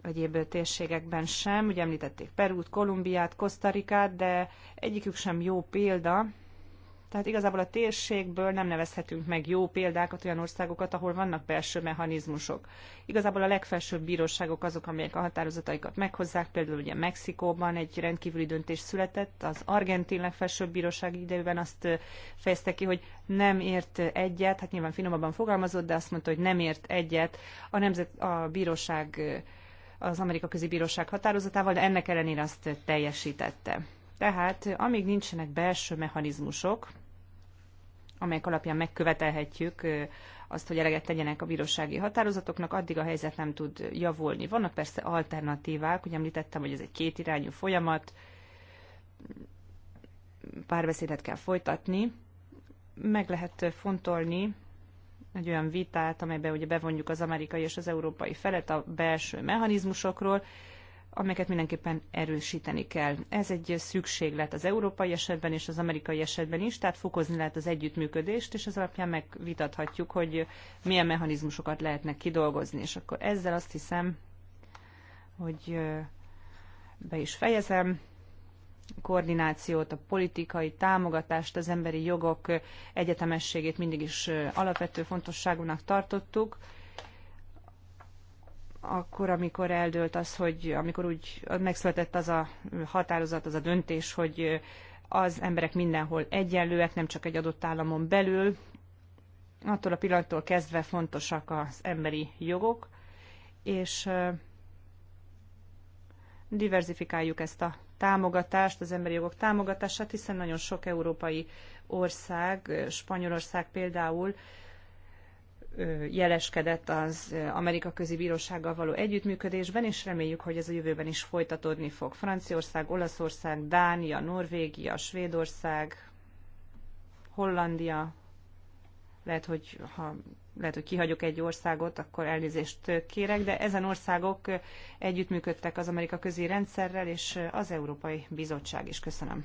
egyéb térségekben sem. Ugye említették Perút, Kolumbiát, Kosztarikát, de egyikük sem jó példa tehát igazából a térségből nem nevezhetünk meg jó példákat, olyan országokat, ahol vannak belső mechanizmusok. Igazából a legfelsőbb bíróságok azok, amelyek a határozataikat meghozzák, például ugye Mexikóban egy rendkívüli döntés született, az argentin legfelsőbb bíróság idejében azt fejezte ki, hogy nem ért egyet, hát nyilván finomabban fogalmazott, de azt mondta, hogy nem ért egyet a, nemzet, a bíróság az Amerika Közibíróság határozatával, de ennek ellenére azt teljesítette. Tehát amíg nincsenek belső mechanizmusok, amelyek alapján megkövetelhetjük azt, hogy eleget tegyenek a bírósági határozatoknak, addig a helyzet nem tud javulni. Vannak persze alternatívák, hogy említettem, hogy ez egy kétirányú folyamat, párbeszédet kell folytatni, meg lehet fontolni egy olyan vitát, amelyben ugye bevonjuk az amerikai és az európai felet a belső mechanizmusokról, amelyeket mindenképpen erősíteni kell. Ez egy szükséglet az európai esetben és az amerikai esetben is, tehát fokozni lehet az együttműködést, és az alapján megvitathatjuk, hogy milyen mechanizmusokat lehetnek kidolgozni. És akkor ezzel azt hiszem, hogy be is fejezem koordinációt, a politikai támogatást, az emberi jogok egyetemességét mindig is alapvető fontosságúnak tartottuk, akkor, amikor eldőlt az, hogy amikor úgy megszületett az a határozat, az a döntés, hogy az emberek mindenhol egyenlőek, nem csak egy adott államon belül, attól a pillanattól kezdve fontosak az emberi jogok, és diversifikáljuk ezt a támogatást, az emberi jogok támogatását, hiszen nagyon sok európai ország, Spanyolország például jeleskedett az Amerika Közi Bírósággal való együttműködésben, és reméljük, hogy ez a jövőben is folytatódni fog. Franciaország, Olaszország, Dánia, Norvégia, Svédország, Hollandia, lehet, hogy ha lehet, hogy kihagyok egy országot, akkor elnézést kérek, de ezen országok együttműködtek az Amerika Közi Rendszerrel és az Európai Bizottság is. Köszönöm.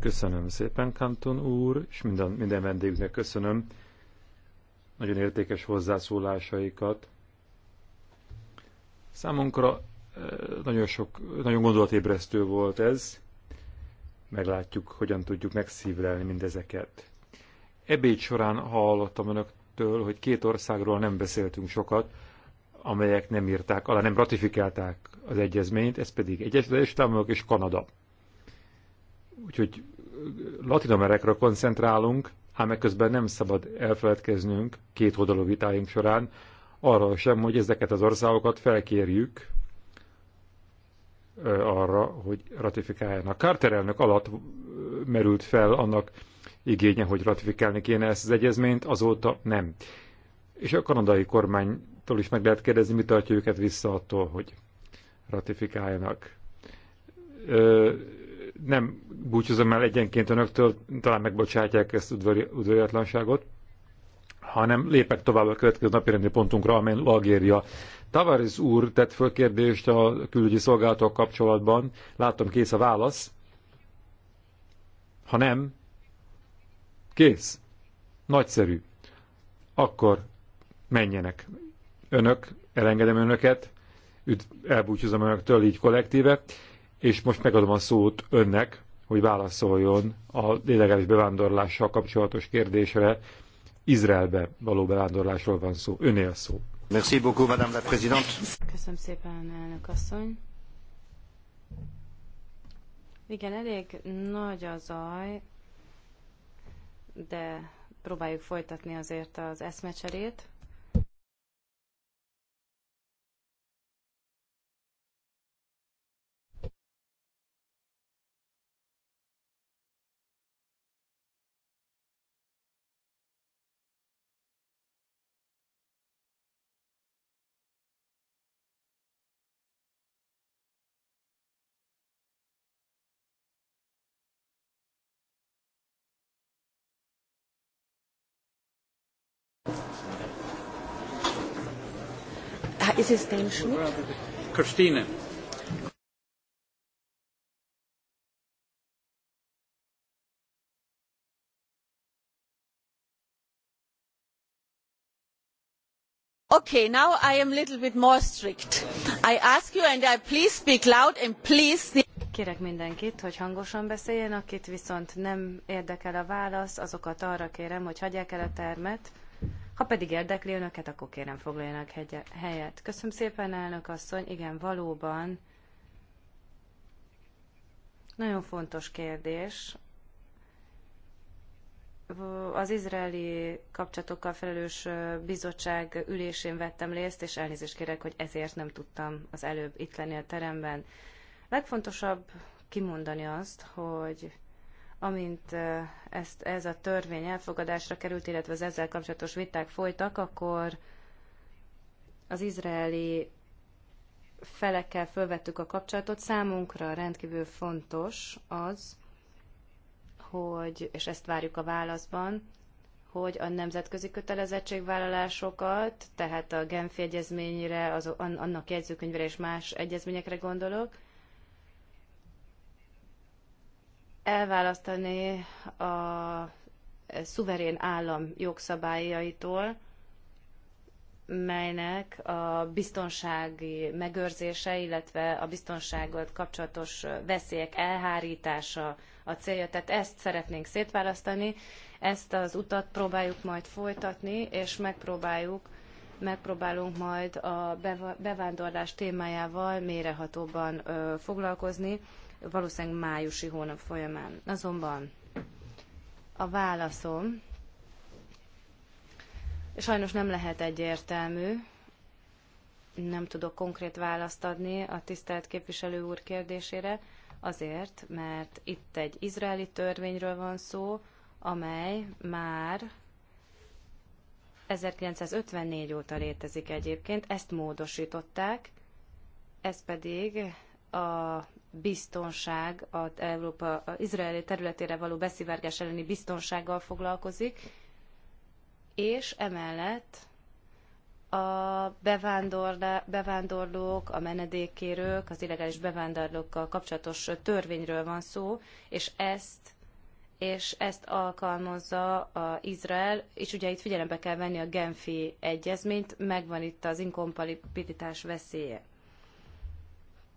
Köszönöm szépen, Kanton úr, és minden, minden vendégnek köszönöm nagyon értékes hozzászólásaikat. Számunkra nagyon sok, nagyon gondolatébresztő volt ez. Meglátjuk, hogyan tudjuk megszívlelni mindezeket. Ebéd során hallottam önöktől, hogy két országról nem beszéltünk sokat, amelyek nem írták alá, nem ratifikálták az egyezményt, ez pedig Egyesült Államok és Kanada. Úgyhogy Latin Amerikára koncentrálunk, ám ekközben nem szabad elfeledkeznünk két oldalú vitáink során arra sem, hogy ezeket az országokat felkérjük arra, hogy ratifikáljanak. Carter elnök alatt merült fel annak igénye, hogy ratifikálni kéne ezt az egyezményt, azóta nem. És a kanadai kormánytól is meg lehet kérdezni, mi tartja őket vissza attól, hogy ratifikáljanak nem búcsúzom el egyenként önöktől, talán megbocsátják ezt udvariatlanságot, hanem lépek tovább a következő napi rendi pontunkra, amely Algéria. Tavares úr tett föl kérdést a külügyi szolgálatok kapcsolatban. Látom, kész a válasz. Ha nem, kész. Nagyszerű. Akkor menjenek. Önök, elengedem önöket, elbúcsúzom önöktől így kollektíve és most megadom a szót önnek, hogy válaszoljon a illegális bevándorlással kapcsolatos kérdésre. Izraelbe való bevándorlásról van szó. Öné a szó. Merci beaucoup, Madame la Présidente. Köszönöm szépen, elnök asszony. Igen, elég nagy a zaj, de próbáljuk folytatni azért az eszmecserét. Is his name Schmidt? Christine. okay now i am a little bit more strict i ask you and i please speak loud and please Kérek mindenkit, hogy hangosan beszéljen, akit viszont nem érdekel a válasz, azokat arra kérem, hogy hagyják el a termet. Ha pedig érdekli önöket, akkor kérem foglaljanak helyet. Köszönöm szépen, elnök asszony. Igen, valóban nagyon fontos kérdés. Az izraeli kapcsolatokkal felelős bizottság ülésén vettem részt, és elnézést kérek, hogy ezért nem tudtam az előbb itt lenni a teremben. Legfontosabb kimondani azt, hogy amint ezt, ez a törvény elfogadásra került, illetve az ezzel kapcsolatos viták folytak, akkor az izraeli felekkel fölvettük a kapcsolatot. Számunkra rendkívül fontos az, hogy, és ezt várjuk a válaszban, hogy a nemzetközi kötelezettségvállalásokat, tehát a Genfi egyezményre, az, annak jegyzőkönyvre és más egyezményekre gondolok, elválasztani a szuverén állam jogszabályaitól, melynek a biztonsági megőrzése, illetve a biztonságot kapcsolatos veszélyek elhárítása a célja. Tehát ezt szeretnénk szétválasztani, ezt az utat próbáljuk majd folytatni, és megpróbáljuk, megpróbálunk majd a bevándorlás témájával mélyrehatóban foglalkozni, valószínűleg májusi hónap folyamán. Azonban a válaszom sajnos nem lehet egyértelmű, nem tudok konkrét választ adni a tisztelt képviselő úr kérdésére, azért, mert itt egy izraeli törvényről van szó, amely már 1954 óta létezik egyébként, ezt módosították, ez pedig a biztonság, az Európa az izraeli területére való beszivárgás elleni biztonsággal foglalkozik, és emellett a bevándorlók, a menedékkérők, az illegális bevándorlókkal kapcsolatos törvényről van szó, és ezt és ezt alkalmazza a Izrael, és ugye itt figyelembe kell venni a Genfi egyezményt, megvan itt az inkompatibilitás veszélye.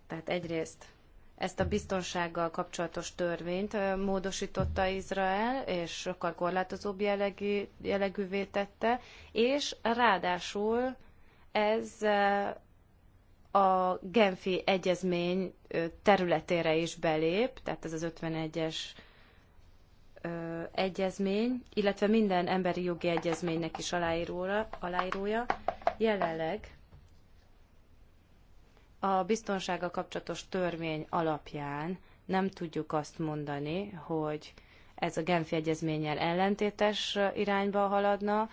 Tehát egyrészt ezt a biztonsággal kapcsolatos törvényt módosította Izrael, és sokkal korlátozóbb jellegű, jellegűvé tette, és ráadásul ez a Genfi egyezmény területére is belép, tehát ez az 51-es egyezmény, illetve minden emberi jogi egyezménynek is aláíróra, aláírója. Jelenleg a biztonsága kapcsolatos törvény alapján nem tudjuk azt mondani, hogy ez a Genfi egyezménnyel ellentétes irányba haladna,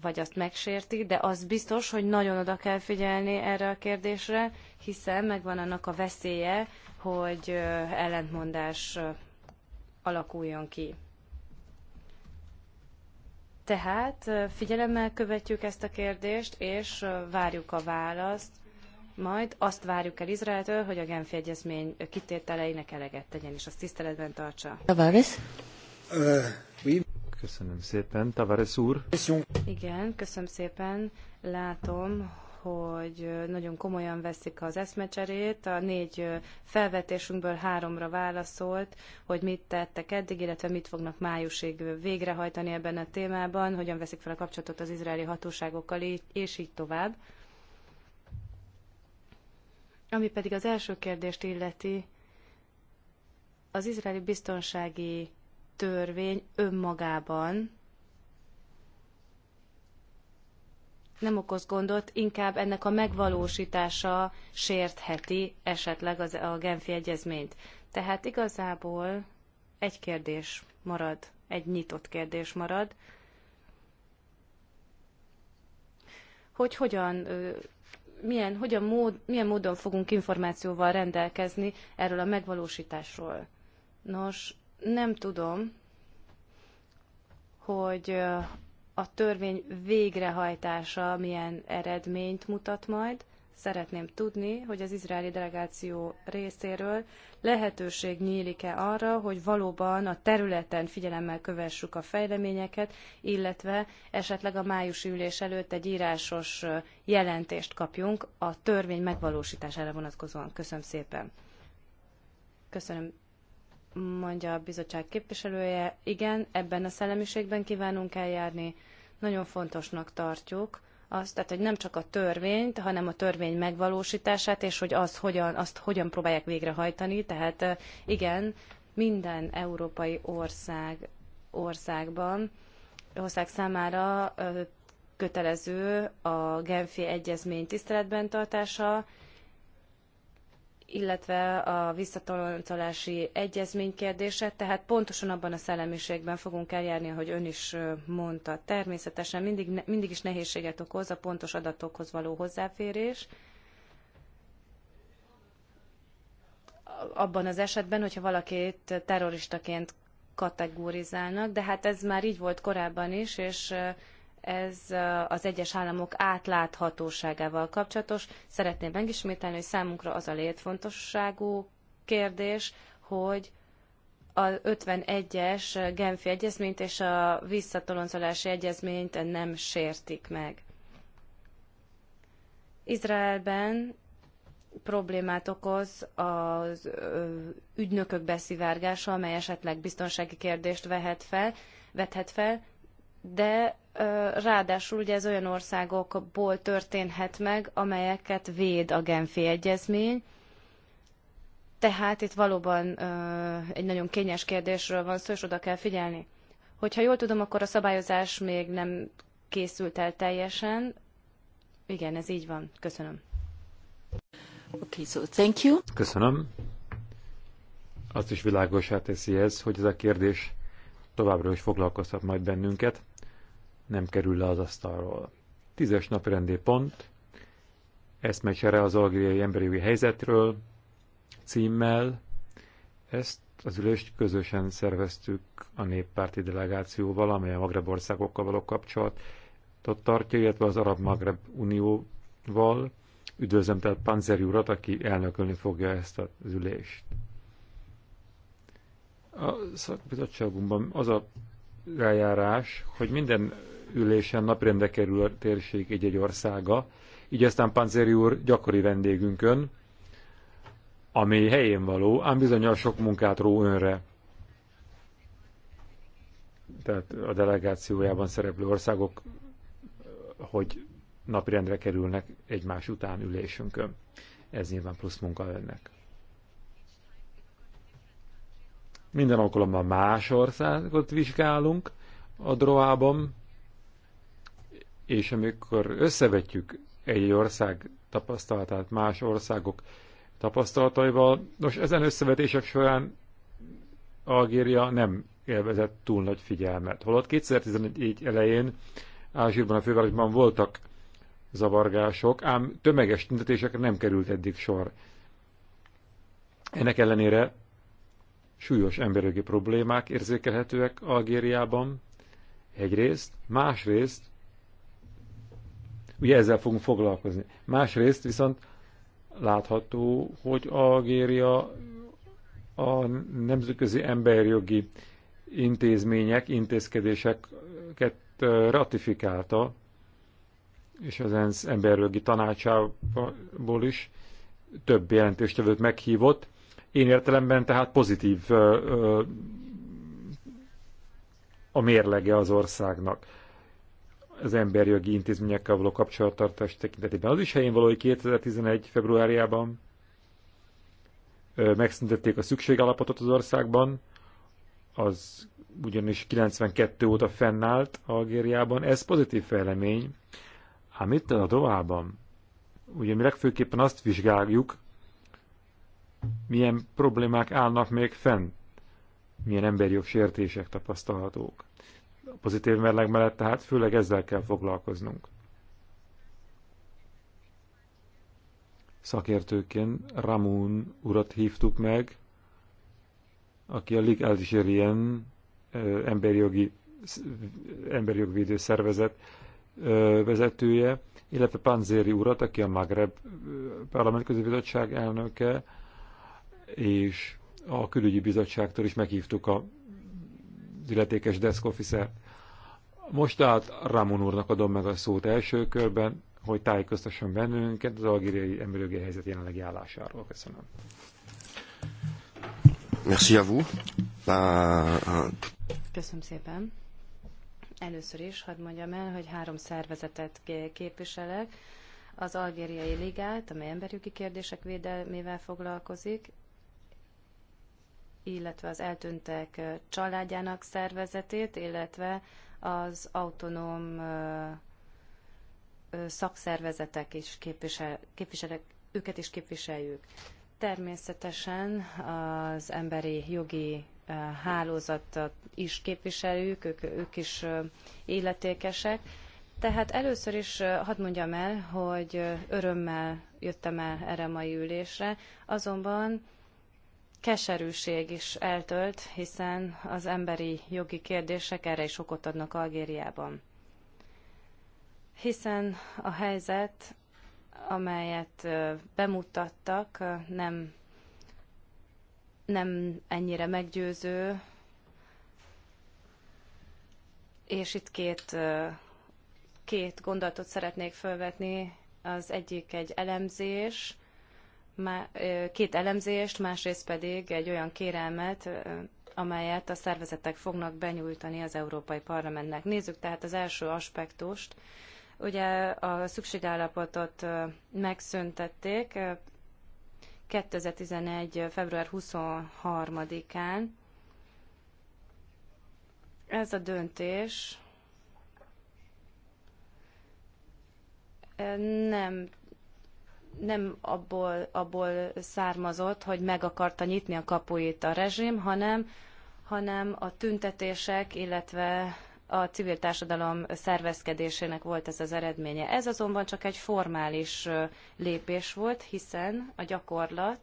vagy azt megsérti, de az biztos, hogy nagyon oda kell figyelni erre a kérdésre, hiszen megvan annak a veszélye, hogy ellentmondás alakuljon ki. Tehát figyelemmel követjük ezt a kérdést, és várjuk a választ majd azt várjuk el Izraeltől, hogy a Genfi Egyezmény kitételeinek eleget tegyen, és azt tiszteletben tartsa. Tavares? Köszönöm szépen. Tavares úr? Igen, köszönöm szépen. Látom, hogy nagyon komolyan veszik az eszmecserét. A négy felvetésünkből háromra válaszolt, hogy mit tettek eddig, illetve mit fognak májusig végrehajtani ebben a témában, hogyan veszik fel a kapcsolatot az izraeli hatóságokkal, és így tovább. Ami pedig az első kérdést illeti, az izraeli biztonsági törvény önmagában nem okoz gondot, inkább ennek a megvalósítása sértheti esetleg az, a Genfi egyezményt. Tehát igazából egy kérdés marad, egy nyitott kérdés marad, hogy hogyan milyen, hogyan mód, milyen módon fogunk információval rendelkezni erről a megvalósításról. Nos, nem tudom, hogy a törvény végrehajtása milyen eredményt mutat majd, Szeretném tudni, hogy az izraeli delegáció részéről lehetőség nyílik-e arra, hogy valóban a területen figyelemmel kövessük a fejleményeket, illetve esetleg a májusi ülés előtt egy írásos jelentést kapjunk a törvény megvalósítására vonatkozóan. Köszönöm szépen. Köszönöm, mondja a bizottság képviselője. Igen, ebben a szellemiségben kívánunk eljárni. Nagyon fontosnak tartjuk, azt, tehát hogy nem csak a törvényt, hanem a törvény megvalósítását, és hogy az hogyan, azt hogyan próbálják végrehajtani. Tehát igen, minden európai ország, országban, ország számára kötelező a Genfi Egyezmény tiszteletben tartása, illetve a visszatoloncolási egyezmény kérdése, tehát pontosan abban a szellemiségben fogunk eljárni, ahogy ön is mondta. Természetesen mindig, mindig is nehézséget okoz a pontos adatokhoz való hozzáférés, abban az esetben, hogyha valakit terroristaként kategorizálnak, de hát ez már így volt korábban is, és ez az egyes államok átláthatóságával kapcsolatos. Szeretném megismételni, hogy számunkra az a létfontosságú kérdés, hogy a 51-es Genfi egyezményt és a visszatoloncolási egyezményt nem sértik meg. Izraelben problémát okoz az ügynökök beszivárgása, amely esetleg biztonsági kérdést vehet fel, vethet fel, de Ráadásul ugye ez olyan országokból történhet meg, amelyeket véd a Genfi Egyezmény. Tehát itt valóban egy nagyon kényes kérdésről van szó, és oda kell figyelni. Hogyha jól tudom, akkor a szabályozás még nem készült el teljesen. Igen, ez így van. Köszönöm. Okay, so thank you. Köszönöm. Azt is világosá teszi ez, hogy ez a kérdés továbbra is foglalkoztat majd bennünket nem kerül le az asztalról. Tízes naprendi pont, eszmecsere az algériai emberi jogi helyzetről címmel. Ezt az ülést közösen szerveztük a néppárti delegációval, amely a Magreb országokkal való kapcsolatot tartja, illetve az Arab Magreb Unióval. Üdvözlöm tehát Panzeri urat, aki elnökölni fogja ezt az ülést. A szakbizottságunkban az a eljárás, hogy minden ülésen napirendre kerül a térség egy-egy országa, így aztán Panzeri úr gyakori vendégünkön, ami helyén való, ám bizonyal sok munkát ró önre. Tehát a delegációjában szereplő országok, hogy napirendre kerülnek egymás után ülésünkön. Ez nyilván plusz munka önnek. Minden alkalommal más országot vizsgálunk a droában, és amikor összevetjük egy ország tapasztalatát más országok tapasztalataival, nos, ezen összevetések során Algéria nem élvezett túl nagy figyelmet. Holott 2011 elején Ázsírban, a fővárosban voltak zavargások, ám tömeges tüntetésekre nem került eddig sor. Ennek ellenére súlyos emberjogi problémák érzékelhetőek Algériában, egyrészt, másrészt Ugye ezzel fogunk foglalkozni. Másrészt viszont látható, hogy Algéria a nemzetközi emberjogi intézmények, intézkedéseket ratifikálta, és az ENSZ emberjogi tanácsából is több jelentéstevőt meghívott. Én értelemben tehát pozitív a mérlege az országnak az emberjogi intézményekkel való kapcsolattartás tekintetében. Az is helyén való, hogy 2011. februárjában megszüntették a szükségállapotot az országban, az ugyanis 92 óta fennállt Algériában. Ez pozitív fejlemény. Hát mit a Dohában, ugye mi legfőképpen azt vizsgáljuk, milyen problémák állnak még fenn, milyen emberjogsértések tapasztalhatók a pozitív mérleg mellett, tehát főleg ezzel kell foglalkoznunk. Szakértőként Ramón urat hívtuk meg, aki a Lig Algerien emberi jogi emberjogvédő szervezet vezetője, illetve Panzéri urat, aki a Magreb parlamentközi bizottság elnöke, és a külügyi bizottságtól is meghívtuk a az illetékes desk officer. Most át Ramon úrnak adom meg a szót első körben, hogy tájékoztasson bennünket az algériai emberjogi helyzet jelenlegi állásáról. Köszönöm. Merci à vous. Euh, Köszönöm szépen. Először is hadd mondjam el, hogy három szervezetet képviselek. Az Algériai Ligát, amely emberjogi kérdések védelmével foglalkozik, illetve az eltűntek családjának szervezetét, illetve az autonóm szakszervezetek is képvisel, képviselek, őket is képviseljük. Természetesen az emberi jogi hálózatot is képviseljük, ők, ők is életékesek. Tehát először is hadd mondjam el, hogy örömmel jöttem el erre a mai ülésre, azonban keserűség is eltölt, hiszen az emberi jogi kérdések erre is okot adnak Algériában. Hiszen a helyzet, amelyet bemutattak, nem, nem ennyire meggyőző, és itt két, két gondolatot szeretnék felvetni. Az egyik egy elemzés, két elemzést, másrészt pedig egy olyan kérelmet, amelyet a szervezetek fognak benyújtani az Európai Parlamentnek. Nézzük tehát az első aspektust. Ugye a szükségállapotot megszüntették 2011. február 23-án. Ez a döntés nem nem abból, abból származott, hogy meg akarta nyitni a kapuit a rezsim, hanem, hanem a tüntetések, illetve a civil társadalom szervezkedésének volt ez az eredménye. Ez azonban csak egy formális lépés volt, hiszen a gyakorlat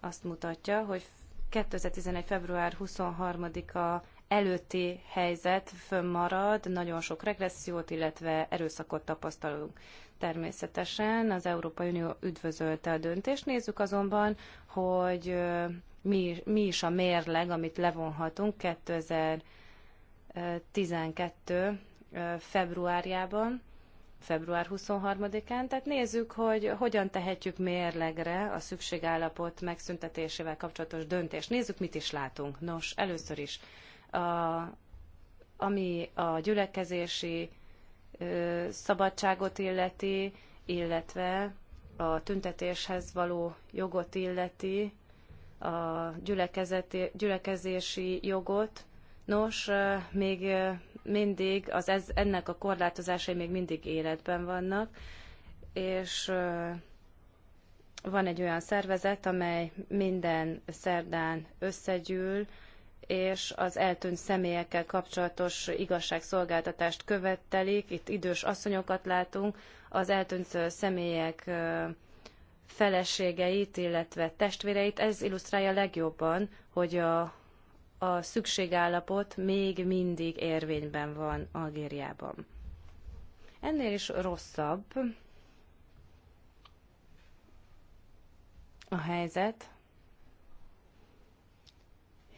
azt mutatja, hogy 2011. február 23-a előtti helyzet fönnmarad, nagyon sok regressziót, illetve erőszakot tapasztalunk. Természetesen az Európai Unió üdvözölte a döntést. Nézzük azonban, hogy mi, mi is a mérleg, amit levonhatunk 2012 februárjában, február 23-án. Tehát nézzük, hogy hogyan tehetjük mérlegre a szükségállapot megszüntetésével kapcsolatos döntést. Nézzük, mit is látunk. Nos, először is, a, ami a gyülekezési szabadságot illeti, illetve a tüntetéshez való jogot illeti, a gyülekezési jogot. Nos, még mindig az ez, ennek a korlátozásai még mindig életben vannak, és van egy olyan szervezet, amely minden szerdán összegyűl, és az eltűnt személyekkel kapcsolatos igazságszolgáltatást követelik. Itt idős asszonyokat látunk, az eltűnt személyek feleségeit, illetve testvéreit. Ez illusztrálja legjobban, hogy a, a szükségállapot még mindig érvényben van Algériában. Ennél is rosszabb a helyzet,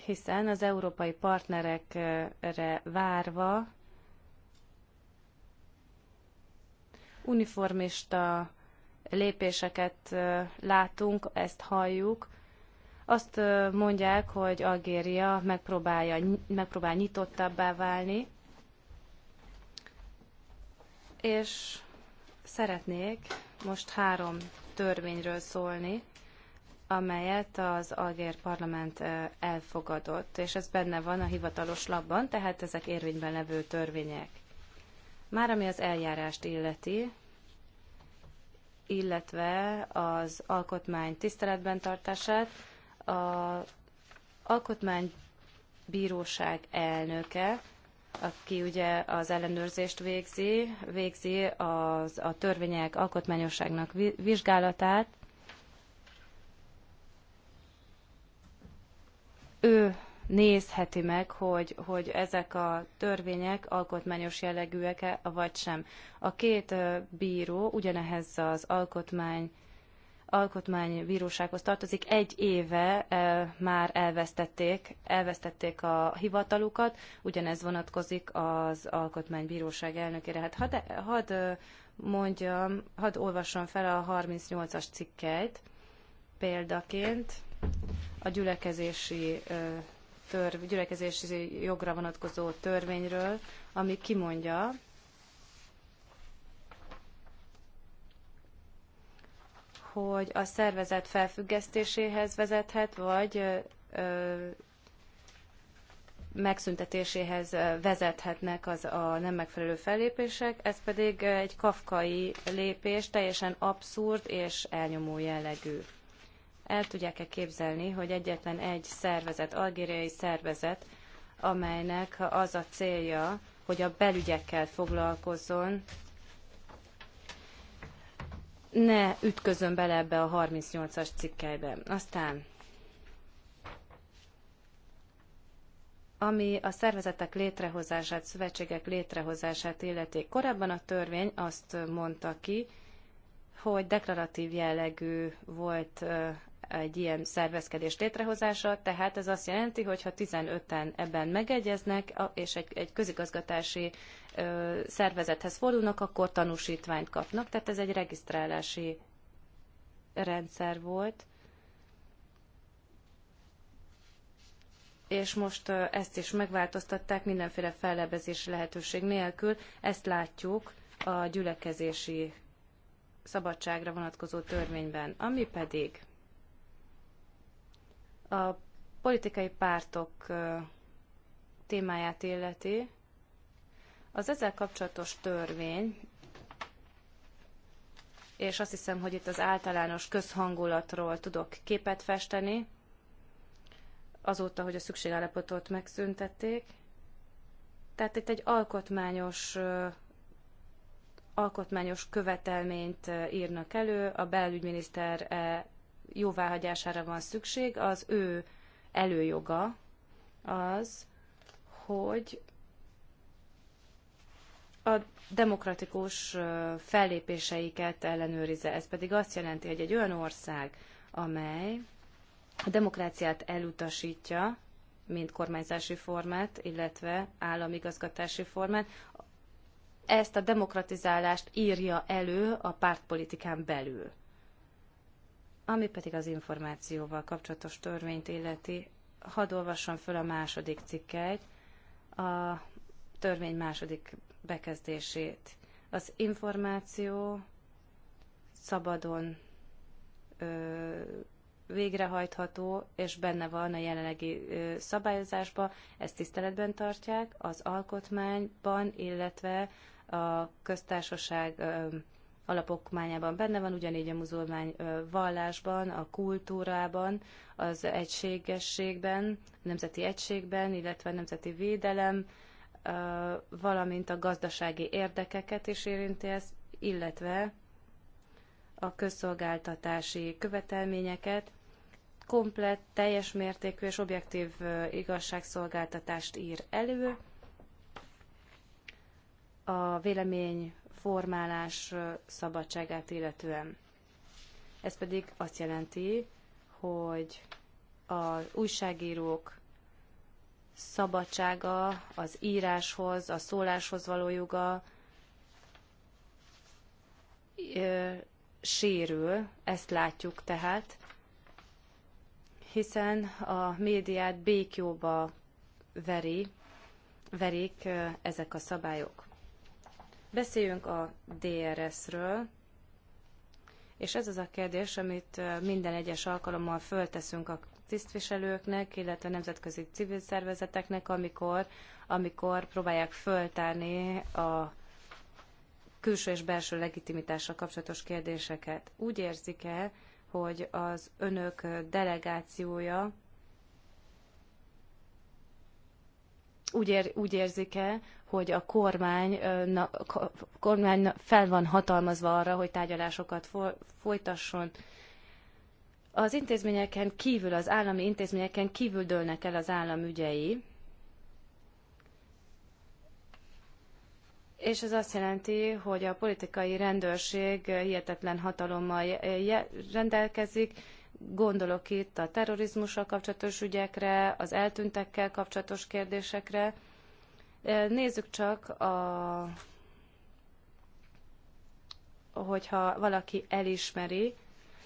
hiszen az európai partnerekre várva uniformista lépéseket látunk, ezt halljuk. Azt mondják, hogy Algéria megpróbálja, megpróbál nyitottabbá válni, és szeretnék most három törvényről szólni, amelyet az Algér Parlament elfogadott, és ez benne van a hivatalos labban, tehát ezek érvényben levő törvények. Már ami az eljárást illeti, illetve az alkotmány tiszteletben tartását, a alkotmánybíróság elnöke, aki ugye az ellenőrzést végzi, végzi az, a törvények alkotmányosságnak vizsgálatát, ő nézheti meg, hogy, hogy ezek a törvények alkotmányos jellegűek-e, vagy sem. A két bíró ugyanehez az alkotmány alkotmánybírósághoz tartozik. Egy éve e, már elvesztették, elvesztették a hivatalukat, ugyanez vonatkozik az alkotmánybíróság elnökére. Hát hadd had mondjam, hadd olvassam fel a 38-as cikkeit példaként a gyülekezési, törv, gyülekezési jogra vonatkozó törvényről, ami kimondja, hogy a szervezet felfüggesztéséhez vezethet, vagy megszüntetéséhez vezethetnek az a nem megfelelő fellépések, ez pedig egy kafkai lépés, teljesen abszurd és elnyomó jellegű. El tudják-e képzelni, hogy egyetlen egy szervezet, algériai szervezet, amelynek az a célja, hogy a belügyekkel foglalkozzon, ne ütközön bele ebbe a 38-as cikkelybe. Aztán, ami a szervezetek létrehozását, szövetségek létrehozását illeti. Korábban a törvény azt mondta ki, hogy deklaratív jellegű volt egy ilyen szervezkedés létrehozása, tehát ez azt jelenti, hogy ha 15-en ebben megegyeznek, és egy, egy közigazgatási ö, szervezethez fordulnak, akkor tanúsítványt kapnak, tehát ez egy regisztrálási rendszer volt. és most ezt is megváltoztatták mindenféle fellebezési lehetőség nélkül. Ezt látjuk a gyülekezési szabadságra vonatkozó törvényben, ami pedig a politikai pártok témáját illeti, az ezzel kapcsolatos törvény, és azt hiszem, hogy itt az általános közhangulatról tudok képet festeni, azóta, hogy a szükségállapotot megszüntették. Tehát itt egy alkotmányos alkotmányos követelményt írnak elő, a belügyminiszter e, jóváhagyására van szükség, az ő előjoga az, hogy a demokratikus fellépéseiket ellenőrize. Ez pedig azt jelenti, hogy egy olyan ország, amely a demokráciát elutasítja, mint kormányzási formát, illetve államigazgatási formát, ezt a demokratizálást írja elő a pártpolitikán belül. Ami pedig az információval kapcsolatos törvényt illeti, hadd olvasson föl a második cikkeit, a törvény második bekezdését. Az információ szabadon ö, végrehajtható, és benne van a jelenlegi ö, szabályozásba, ezt tiszteletben tartják az alkotmányban, illetve a köztársaság ö, alapokmányában benne van, ugyanígy a muzulmány vallásban, a kultúrában, az egységességben, nemzeti egységben, illetve a nemzeti védelem, valamint a gazdasági érdekeket is érinti ez, illetve a közszolgáltatási követelményeket, komplett, teljes mértékű és objektív igazságszolgáltatást ír elő, a vélemény formálás szabadságát illetően. Ez pedig azt jelenti, hogy az újságírók szabadsága, az íráshoz, a szóláshoz való joga sérül, ezt látjuk tehát, hiszen a médiát békjóba veri, verik ezek a szabályok. Beszéljünk a DRS-ről, és ez az a kérdés, amit minden egyes alkalommal fölteszünk a tisztviselőknek, illetve a nemzetközi civil szervezeteknek, amikor, amikor próbálják föltárni a külső és belső legitimitásra kapcsolatos kérdéseket. Úgy érzik e hogy az önök delegációja úgy, ér, úgy érzik-e, hogy a kormány, na, kormány fel van hatalmazva arra, hogy tárgyalásokat folytasson. Az intézményeken kívül, az állami intézményeken kívül dőlnek el az állam ügyei, és ez azt jelenti, hogy a politikai rendőrség hihetetlen hatalommal rendelkezik, Gondolok itt a terrorizmussal kapcsolatos ügyekre, az eltűntekkel kapcsolatos kérdésekre. Nézzük csak, a, hogyha valaki elismeri,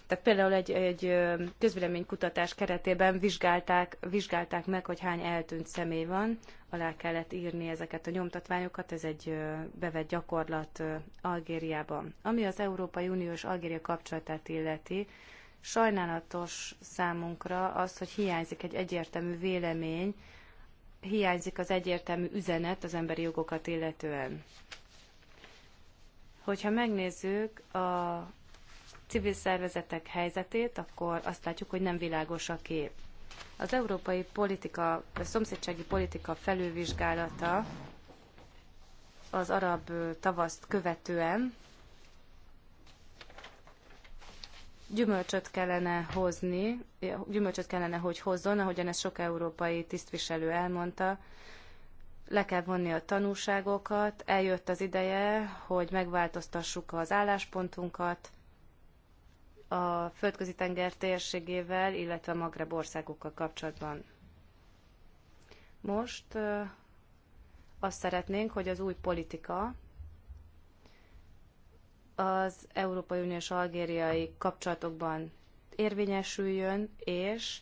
tehát például egy, egy közvéleménykutatás keretében vizsgálták, vizsgálták meg, hogy hány eltűnt személy van, alá kellett írni ezeket a nyomtatványokat, ez egy bevett gyakorlat Algériában. Ami az Európai Unió és Algéria kapcsolatát illeti, Sajnálatos számunkra az, hogy hiányzik egy egyértelmű vélemény, hiányzik az egyértelmű üzenet az emberi jogokat illetően. Hogyha megnézzük a civil szervezetek helyzetét, akkor azt látjuk, hogy nem világos a kép. Az európai politika, a szomszédsági politika felülvizsgálata az arab tavaszt követően gyümölcsöt kellene hozni, gyümölcsöt kellene, hogy hozzon, ahogyan ezt sok európai tisztviselő elmondta, le kell vonni a tanúságokat. eljött az ideje, hogy megváltoztassuk az álláspontunkat a földközi tenger térségével, illetve a Magreb országokkal kapcsolatban. Most azt szeretnénk, hogy az új politika, az Európai Uniós algériai kapcsolatokban érvényesüljön, és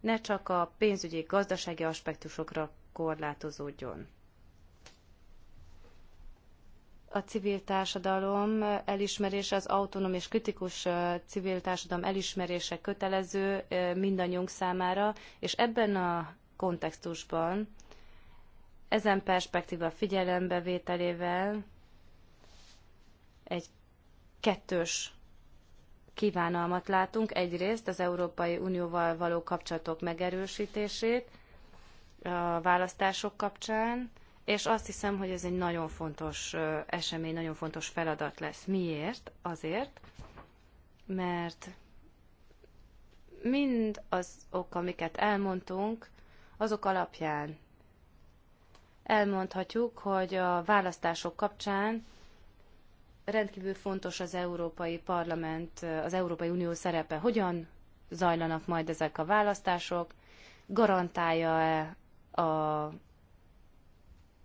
ne csak a pénzügyi, gazdasági aspektusokra korlátozódjon. A civil társadalom elismerése, az autonóm és kritikus civil társadalom elismerése kötelező mindannyiunk számára, és ebben a kontextusban, ezen perspektíva figyelembevételével egy kettős kívánalmat látunk. Egyrészt az Európai Unióval való kapcsolatok megerősítését a választások kapcsán, és azt hiszem, hogy ez egy nagyon fontos esemény, nagyon fontos feladat lesz. Miért? Azért, mert mind az ok, amiket elmondtunk, azok alapján elmondhatjuk, hogy a választások kapcsán rendkívül fontos az Európai Parlament, az Európai Unió szerepe. Hogyan zajlanak majd ezek a választások? Garantálja-e a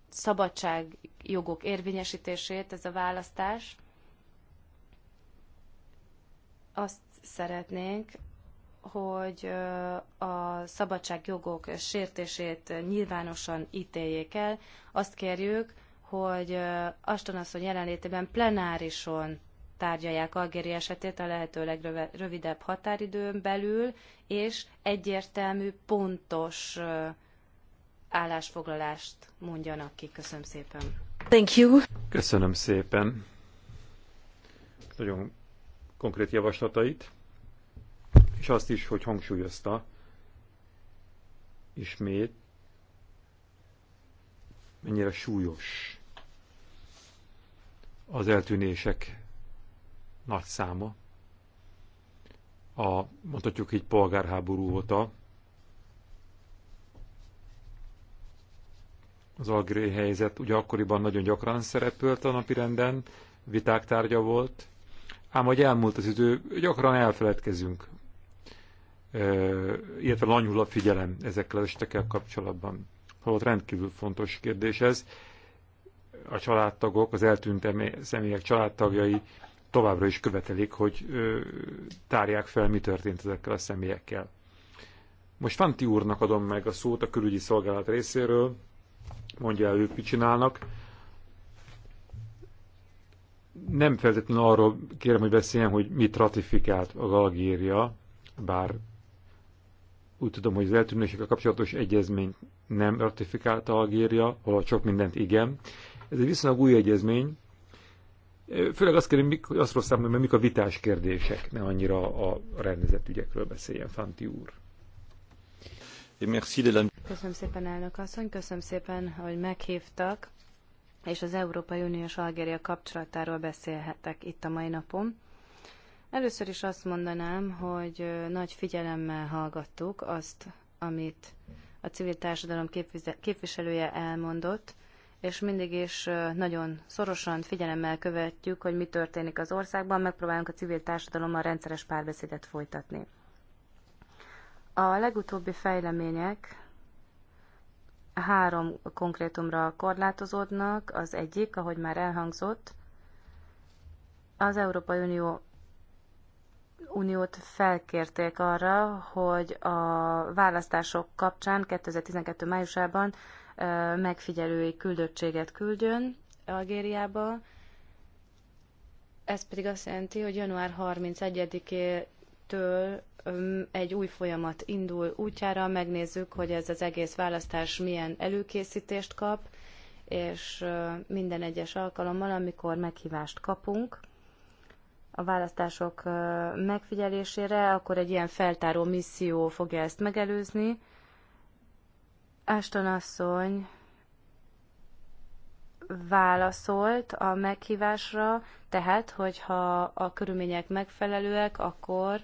szabadságjogok érvényesítését ez a választás? Azt szeretnénk, hogy a szabadságjogok sértését nyilvánosan ítéljék el. Azt kérjük, hogy Aston asszony jelenlétében plenárison tárgyalják Algéri esetét a lehető legrövidebb határidőn belül, és egyértelmű, pontos állásfoglalást mondjanak ki. Köszönöm szépen. Thank you. Köszönöm szépen. Nagyon konkrét javaslatait, és azt is, hogy hangsúlyozta ismét, mennyire súlyos az eltűnések nagy száma, a, mondhatjuk így, polgárháború óta, az algériai helyzet ugye akkoriban nagyon gyakran szerepült a napirenden, viták tárgya volt, ám hogy elmúlt az idő, gyakran elfeledkezünk, e, illetve lanyul a figyelem ezekkel az estekkel kapcsolatban. Holott rendkívül fontos kérdés ez, a családtagok, az eltűnt személyek családtagjai továbbra is követelik, hogy tárják fel, mi történt ezekkel a személyekkel. Most Fanti úrnak adom meg a szót a külügyi szolgálat részéről, mondja el ők, mit csinálnak. Nem feltétlenül arról kérem, hogy beszéljen, hogy mit ratifikált az Algéria, bár úgy tudom, hogy az eltűnésekkel kapcsolatos egyezményt nem ratifikálta Algéria, holott sok mindent igen. Ez egy viszonylag új egyezmény. Főleg azt kérem, mik, azt rosszám, hogy mik a vitás kérdések, ne annyira a rendezett ügyekről beszéljen, Fanti úr. Köszönöm szépen, elnök asszony, köszönöm szépen, hogy meghívtak, és az Európai Uniós Algéria kapcsolatáról beszélhetek itt a mai napon. Először is azt mondanám, hogy nagy figyelemmel hallgattuk azt, amit a civil társadalom képviselője elmondott, és mindig is nagyon szorosan figyelemmel követjük, hogy mi történik az országban, megpróbálunk a civil társadalommal rendszeres párbeszédet folytatni. A legutóbbi fejlemények három konkrétumra korlátozódnak. Az egyik, ahogy már elhangzott, az Európai Unió Uniót felkérték arra, hogy a választások kapcsán 2012. májusában megfigyelői küldöttséget küldjön Algériába. Ez pedig azt jelenti, hogy január 31-től egy új folyamat indul útjára, megnézzük, hogy ez az egész választás milyen előkészítést kap, és minden egyes alkalommal, amikor meghívást kapunk a választások megfigyelésére, akkor egy ilyen feltáró misszió fogja ezt megelőzni, Ashton asszony válaszolt a meghívásra, tehát, hogyha a körülmények megfelelőek, akkor,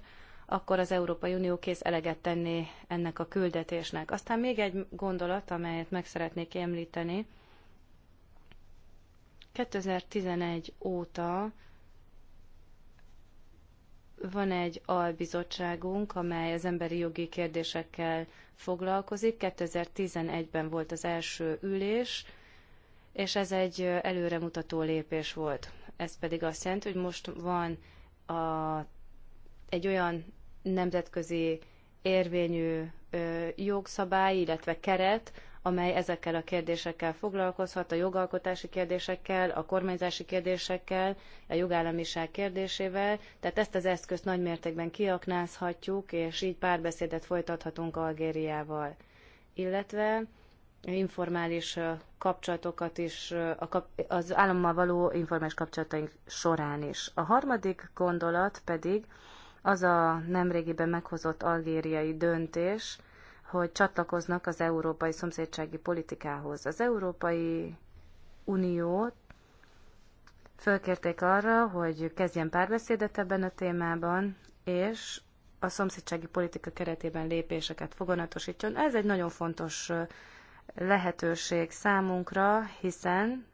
akkor az Európai Unió kész eleget tenni ennek a küldetésnek. Aztán még egy gondolat, amelyet meg szeretnék említeni. 2011 óta van egy albizottságunk, amely az emberi jogi kérdésekkel foglalkozik. 2011-ben volt az első ülés, és ez egy előremutató lépés volt. Ez pedig azt jelenti, hogy most van a, egy olyan nemzetközi érvényű jogszabály, illetve keret, amely ezekkel a kérdésekkel foglalkozhat, a jogalkotási kérdésekkel, a kormányzási kérdésekkel, a jogállamiság kérdésével. Tehát ezt az eszközt nagymértékben kiaknázhatjuk, és így párbeszédet folytathatunk Algériával. Illetve informális kapcsolatokat is, az állammal való informális kapcsolataink során is. A harmadik gondolat pedig az a nemrégiben meghozott algériai döntés, hogy csatlakoznak az európai szomszédsági politikához. Az Európai Uniót fölkérték arra, hogy kezdjen párbeszédet ebben a témában, és a szomszédsági politika keretében lépéseket foganatosítson. Ez egy nagyon fontos lehetőség számunkra, hiszen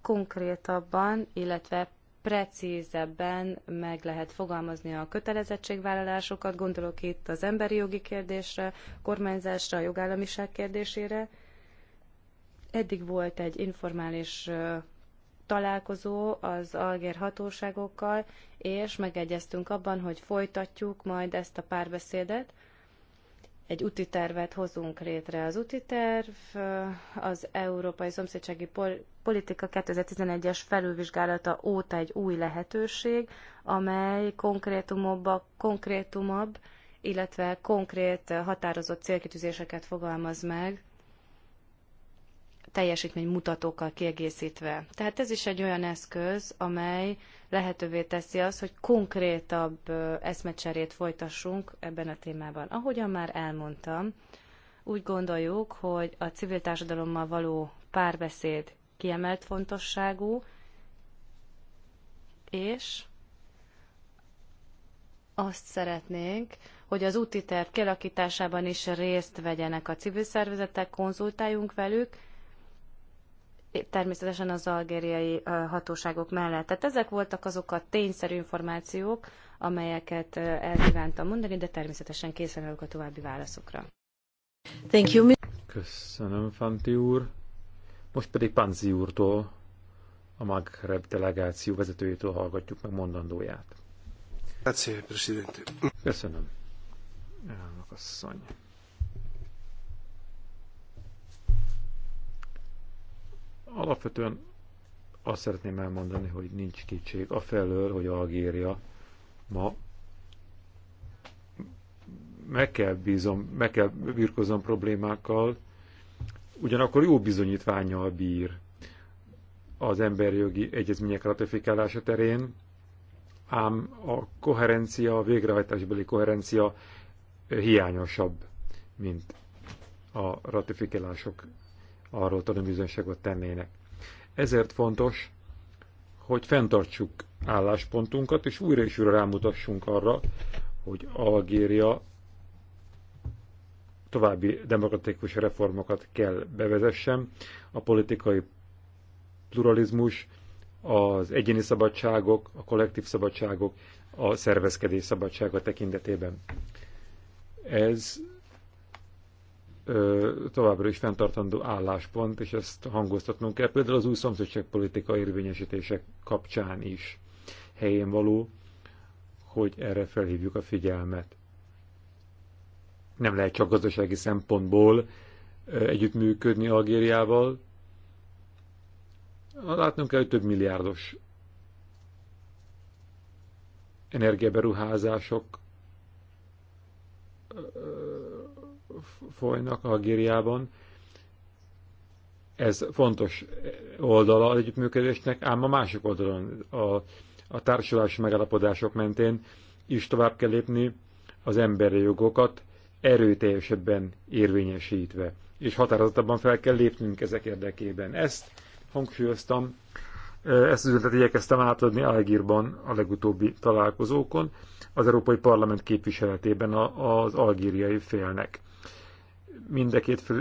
konkrétabban, illetve precízebben meg lehet fogalmazni a kötelezettségvállalásokat, gondolok itt az emberi jogi kérdésre, kormányzásra, a jogállamiság kérdésére. Eddig volt egy informális találkozó az Alger hatóságokkal, és megegyeztünk abban, hogy folytatjuk majd ezt a párbeszédet, egy úti tervet hozunk létre. Az úti terv az Európai Szomszédsági Politika 2011-es felülvizsgálata óta egy új lehetőség, amely konkrétumabb, konkrétumabb illetve konkrét határozott célkitűzéseket fogalmaz meg teljesítménymutatókkal kiegészítve. Tehát ez is egy olyan eszköz, amely lehetővé teszi azt, hogy konkrétabb eszmecserét folytassunk ebben a témában. Ahogyan már elmondtam, úgy gondoljuk, hogy a civil társadalommal való párbeszéd kiemelt fontosságú, és azt szeretnénk, hogy az úti terv kialakításában is részt vegyenek a civil szervezetek, konzultáljunk velük, természetesen az algériai hatóságok mellett. Tehát ezek voltak azok a tényszerű információk, amelyeket el kívántam mondani, de természetesen készen vagyok a további válaszokra. Thank you. Köszönöm, Fanti úr. Most pedig Panzi úrtól, a Maghreb delegáció vezetőjétől hallgatjuk meg mondandóját. Köszönöm. Elnök asszony. Alapvetően azt szeretném elmondani, hogy nincs kétség a felől, hogy Algéria ma meg kell, bízom, meg kell birkozom problémákkal, ugyanakkor jó bizonyítványjal bír az emberjogi egyezmények ratifikálása terén, ám a koherencia, a végrehajtásbeli koherencia hiányosabb, mint a ratifikálások arról tanulmányzóságot tennének. Ezért fontos, hogy fenntartsuk álláspontunkat, és újra és újra rámutassunk arra, hogy Algéria további demokratikus reformokat kell bevezessen, a politikai pluralizmus, az egyéni szabadságok, a kollektív szabadságok, a szervezkedés szabadsága tekintetében. Ez ö, továbbra is fenntartandó álláspont, és ezt hangoztatnunk kell, például az új politika érvényesítések kapcsán is helyén való, hogy erre felhívjuk a figyelmet. Nem lehet csak gazdasági szempontból ö, együttműködni Algériával. Látnunk kell, hogy több milliárdos energiaberuházások ö, folynak Algériában. Ez fontos oldala az együttműködésnek, ám a másik oldalon a, a társulási megállapodások mentén is tovább kell lépni az emberi jogokat erőteljesebben érvényesítve, és határozottabban fel kell lépnünk ezek érdekében. Ezt hangsúlyoztam, ezt az üzletet igyekeztem átadni Algírban a legutóbbi találkozókon, az Európai Parlament képviseletében az algériai félnek mind a két fél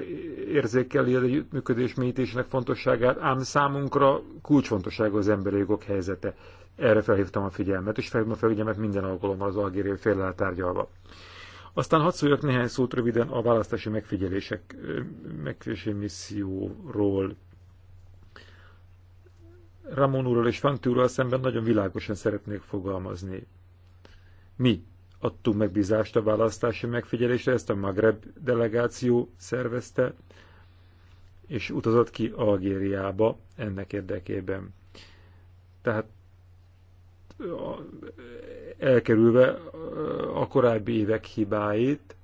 érzékeli az együttműködés mélyítésének fontosságát, ám számunkra kulcsfontosságú az emberi jogok helyzete. Erre felhívtam a figyelmet, és felhívtam a figyelmet minden alkalommal az algériai féllel tárgyalva. Aztán hadd szóljak néhány szót röviden a választási megfigyelések megfigyelési misszióról. Ramon úrral és úrral szemben nagyon világosan szeretnék fogalmazni. Mi adtunk megbízást a választási megfigyelésre, ezt a Magreb delegáció szervezte, és utazott ki Algériába ennek érdekében. Tehát elkerülve a korábbi évek hibáit,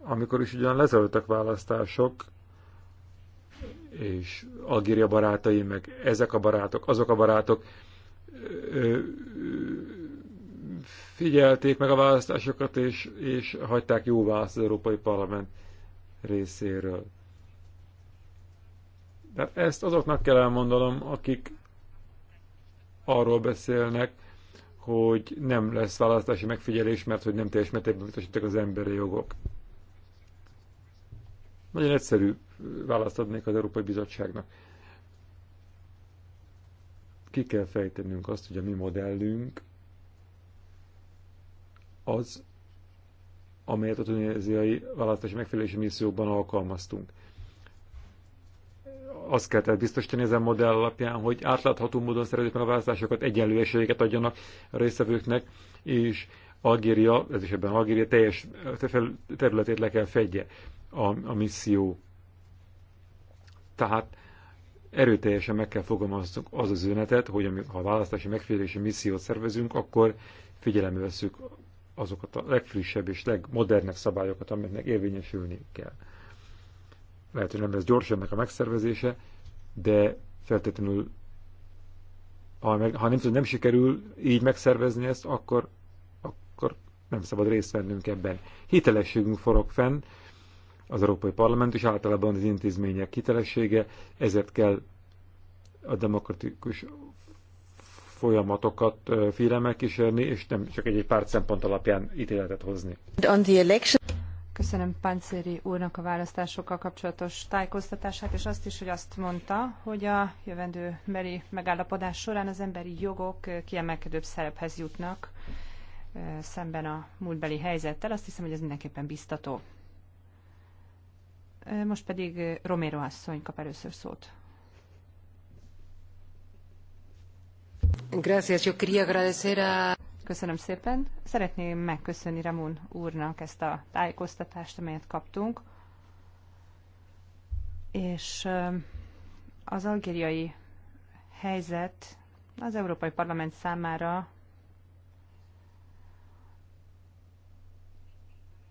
amikor is ugyan lezajlottak választások, és Algéria barátai, meg ezek a barátok, azok a barátok figyelték meg a választásokat, és, és hagyták jóvá az Európai Parlament részéről. De ezt azoknak kell elmondanom, akik arról beszélnek, hogy nem lesz választási megfigyelés, mert hogy nem teljes mértékben biztosítják az emberi jogok. Nagyon egyszerű választ adnék az Európai Bizottságnak. Ki kell fejtenünk azt, hogy a mi modellünk az, amelyet a tunéziai választási megfelelési misszióban alkalmaztunk. Azt kell tehát biztosítani ezen modell alapján, hogy átlátható módon szerezik meg a választásokat, egyenlő esélyeket adjanak a résztvevőknek, és Algéria, ez is ebben Algéria teljes területét le kell fedje a, a misszió. Tehát erőteljesen meg kell fogalmaznunk az az üzenetet, hogy ha a választási megfigyelési missziót szervezünk, akkor figyelembe veszük azokat a legfrissebb és legmodernebb szabályokat, amiknek érvényesülni kell. Lehet, hogy nem lesz gyors ennek a megszervezése, de feltétlenül, ha, meg, ha nem, nem sikerül így megszervezni ezt, akkor, akkor nem szabad részt vennünk ebben. Hitelességünk forog fenn, az Európai Parlament is általában az intézmények hitelessége, ezért kell a demokratikus folyamatokat figyelemmel kísérni, és nem csak egy, -egy pár szempont alapján ítéletet hozni. Köszönöm Páncéri úrnak a választásokkal kapcsolatos tájékoztatását, és azt is, hogy azt mondta, hogy a jövendő beli megállapodás során az emberi jogok kiemelkedőbb szerephez jutnak szemben a múltbeli helyzettel. Azt hiszem, hogy ez mindenképpen biztató. Most pedig Romero asszony kap először szót. Gracias. Yo quería agradecer a... Köszönöm szépen. Szeretném megköszönni Ramon úrnak ezt a tájékoztatást, amelyet kaptunk. És az algériai helyzet az Európai Parlament számára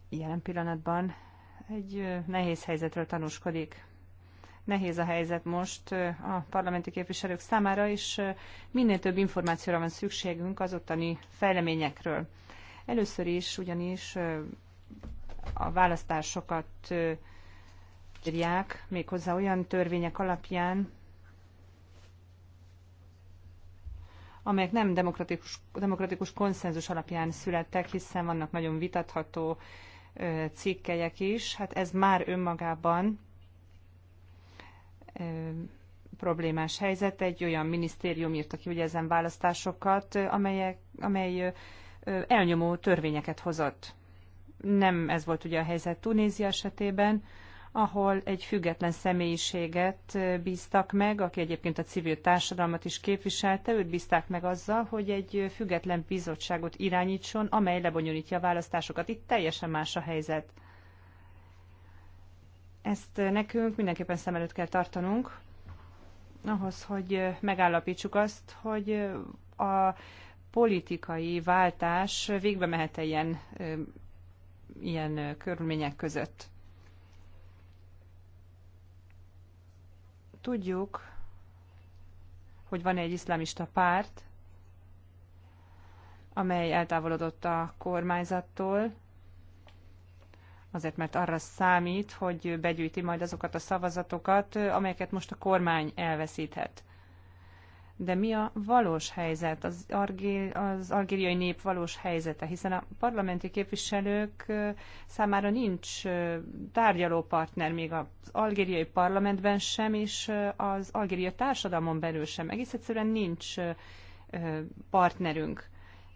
jelen pillanatban egy nehéz helyzetről tanúskodik nehéz a helyzet most a parlamenti képviselők számára, és minél több információra van szükségünk az ottani fejleményekről. Először is ugyanis a választásokat írják, méghozzá olyan törvények alapján, amelyek nem demokratikus, demokratikus konszenzus alapján születtek, hiszen vannak nagyon vitatható cikkelyek is. Hát ez már önmagában problémás helyzet. Egy olyan minisztérium írta ki, hogy ezen választásokat, amelyek, amely elnyomó törvényeket hozott. Nem ez volt ugye a helyzet Tunézia esetében, ahol egy független személyiséget bíztak meg, aki egyébként a civil társadalmat is képviselte, őt bízták meg azzal, hogy egy független bizottságot irányítson, amely lebonyolítja a választásokat. Itt teljesen más a helyzet. Ezt nekünk mindenképpen szem előtt kell tartanunk, ahhoz, hogy megállapítsuk azt, hogy a politikai váltás végbe mehet-e ilyen, ilyen körülmények között. Tudjuk, hogy van egy iszlámista párt, amely eltávolodott a kormányzattól, azért mert arra számít, hogy begyűjti majd azokat a szavazatokat, amelyeket most a kormány elveszíthet. De mi a valós helyzet, az, argél, az algériai nép valós helyzete? Hiszen a parlamenti képviselők számára nincs tárgyalópartner még az algériai parlamentben sem, és az algéria társadalmon belül sem. Egész egyszerűen nincs partnerünk,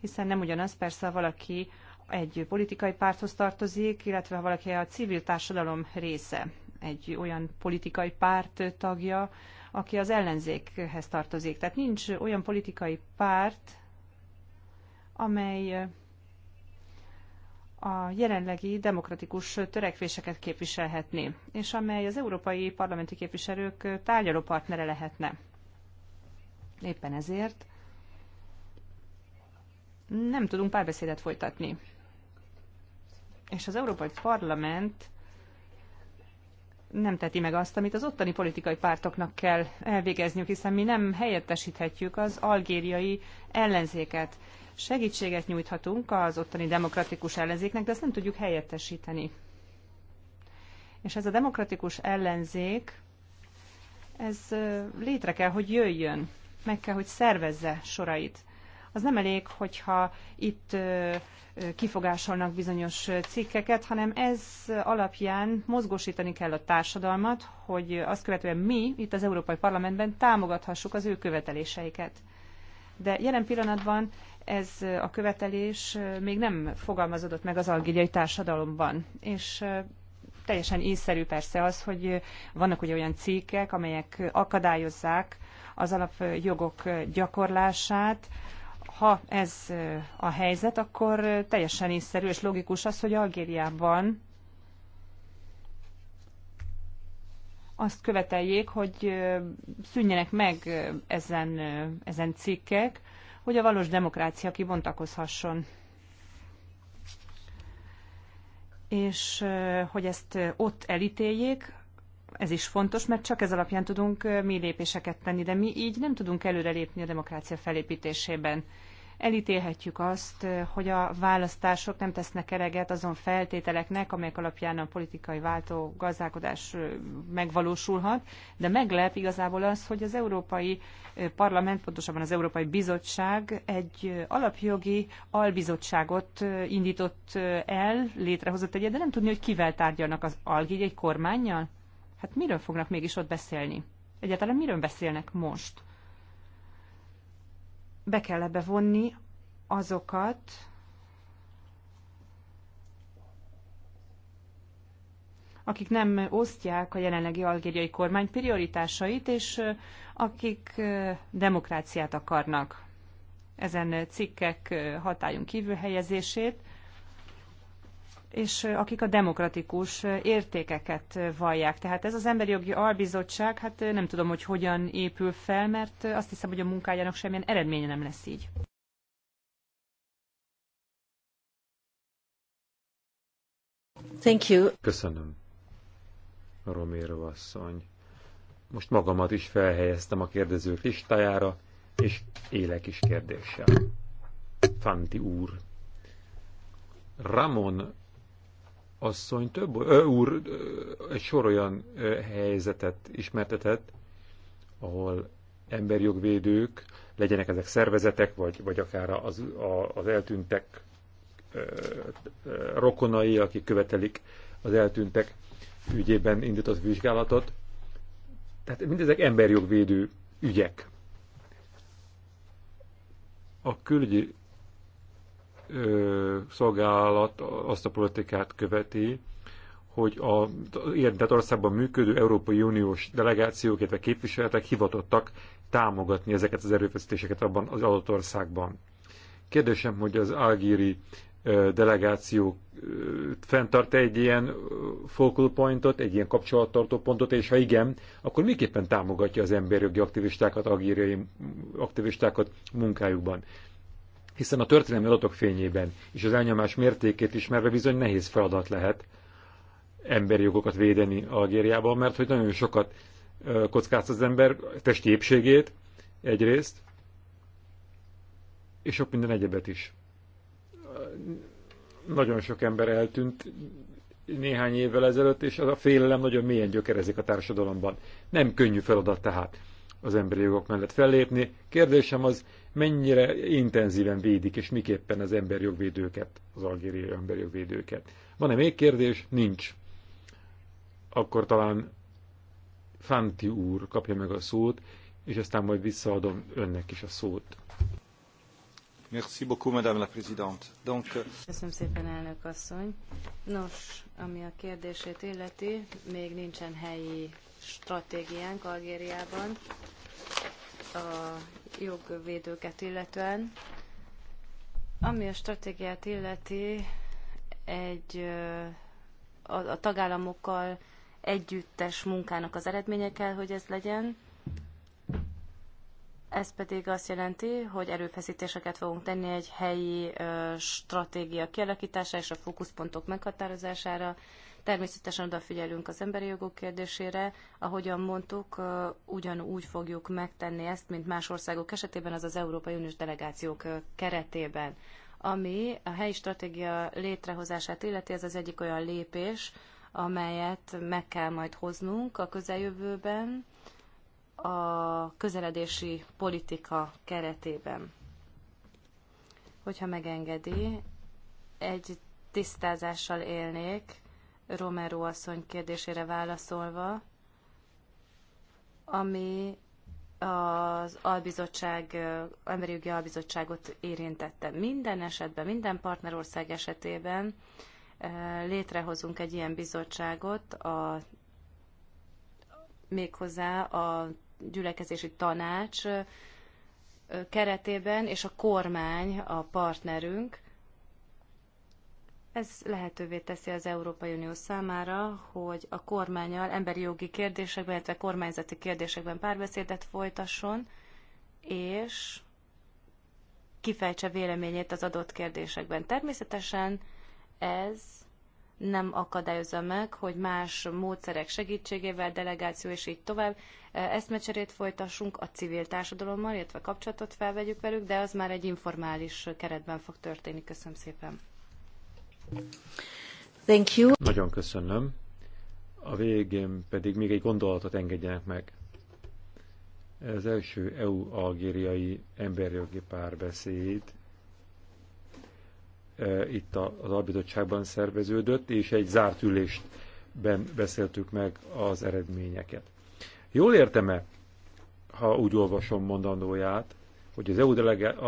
hiszen nem ugyanaz persze valaki egy politikai párthoz tartozik, illetve ha valaki a civil társadalom része, egy olyan politikai párt tagja, aki az ellenzékhez tartozik. Tehát nincs olyan politikai párt, amely a jelenlegi demokratikus törekvéseket képviselhetné, és amely az európai parlamenti képviselők tárgyaló partnere lehetne. Éppen ezért nem tudunk párbeszédet folytatni és az Európai Parlament nem teti meg azt, amit az ottani politikai pártoknak kell elvégezniük, hiszen mi nem helyettesíthetjük az algériai ellenzéket. Segítséget nyújthatunk az ottani demokratikus ellenzéknek, de ezt nem tudjuk helyettesíteni. És ez a demokratikus ellenzék, ez létre kell, hogy jöjjön, meg kell, hogy szervezze sorait. Az nem elég, hogyha itt kifogásolnak bizonyos cikkeket, hanem ez alapján mozgósítani kell a társadalmat, hogy azt követően mi itt az Európai Parlamentben támogathassuk az ő követeléseiket. De jelen pillanatban ez a követelés még nem fogalmazódott meg az algériai társadalomban. És teljesen észszerű persze az, hogy vannak ugye olyan cikkek, amelyek akadályozzák az alapjogok gyakorlását, ha ez a helyzet, akkor teljesen észszerű és logikus az, hogy Algériában azt követeljék, hogy szűnjenek meg ezen, ezen cikkek, hogy a valós demokrácia kibontakozhasson. És hogy ezt ott elítéljék, ez is fontos, mert csak ez alapján tudunk mi lépéseket tenni, de mi így nem tudunk előrelépni a demokrácia felépítésében elítélhetjük azt, hogy a választások nem tesznek eleget azon feltételeknek, amelyek alapján a politikai váltó gazdálkodás megvalósulhat, de meglep igazából az, hogy az Európai Parlament, pontosabban az Európai Bizottság egy alapjogi albizottságot indított el, létrehozott egyet, de nem tudni, hogy kivel tárgyalnak az algígy egy kormányjal? Hát miről fognak mégis ott beszélni? Egyáltalán miről beszélnek most? be kell ebbe vonni azokat, akik nem osztják a jelenlegi algériai kormány prioritásait, és akik demokráciát akarnak. Ezen cikkek hatályunk kívül helyezését és akik a demokratikus értékeket vallják. Tehát ez az Emberi Jogi Albizottság, hát nem tudom, hogy hogyan épül fel, mert azt hiszem, hogy a munkájának semmilyen eredménye nem lesz így. Thank you. Köszönöm, Romero asszony. Most magamat is felhelyeztem a kérdezők listájára, és élek is kérdéssel. Fanti úr. Ramon asszony több ö, úr ö, egy sor olyan ö, helyzetet ismertetett, ahol emberjogvédők, legyenek ezek szervezetek, vagy, vagy akár az, a, az eltűntek ö, ö, rokonai, akik követelik az eltűntek ügyében indított vizsgálatot. Tehát mindezek emberjogvédő ügyek. A külügyi ö, szolgálat azt a politikát követi, hogy a érintett országban működő Európai Uniós delegációk, illetve képviseletek hivatottak támogatni ezeket az erőfeszítéseket abban az adott országban. Kérdésem, hogy az algíri delegáció fenntart -e egy ilyen focal pointot, egy ilyen kapcsolattartó pontot, és ha igen, akkor miképpen támogatja az emberjogi aktivistákat, algériai aktivistákat munkájukban hiszen a történelmi adatok fényében és az elnyomás mértékét ismerve bizony nehéz feladat lehet emberi jogokat védeni Algériában, mert hogy nagyon sokat kockáztat az ember testi épségét egyrészt, és sok minden egyebet is. Nagyon sok ember eltűnt néhány évvel ezelőtt, és az a félelem nagyon mélyen gyökerezik a társadalomban. Nem könnyű feladat tehát az emberi jogok mellett fellépni. Kérdésem az, mennyire intenzíven védik, és miképpen az emberi jogvédőket, az algériai emberi jogvédőket. Van-e még kérdés? Nincs. Akkor talán Fanti úr kapja meg a szót, és aztán majd visszaadom önnek is a szót. Merci beaucoup, Madame la Présidente. Donc... Euh, Köszönöm szépen, elnök asszony. Nos, ami a kérdését illeti, még nincsen helyi stratégiánk Algériában a jogvédőket illetően. Ami a stratégiát illeti, egy a, a tagállamokkal együttes munkának az eredménye kell, hogy ez legyen. Ez pedig azt jelenti, hogy erőfeszítéseket fogunk tenni egy helyi stratégia kialakítására és a fókuszpontok meghatározására, Természetesen odafigyelünk az emberi jogok kérdésére, ahogyan mondtuk, ugyanúgy fogjuk megtenni ezt, mint más országok esetében, az az Európai Uniós delegációk keretében. Ami a helyi stratégia létrehozását illeti, ez az egyik olyan lépés, amelyet meg kell majd hoznunk a közeljövőben a közeledési politika keretében. Hogyha megengedi, egy tisztázással élnék Romero asszony kérdésére válaszolva, ami az albizottság, emberi jogi albizottságot érintette. Minden esetben, minden partnerország esetében létrehozunk egy ilyen bizottságot, a, méghozzá a gyülekezési tanács keretében, és a kormány a partnerünk, ez lehetővé teszi az Európai Unió számára, hogy a kormányal emberi jogi kérdésekben, illetve kormányzati kérdésekben párbeszédet folytasson, és kifejtse véleményét az adott kérdésekben. Természetesen ez nem akadályozza meg, hogy más módszerek segítségével, delegáció és így tovább e, eszmecserét folytassunk a civil társadalommal, illetve kapcsolatot felvegyük velük, de az már egy informális keretben fog történni. Köszönöm szépen. Thank you. Nagyon köszönöm. A végén pedig még egy gondolatot engedjenek meg. Az első EU-algériai emberjogi párbeszéd e, itt az albizottságban szerveződött, és egy zárt ülésben beszéltük meg az eredményeket. Jól értem-e, ha úgy olvasom mondandóját, hogy az EU, delegá-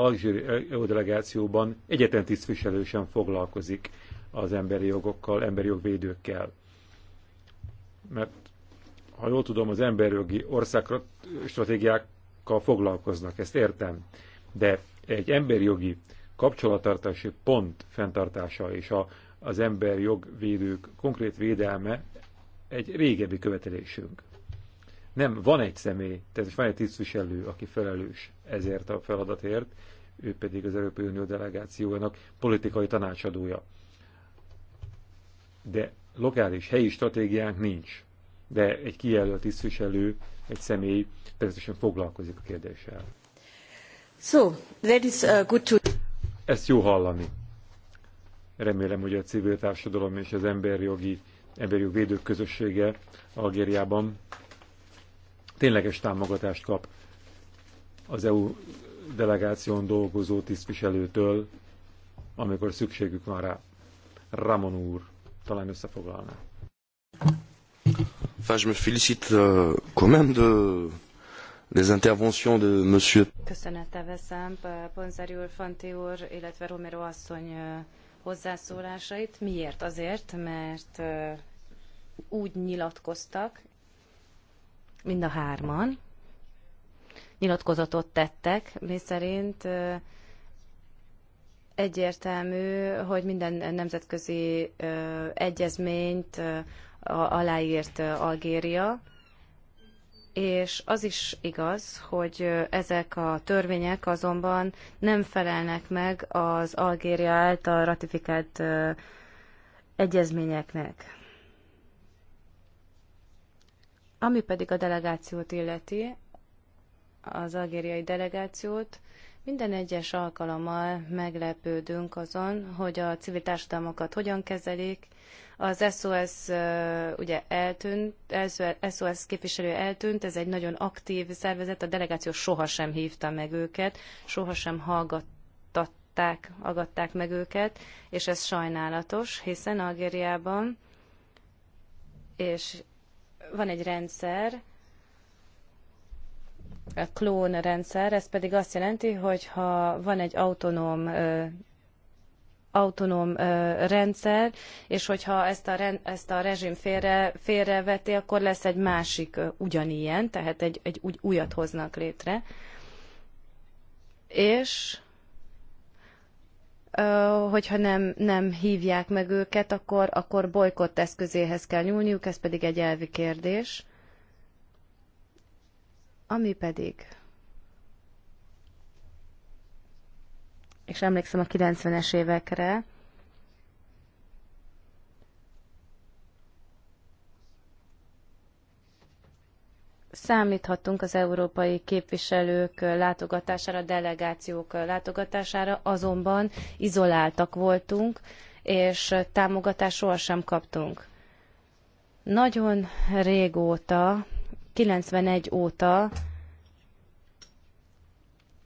EU delegációban egyetlen tisztviselő sem foglalkozik az emberi jogokkal, emberi jogvédőkkel. Mert ha jól tudom, az emberi jogi országstratégiákkal foglalkoznak, ezt értem. De egy emberi jogi kapcsolattartási pont fenntartása és a, az emberi jogvédők konkrét védelme egy régebbi követelésünk. Nem, van egy személy, tehát van egy tisztviselő, aki felelős ezért a feladatért, ő pedig az Európai Unió delegációjának politikai tanácsadója de lokális, helyi stratégiánk nincs. De egy kijelölt tisztviselő, egy személy természetesen foglalkozik a kérdéssel. So, that is uh, good to... Ezt jó hallani. Remélem, hogy a civil társadalom és az emberjogi, emberjog védők közössége Algériában tényleges támogatást kap az EU delegáción dolgozó tisztviselőtől, amikor szükségük van rá. Ramon úr talán összefoglalná. Enfin, je me félicite euh, quand même de, des interventions de monsieur. Köszönettel veszem Ponzari úr, Fanti úr, illetve Romero asszony hozzászólásait. Miért? Azért, mert úgy nyilatkoztak, mind a hárman, nyilatkozatot tettek, mi szerint Egyértelmű, hogy minden nemzetközi egyezményt aláírt Algéria, és az is igaz, hogy ezek a törvények azonban nem felelnek meg az Algéria által ratifikált egyezményeknek. Ami pedig a delegációt illeti, az algériai delegációt, minden egyes alkalommal meglepődünk azon, hogy a civil társadalmakat hogyan kezelik. Az SOS ugye eltűnt, SOS képviselő eltűnt, ez egy nagyon aktív szervezet, a delegáció sohasem hívta meg őket, sohasem hallgattatták, agatták meg őket, és ez sajnálatos, hiszen Algériában és van egy rendszer, klón rendszer ez pedig azt jelenti, hogy ha van egy autonóm autonóm rendszer, és hogyha ezt a, rend, ezt a rezsim félre, félreveti, akkor lesz egy másik ö, ugyanilyen, tehát egy, egy új, újat hoznak létre. És ö, hogyha nem, nem hívják meg őket, akkor, akkor bolykott eszközéhez kell nyúlniuk, ez pedig egy elvi kérdés. Ami pedig, és emlékszem a 90-es évekre, számíthatunk az európai képviselők látogatására, delegációk látogatására, azonban izoláltak voltunk, és támogatást sohasem kaptunk. Nagyon régóta 91 óta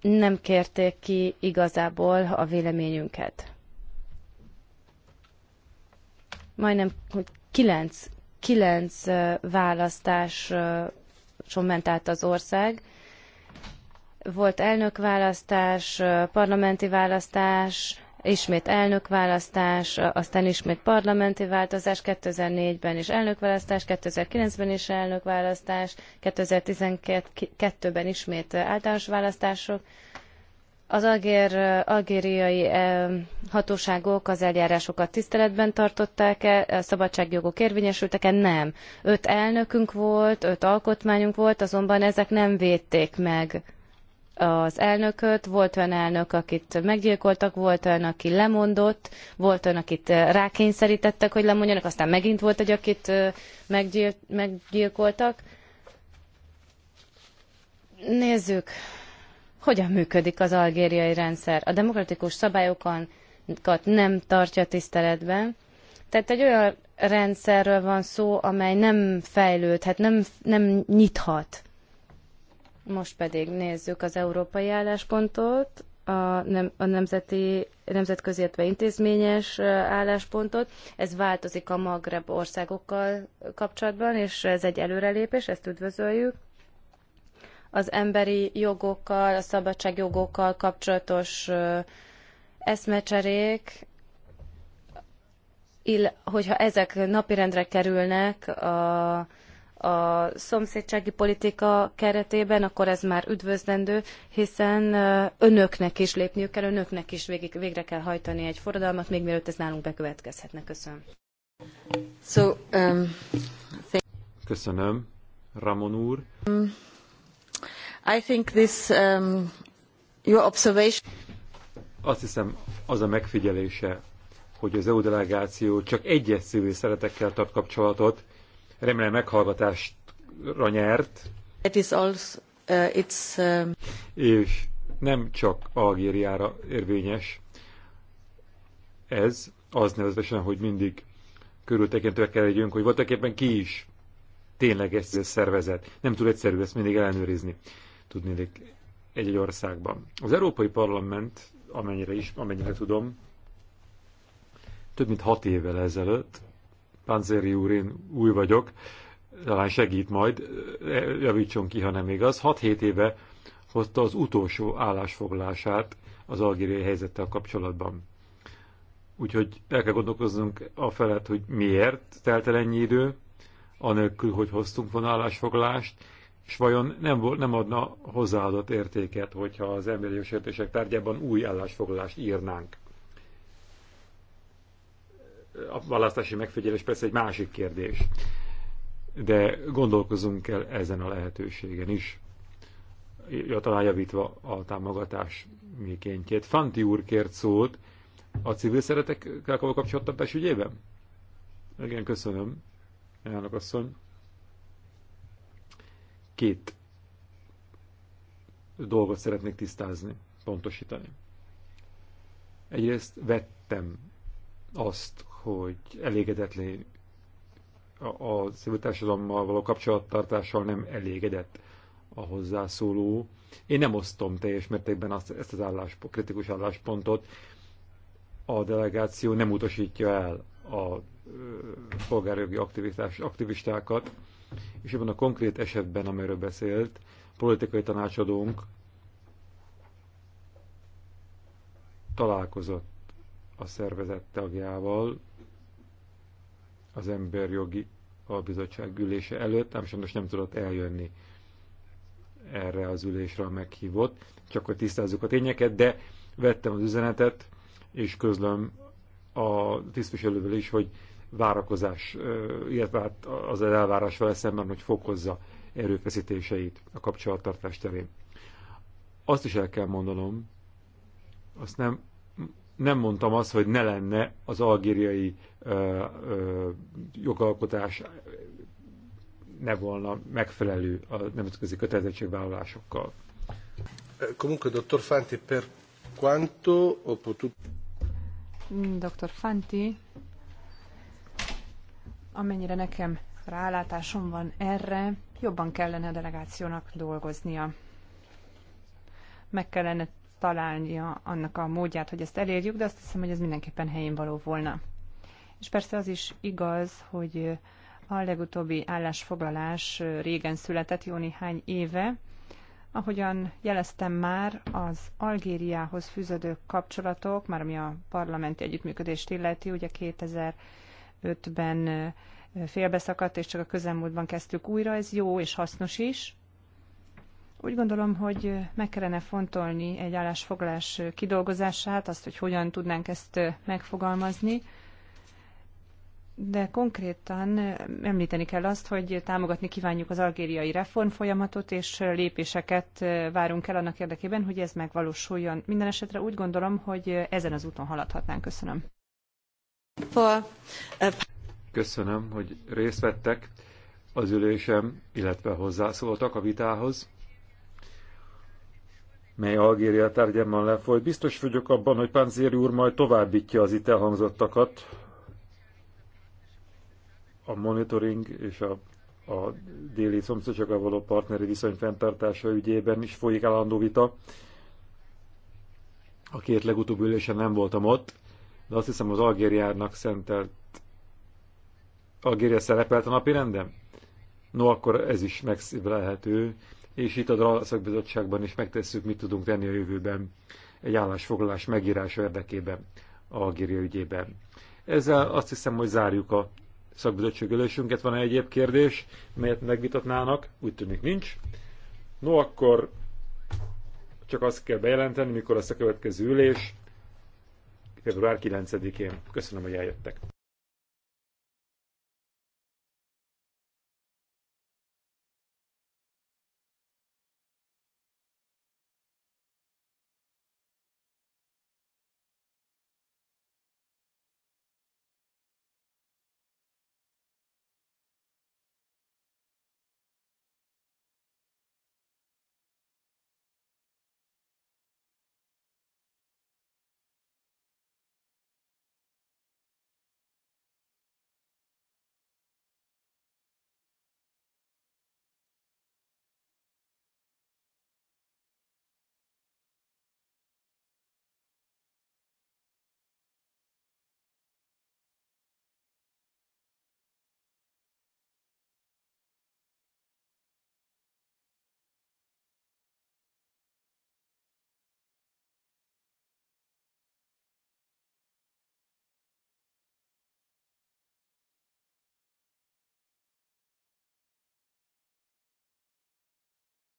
nem kérték ki igazából a véleményünket. Majdnem, 9, 9 kilenc választáson ment át az ország. Volt elnökválasztás, parlamenti választás, ismét elnökválasztás, aztán ismét parlamenti változás, 2004-ben is elnökválasztás, 2009-ben is elnökválasztás, 2012-ben ismét általános választások. Az algér, algériai eh, hatóságok az eljárásokat tiszteletben tartották-e, szabadságjogok érvényesültek-e? Nem. Öt elnökünk volt, öt alkotmányunk volt, azonban ezek nem védték meg az elnököt, volt olyan elnök, akit meggyilkoltak, volt olyan, aki lemondott, volt olyan, akit eh, rákényszerítettek, hogy lemondjanak, aztán megint volt egy, akit eh, meggyil- meggyilkoltak. Nézzük, hogyan működik az algériai rendszer. A demokratikus szabályokat nem tartja tiszteletben. Tehát egy olyan rendszerről van szó, amely nem fejlődhet, nem, nem nyithat most pedig nézzük az európai álláspontot, a, nem, a nemzeti, nemzetközi, illetve intézményes álláspontot. Ez változik a Magreb országokkal kapcsolatban, és ez egy előrelépés, ezt üdvözöljük. Az emberi jogokkal, a szabadságjogokkal kapcsolatos eszmecserék, ill, hogyha ezek napirendre kerülnek a a szomszédsági politika keretében, akkor ez már üdvözlendő, hiszen önöknek is lépniük kell, önöknek is végig, végre kell hajtani egy forradalmat, még mielőtt ez nálunk bekövetkezhetne. Köszönöm. So, um, Köszönöm, Ramon úr. Um, I think this, um, your observation... Azt hiszem, az a megfigyelése, hogy az EU delegáció csak egyes civil szeretekkel tart kapcsolatot, Remélem meghallgatásra nyert. It is also, uh, eh, it's, um... És nem csak Algériára érvényes ez, az nevezetesen, hogy mindig körültekintőek kell legyünk, hogy voltak éppen ki is tényleg ezt szervezet. Nem túl egyszerű ezt mindig ellenőrizni, tudnélik egy-egy országban. Az Európai Parlament, amennyire is, amennyire tudom, több mint hat évvel ezelőtt Panzeri úr, én új vagyok, talán segít majd, e, javítson ki, ha nem igaz. 6-7 éve hozta az utolsó állásfoglását az algériai helyzettel kapcsolatban. Úgyhogy el kell gondolkoznunk a felett, hogy miért telt el ennyi idő, anélkül, hogy hoztunk volna állásfoglalást, és vajon nem, volt, nem adna hozzáadott értéket, hogyha az emberi jogsértések tárgyában új állásfoglalást írnánk a választási megfigyelés persze egy másik kérdés, de gondolkozunk el ezen a lehetőségen is, ja, talán javítva a támogatás mikéntjét. Fanti úr kért szót a civil szeretekkel kapcsolatban besügyében? Igen, köszönöm, elnök asszony. Két dolgot szeretnék tisztázni, pontosítani. Egyrészt vettem azt, hogy elégedetlen a civil társadalommal való kapcsolattartással nem elégedett a hozzászóló. Én nem osztom teljes mértékben azt, ezt az állás, kritikus álláspontot. A delegáció nem utasítja el a polgárjogi aktivitás, aktivistákat, és ebben a konkrét esetben, amiről beszélt, politikai tanácsadónk találkozott a szervezet tagjával az emberjogi albizottság ülése előtt, ám sajnos nem tudott eljönni erre az ülésre a meghívott. Csak hogy tisztázzuk a tényeket, de vettem az üzenetet, és közlöm a tisztviselővel is, hogy várakozás, illetve hát az elvárás vele szemben, hogy fokozza erőfeszítéseit a kapcsolattartás terén. Azt is el kell mondanom, azt nem nem mondtam azt, hogy ne lenne az algériai ö, ö, jogalkotás ne volna megfelelő a nemzetközi kötelezettségvállalásokkal. Comunque, dottor Fanti, per quanto ho potuto... Mm, Dr. Fanti, amennyire nekem rálátásom van erre, jobban kellene a delegációnak dolgoznia. Meg kellene találnia annak a módját, hogy ezt elérjük, de azt hiszem, hogy ez mindenképpen helyén való volna. És persze az is igaz, hogy a legutóbbi állásfoglalás régen született, jó néhány éve. Ahogyan jeleztem már, az Algériához fűződő kapcsolatok, már ami a parlamenti együttműködést illeti, ugye 2005-ben félbeszakadt, és csak a közelmúltban kezdtük újra, ez jó és hasznos is, úgy gondolom, hogy meg kellene fontolni egy állásfoglalás kidolgozását, azt, hogy hogyan tudnánk ezt megfogalmazni, de konkrétan említeni kell azt, hogy támogatni kívánjuk az algériai reformfolyamatot, és lépéseket várunk el annak érdekében, hogy ez megvalósuljon. Minden esetre úgy gondolom, hogy ezen az úton haladhatnánk. Köszönöm. Köszönöm, hogy részt vettek az ülésem, illetve hozzászóltak a vitához mely Algéria tárgyában lefolyt. Biztos vagyok abban, hogy Panzéri úr majd továbbítja az itt elhangzottakat a monitoring és a, a déli szomszédsággal való partneri viszony fenntartása ügyében is folyik állandó vita. A két legutóbbi ülésen nem voltam ott, de azt hiszem az Algériának szentelt Algéria szerepelt a napi rendem? No, akkor ez is megszívlelhető, és itt a Dalszakbizottságban is megtesszük, mit tudunk tenni a jövőben egy állásfoglalás megírása érdekében a Algéria ügyében. Ezzel azt hiszem, hogy zárjuk a szakbizottság ülésünket. Van-e egyéb kérdés, melyet megvitatnának? Úgy tűnik nincs. No, akkor csak azt kell bejelenteni, mikor lesz a következő ülés, február 9-én. Köszönöm, hogy eljöttek.